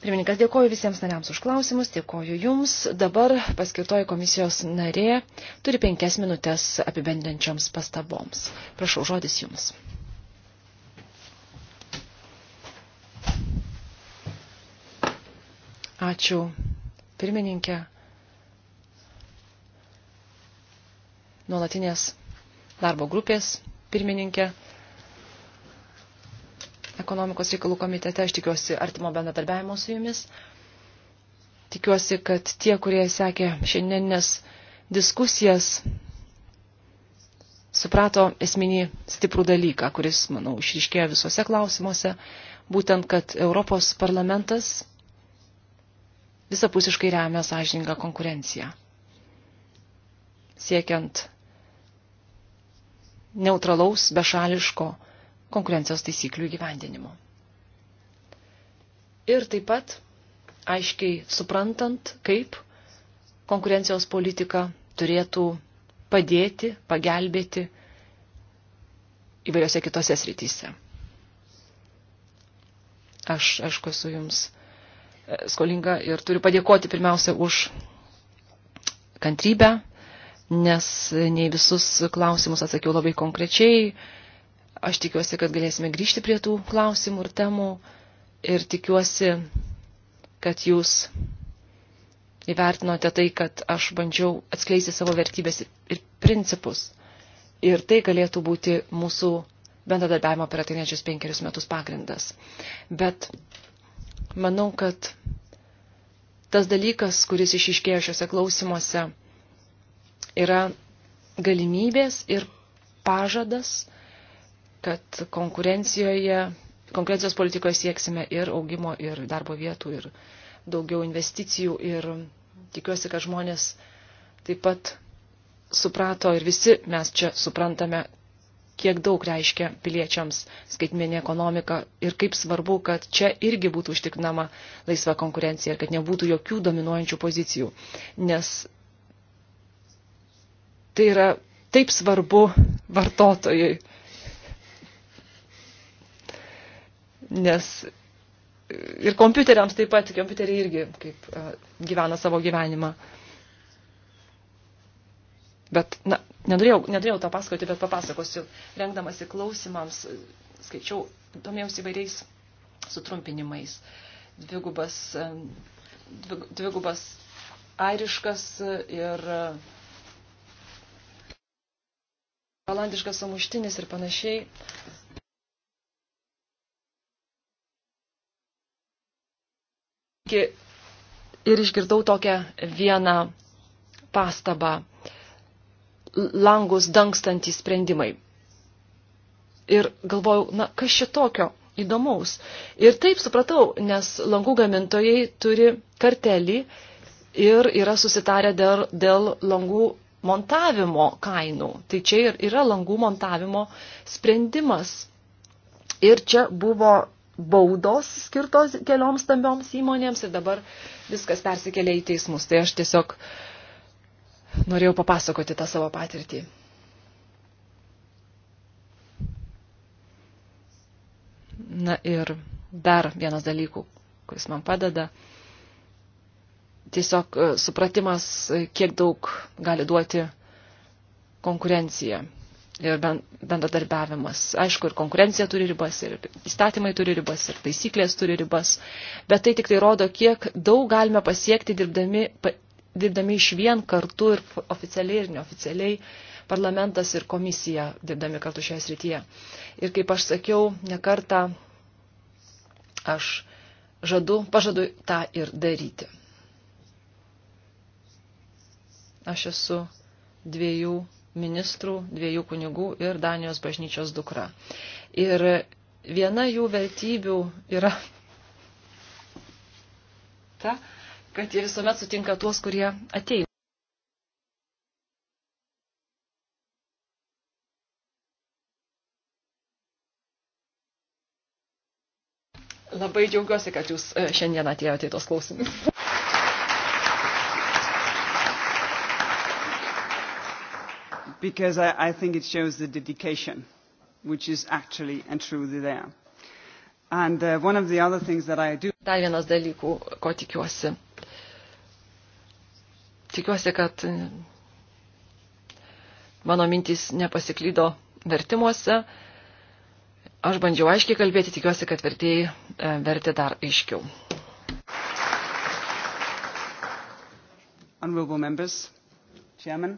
Pirmininkas, dėkoju visiems nariams už klausimus, dėkoju jums. Dabar paskirtoji komisijos narė turi penkias minutės apibendrinčioms pastaboms. Prašau, žodis jums. Ačiū, pirmininkė. Nuolatinės darbo grupės pirmininkė ekonomikos reikalų komitete. Aš tikiuosi artimo bendradarbiavimo su jumis. Tikiuosi, kad tie, kurie sekė šiandieninės diskusijas, suprato esminį stiprų dalyką, kuris, manau, išriškėjo visose klausimuose, būtent, kad Europos parlamentas visapusiškai remia sąžininką konkurenciją, siekiant neutralaus, bešališko konkurencijos taisyklių įgyvendinimo. Ir taip pat aiškiai suprantant, kaip konkurencijos politika turėtų padėti, pagelbėti įvairiose kitose srityse. Aš, aišku, esu jums e, skolinga ir turiu padėkoti pirmiausia už kantrybę, nes nei visus klausimus atsakiau labai konkrečiai. Aš tikiuosi, kad galėsime grįžti prie tų klausimų ir temų ir tikiuosi, kad jūs įvertinote tai, kad aš bandžiau atskleisti savo vertybės ir principus. Ir tai galėtų būti mūsų bendradarbiavimo per ateinančius penkerius metus pagrindas. Bet manau, kad tas dalykas, kuris išiškėjo šiuose klausimuose, yra galimybės ir pažadas, kad konkurencijoje, konkurencijos politikoje sieksime ir augimo, ir darbo vietų, ir daugiau investicijų. Ir tikiuosi, kad žmonės taip pat suprato ir visi mes čia suprantame, kiek daug reiškia piliečiams skaitmeninė ekonomika ir kaip svarbu, kad čia irgi būtų užtikrinama laisva konkurencija ir kad nebūtų jokių dominuojančių pozicijų. Nes tai yra taip svarbu vartotojui. Nes ir kompiuteriams taip pat, kompiuteriai irgi kaip gyvena savo gyvenimą. Bet, na, nenorėjau, nenorėjau tą pasakoti, bet papasakosiu. Rengdamasi klausimams, skaičiau, domėjausi įvairiais sutrumpinimais. Dvigubas, dvigubas airiškas ir olandiškas samuštinis ir panašiai. Ir išgirdau tokią vieną pastabą. Langus dangstantys sprendimai. Ir galvojau, na, kas šitokio įdomaus. Ir taip supratau, nes langų gamintojai turi kartelį ir yra susitarę dėl, dėl langų montavimo kainų. Tai čia ir yra langų montavimo sprendimas. Ir čia buvo baudos skirtos kelioms stambioms įmonėms ir dabar viskas persikėlė į teismus. Tai aš tiesiog norėjau papasakoti tą savo patirtį. Na ir dar vienas dalykų, kuris man padeda – tiesiog e, supratimas, e, kiek daug gali duoti konkurencija ir bendradarbiavimas. Aišku, ir konkurencija turi ribas, ir įstatymai turi ribas, ir taisyklės turi ribas, bet tai tik tai rodo, kiek daug galime pasiekti dirbdami, dirbdami iš vien kartu ir oficialiai ir neoficialiai parlamentas ir komisija dirbdami kartu šioje srityje. Ir kaip aš sakiau, nekartą aš žadu, pažadu tą ir daryti. Aš esu dviejų ministrų, dviejų kunigų ir Danijos bažnyčios dukra. Ir viena jų vertybių yra ta, kad jie visuomet sutinka tuos, kurie ateina. Labai džiaugiuosi, kad jūs e, šiandien atėjote į tos klausimus. because I, I think it shows the dedication which is actually and truly there. And uh, one of the other things that I do. Dar vienas dalykų, ko tikiuosi. Tikiuosi, kad e, mano mintys nepasiklydo vertimuose. Aš bandžiau aiškiai kalbėti, tikiuosi, kad vertėjai e, vertė dar aiškiau. Honorable members, Chairman.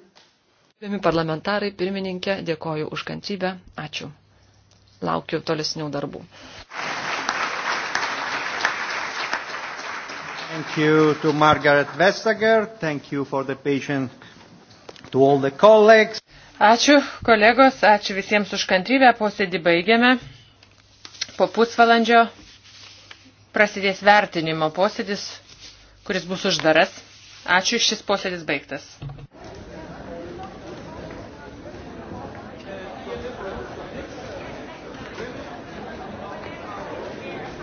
Gerbiami parlamentarai, pirmininkė, dėkoju už kantrybę. Ačiū. Laukiu tolesnių darbų. Thank you to Margaret Vestager. Thank you for the patient to all the colleagues. Ačiū kolegos, ačiū visiems už kantrybę. Posėdį baigiame. Po pusvalandžio prasidės vertinimo posėdis, kuris bus uždaras. Ačiū, šis posėdis baigtas.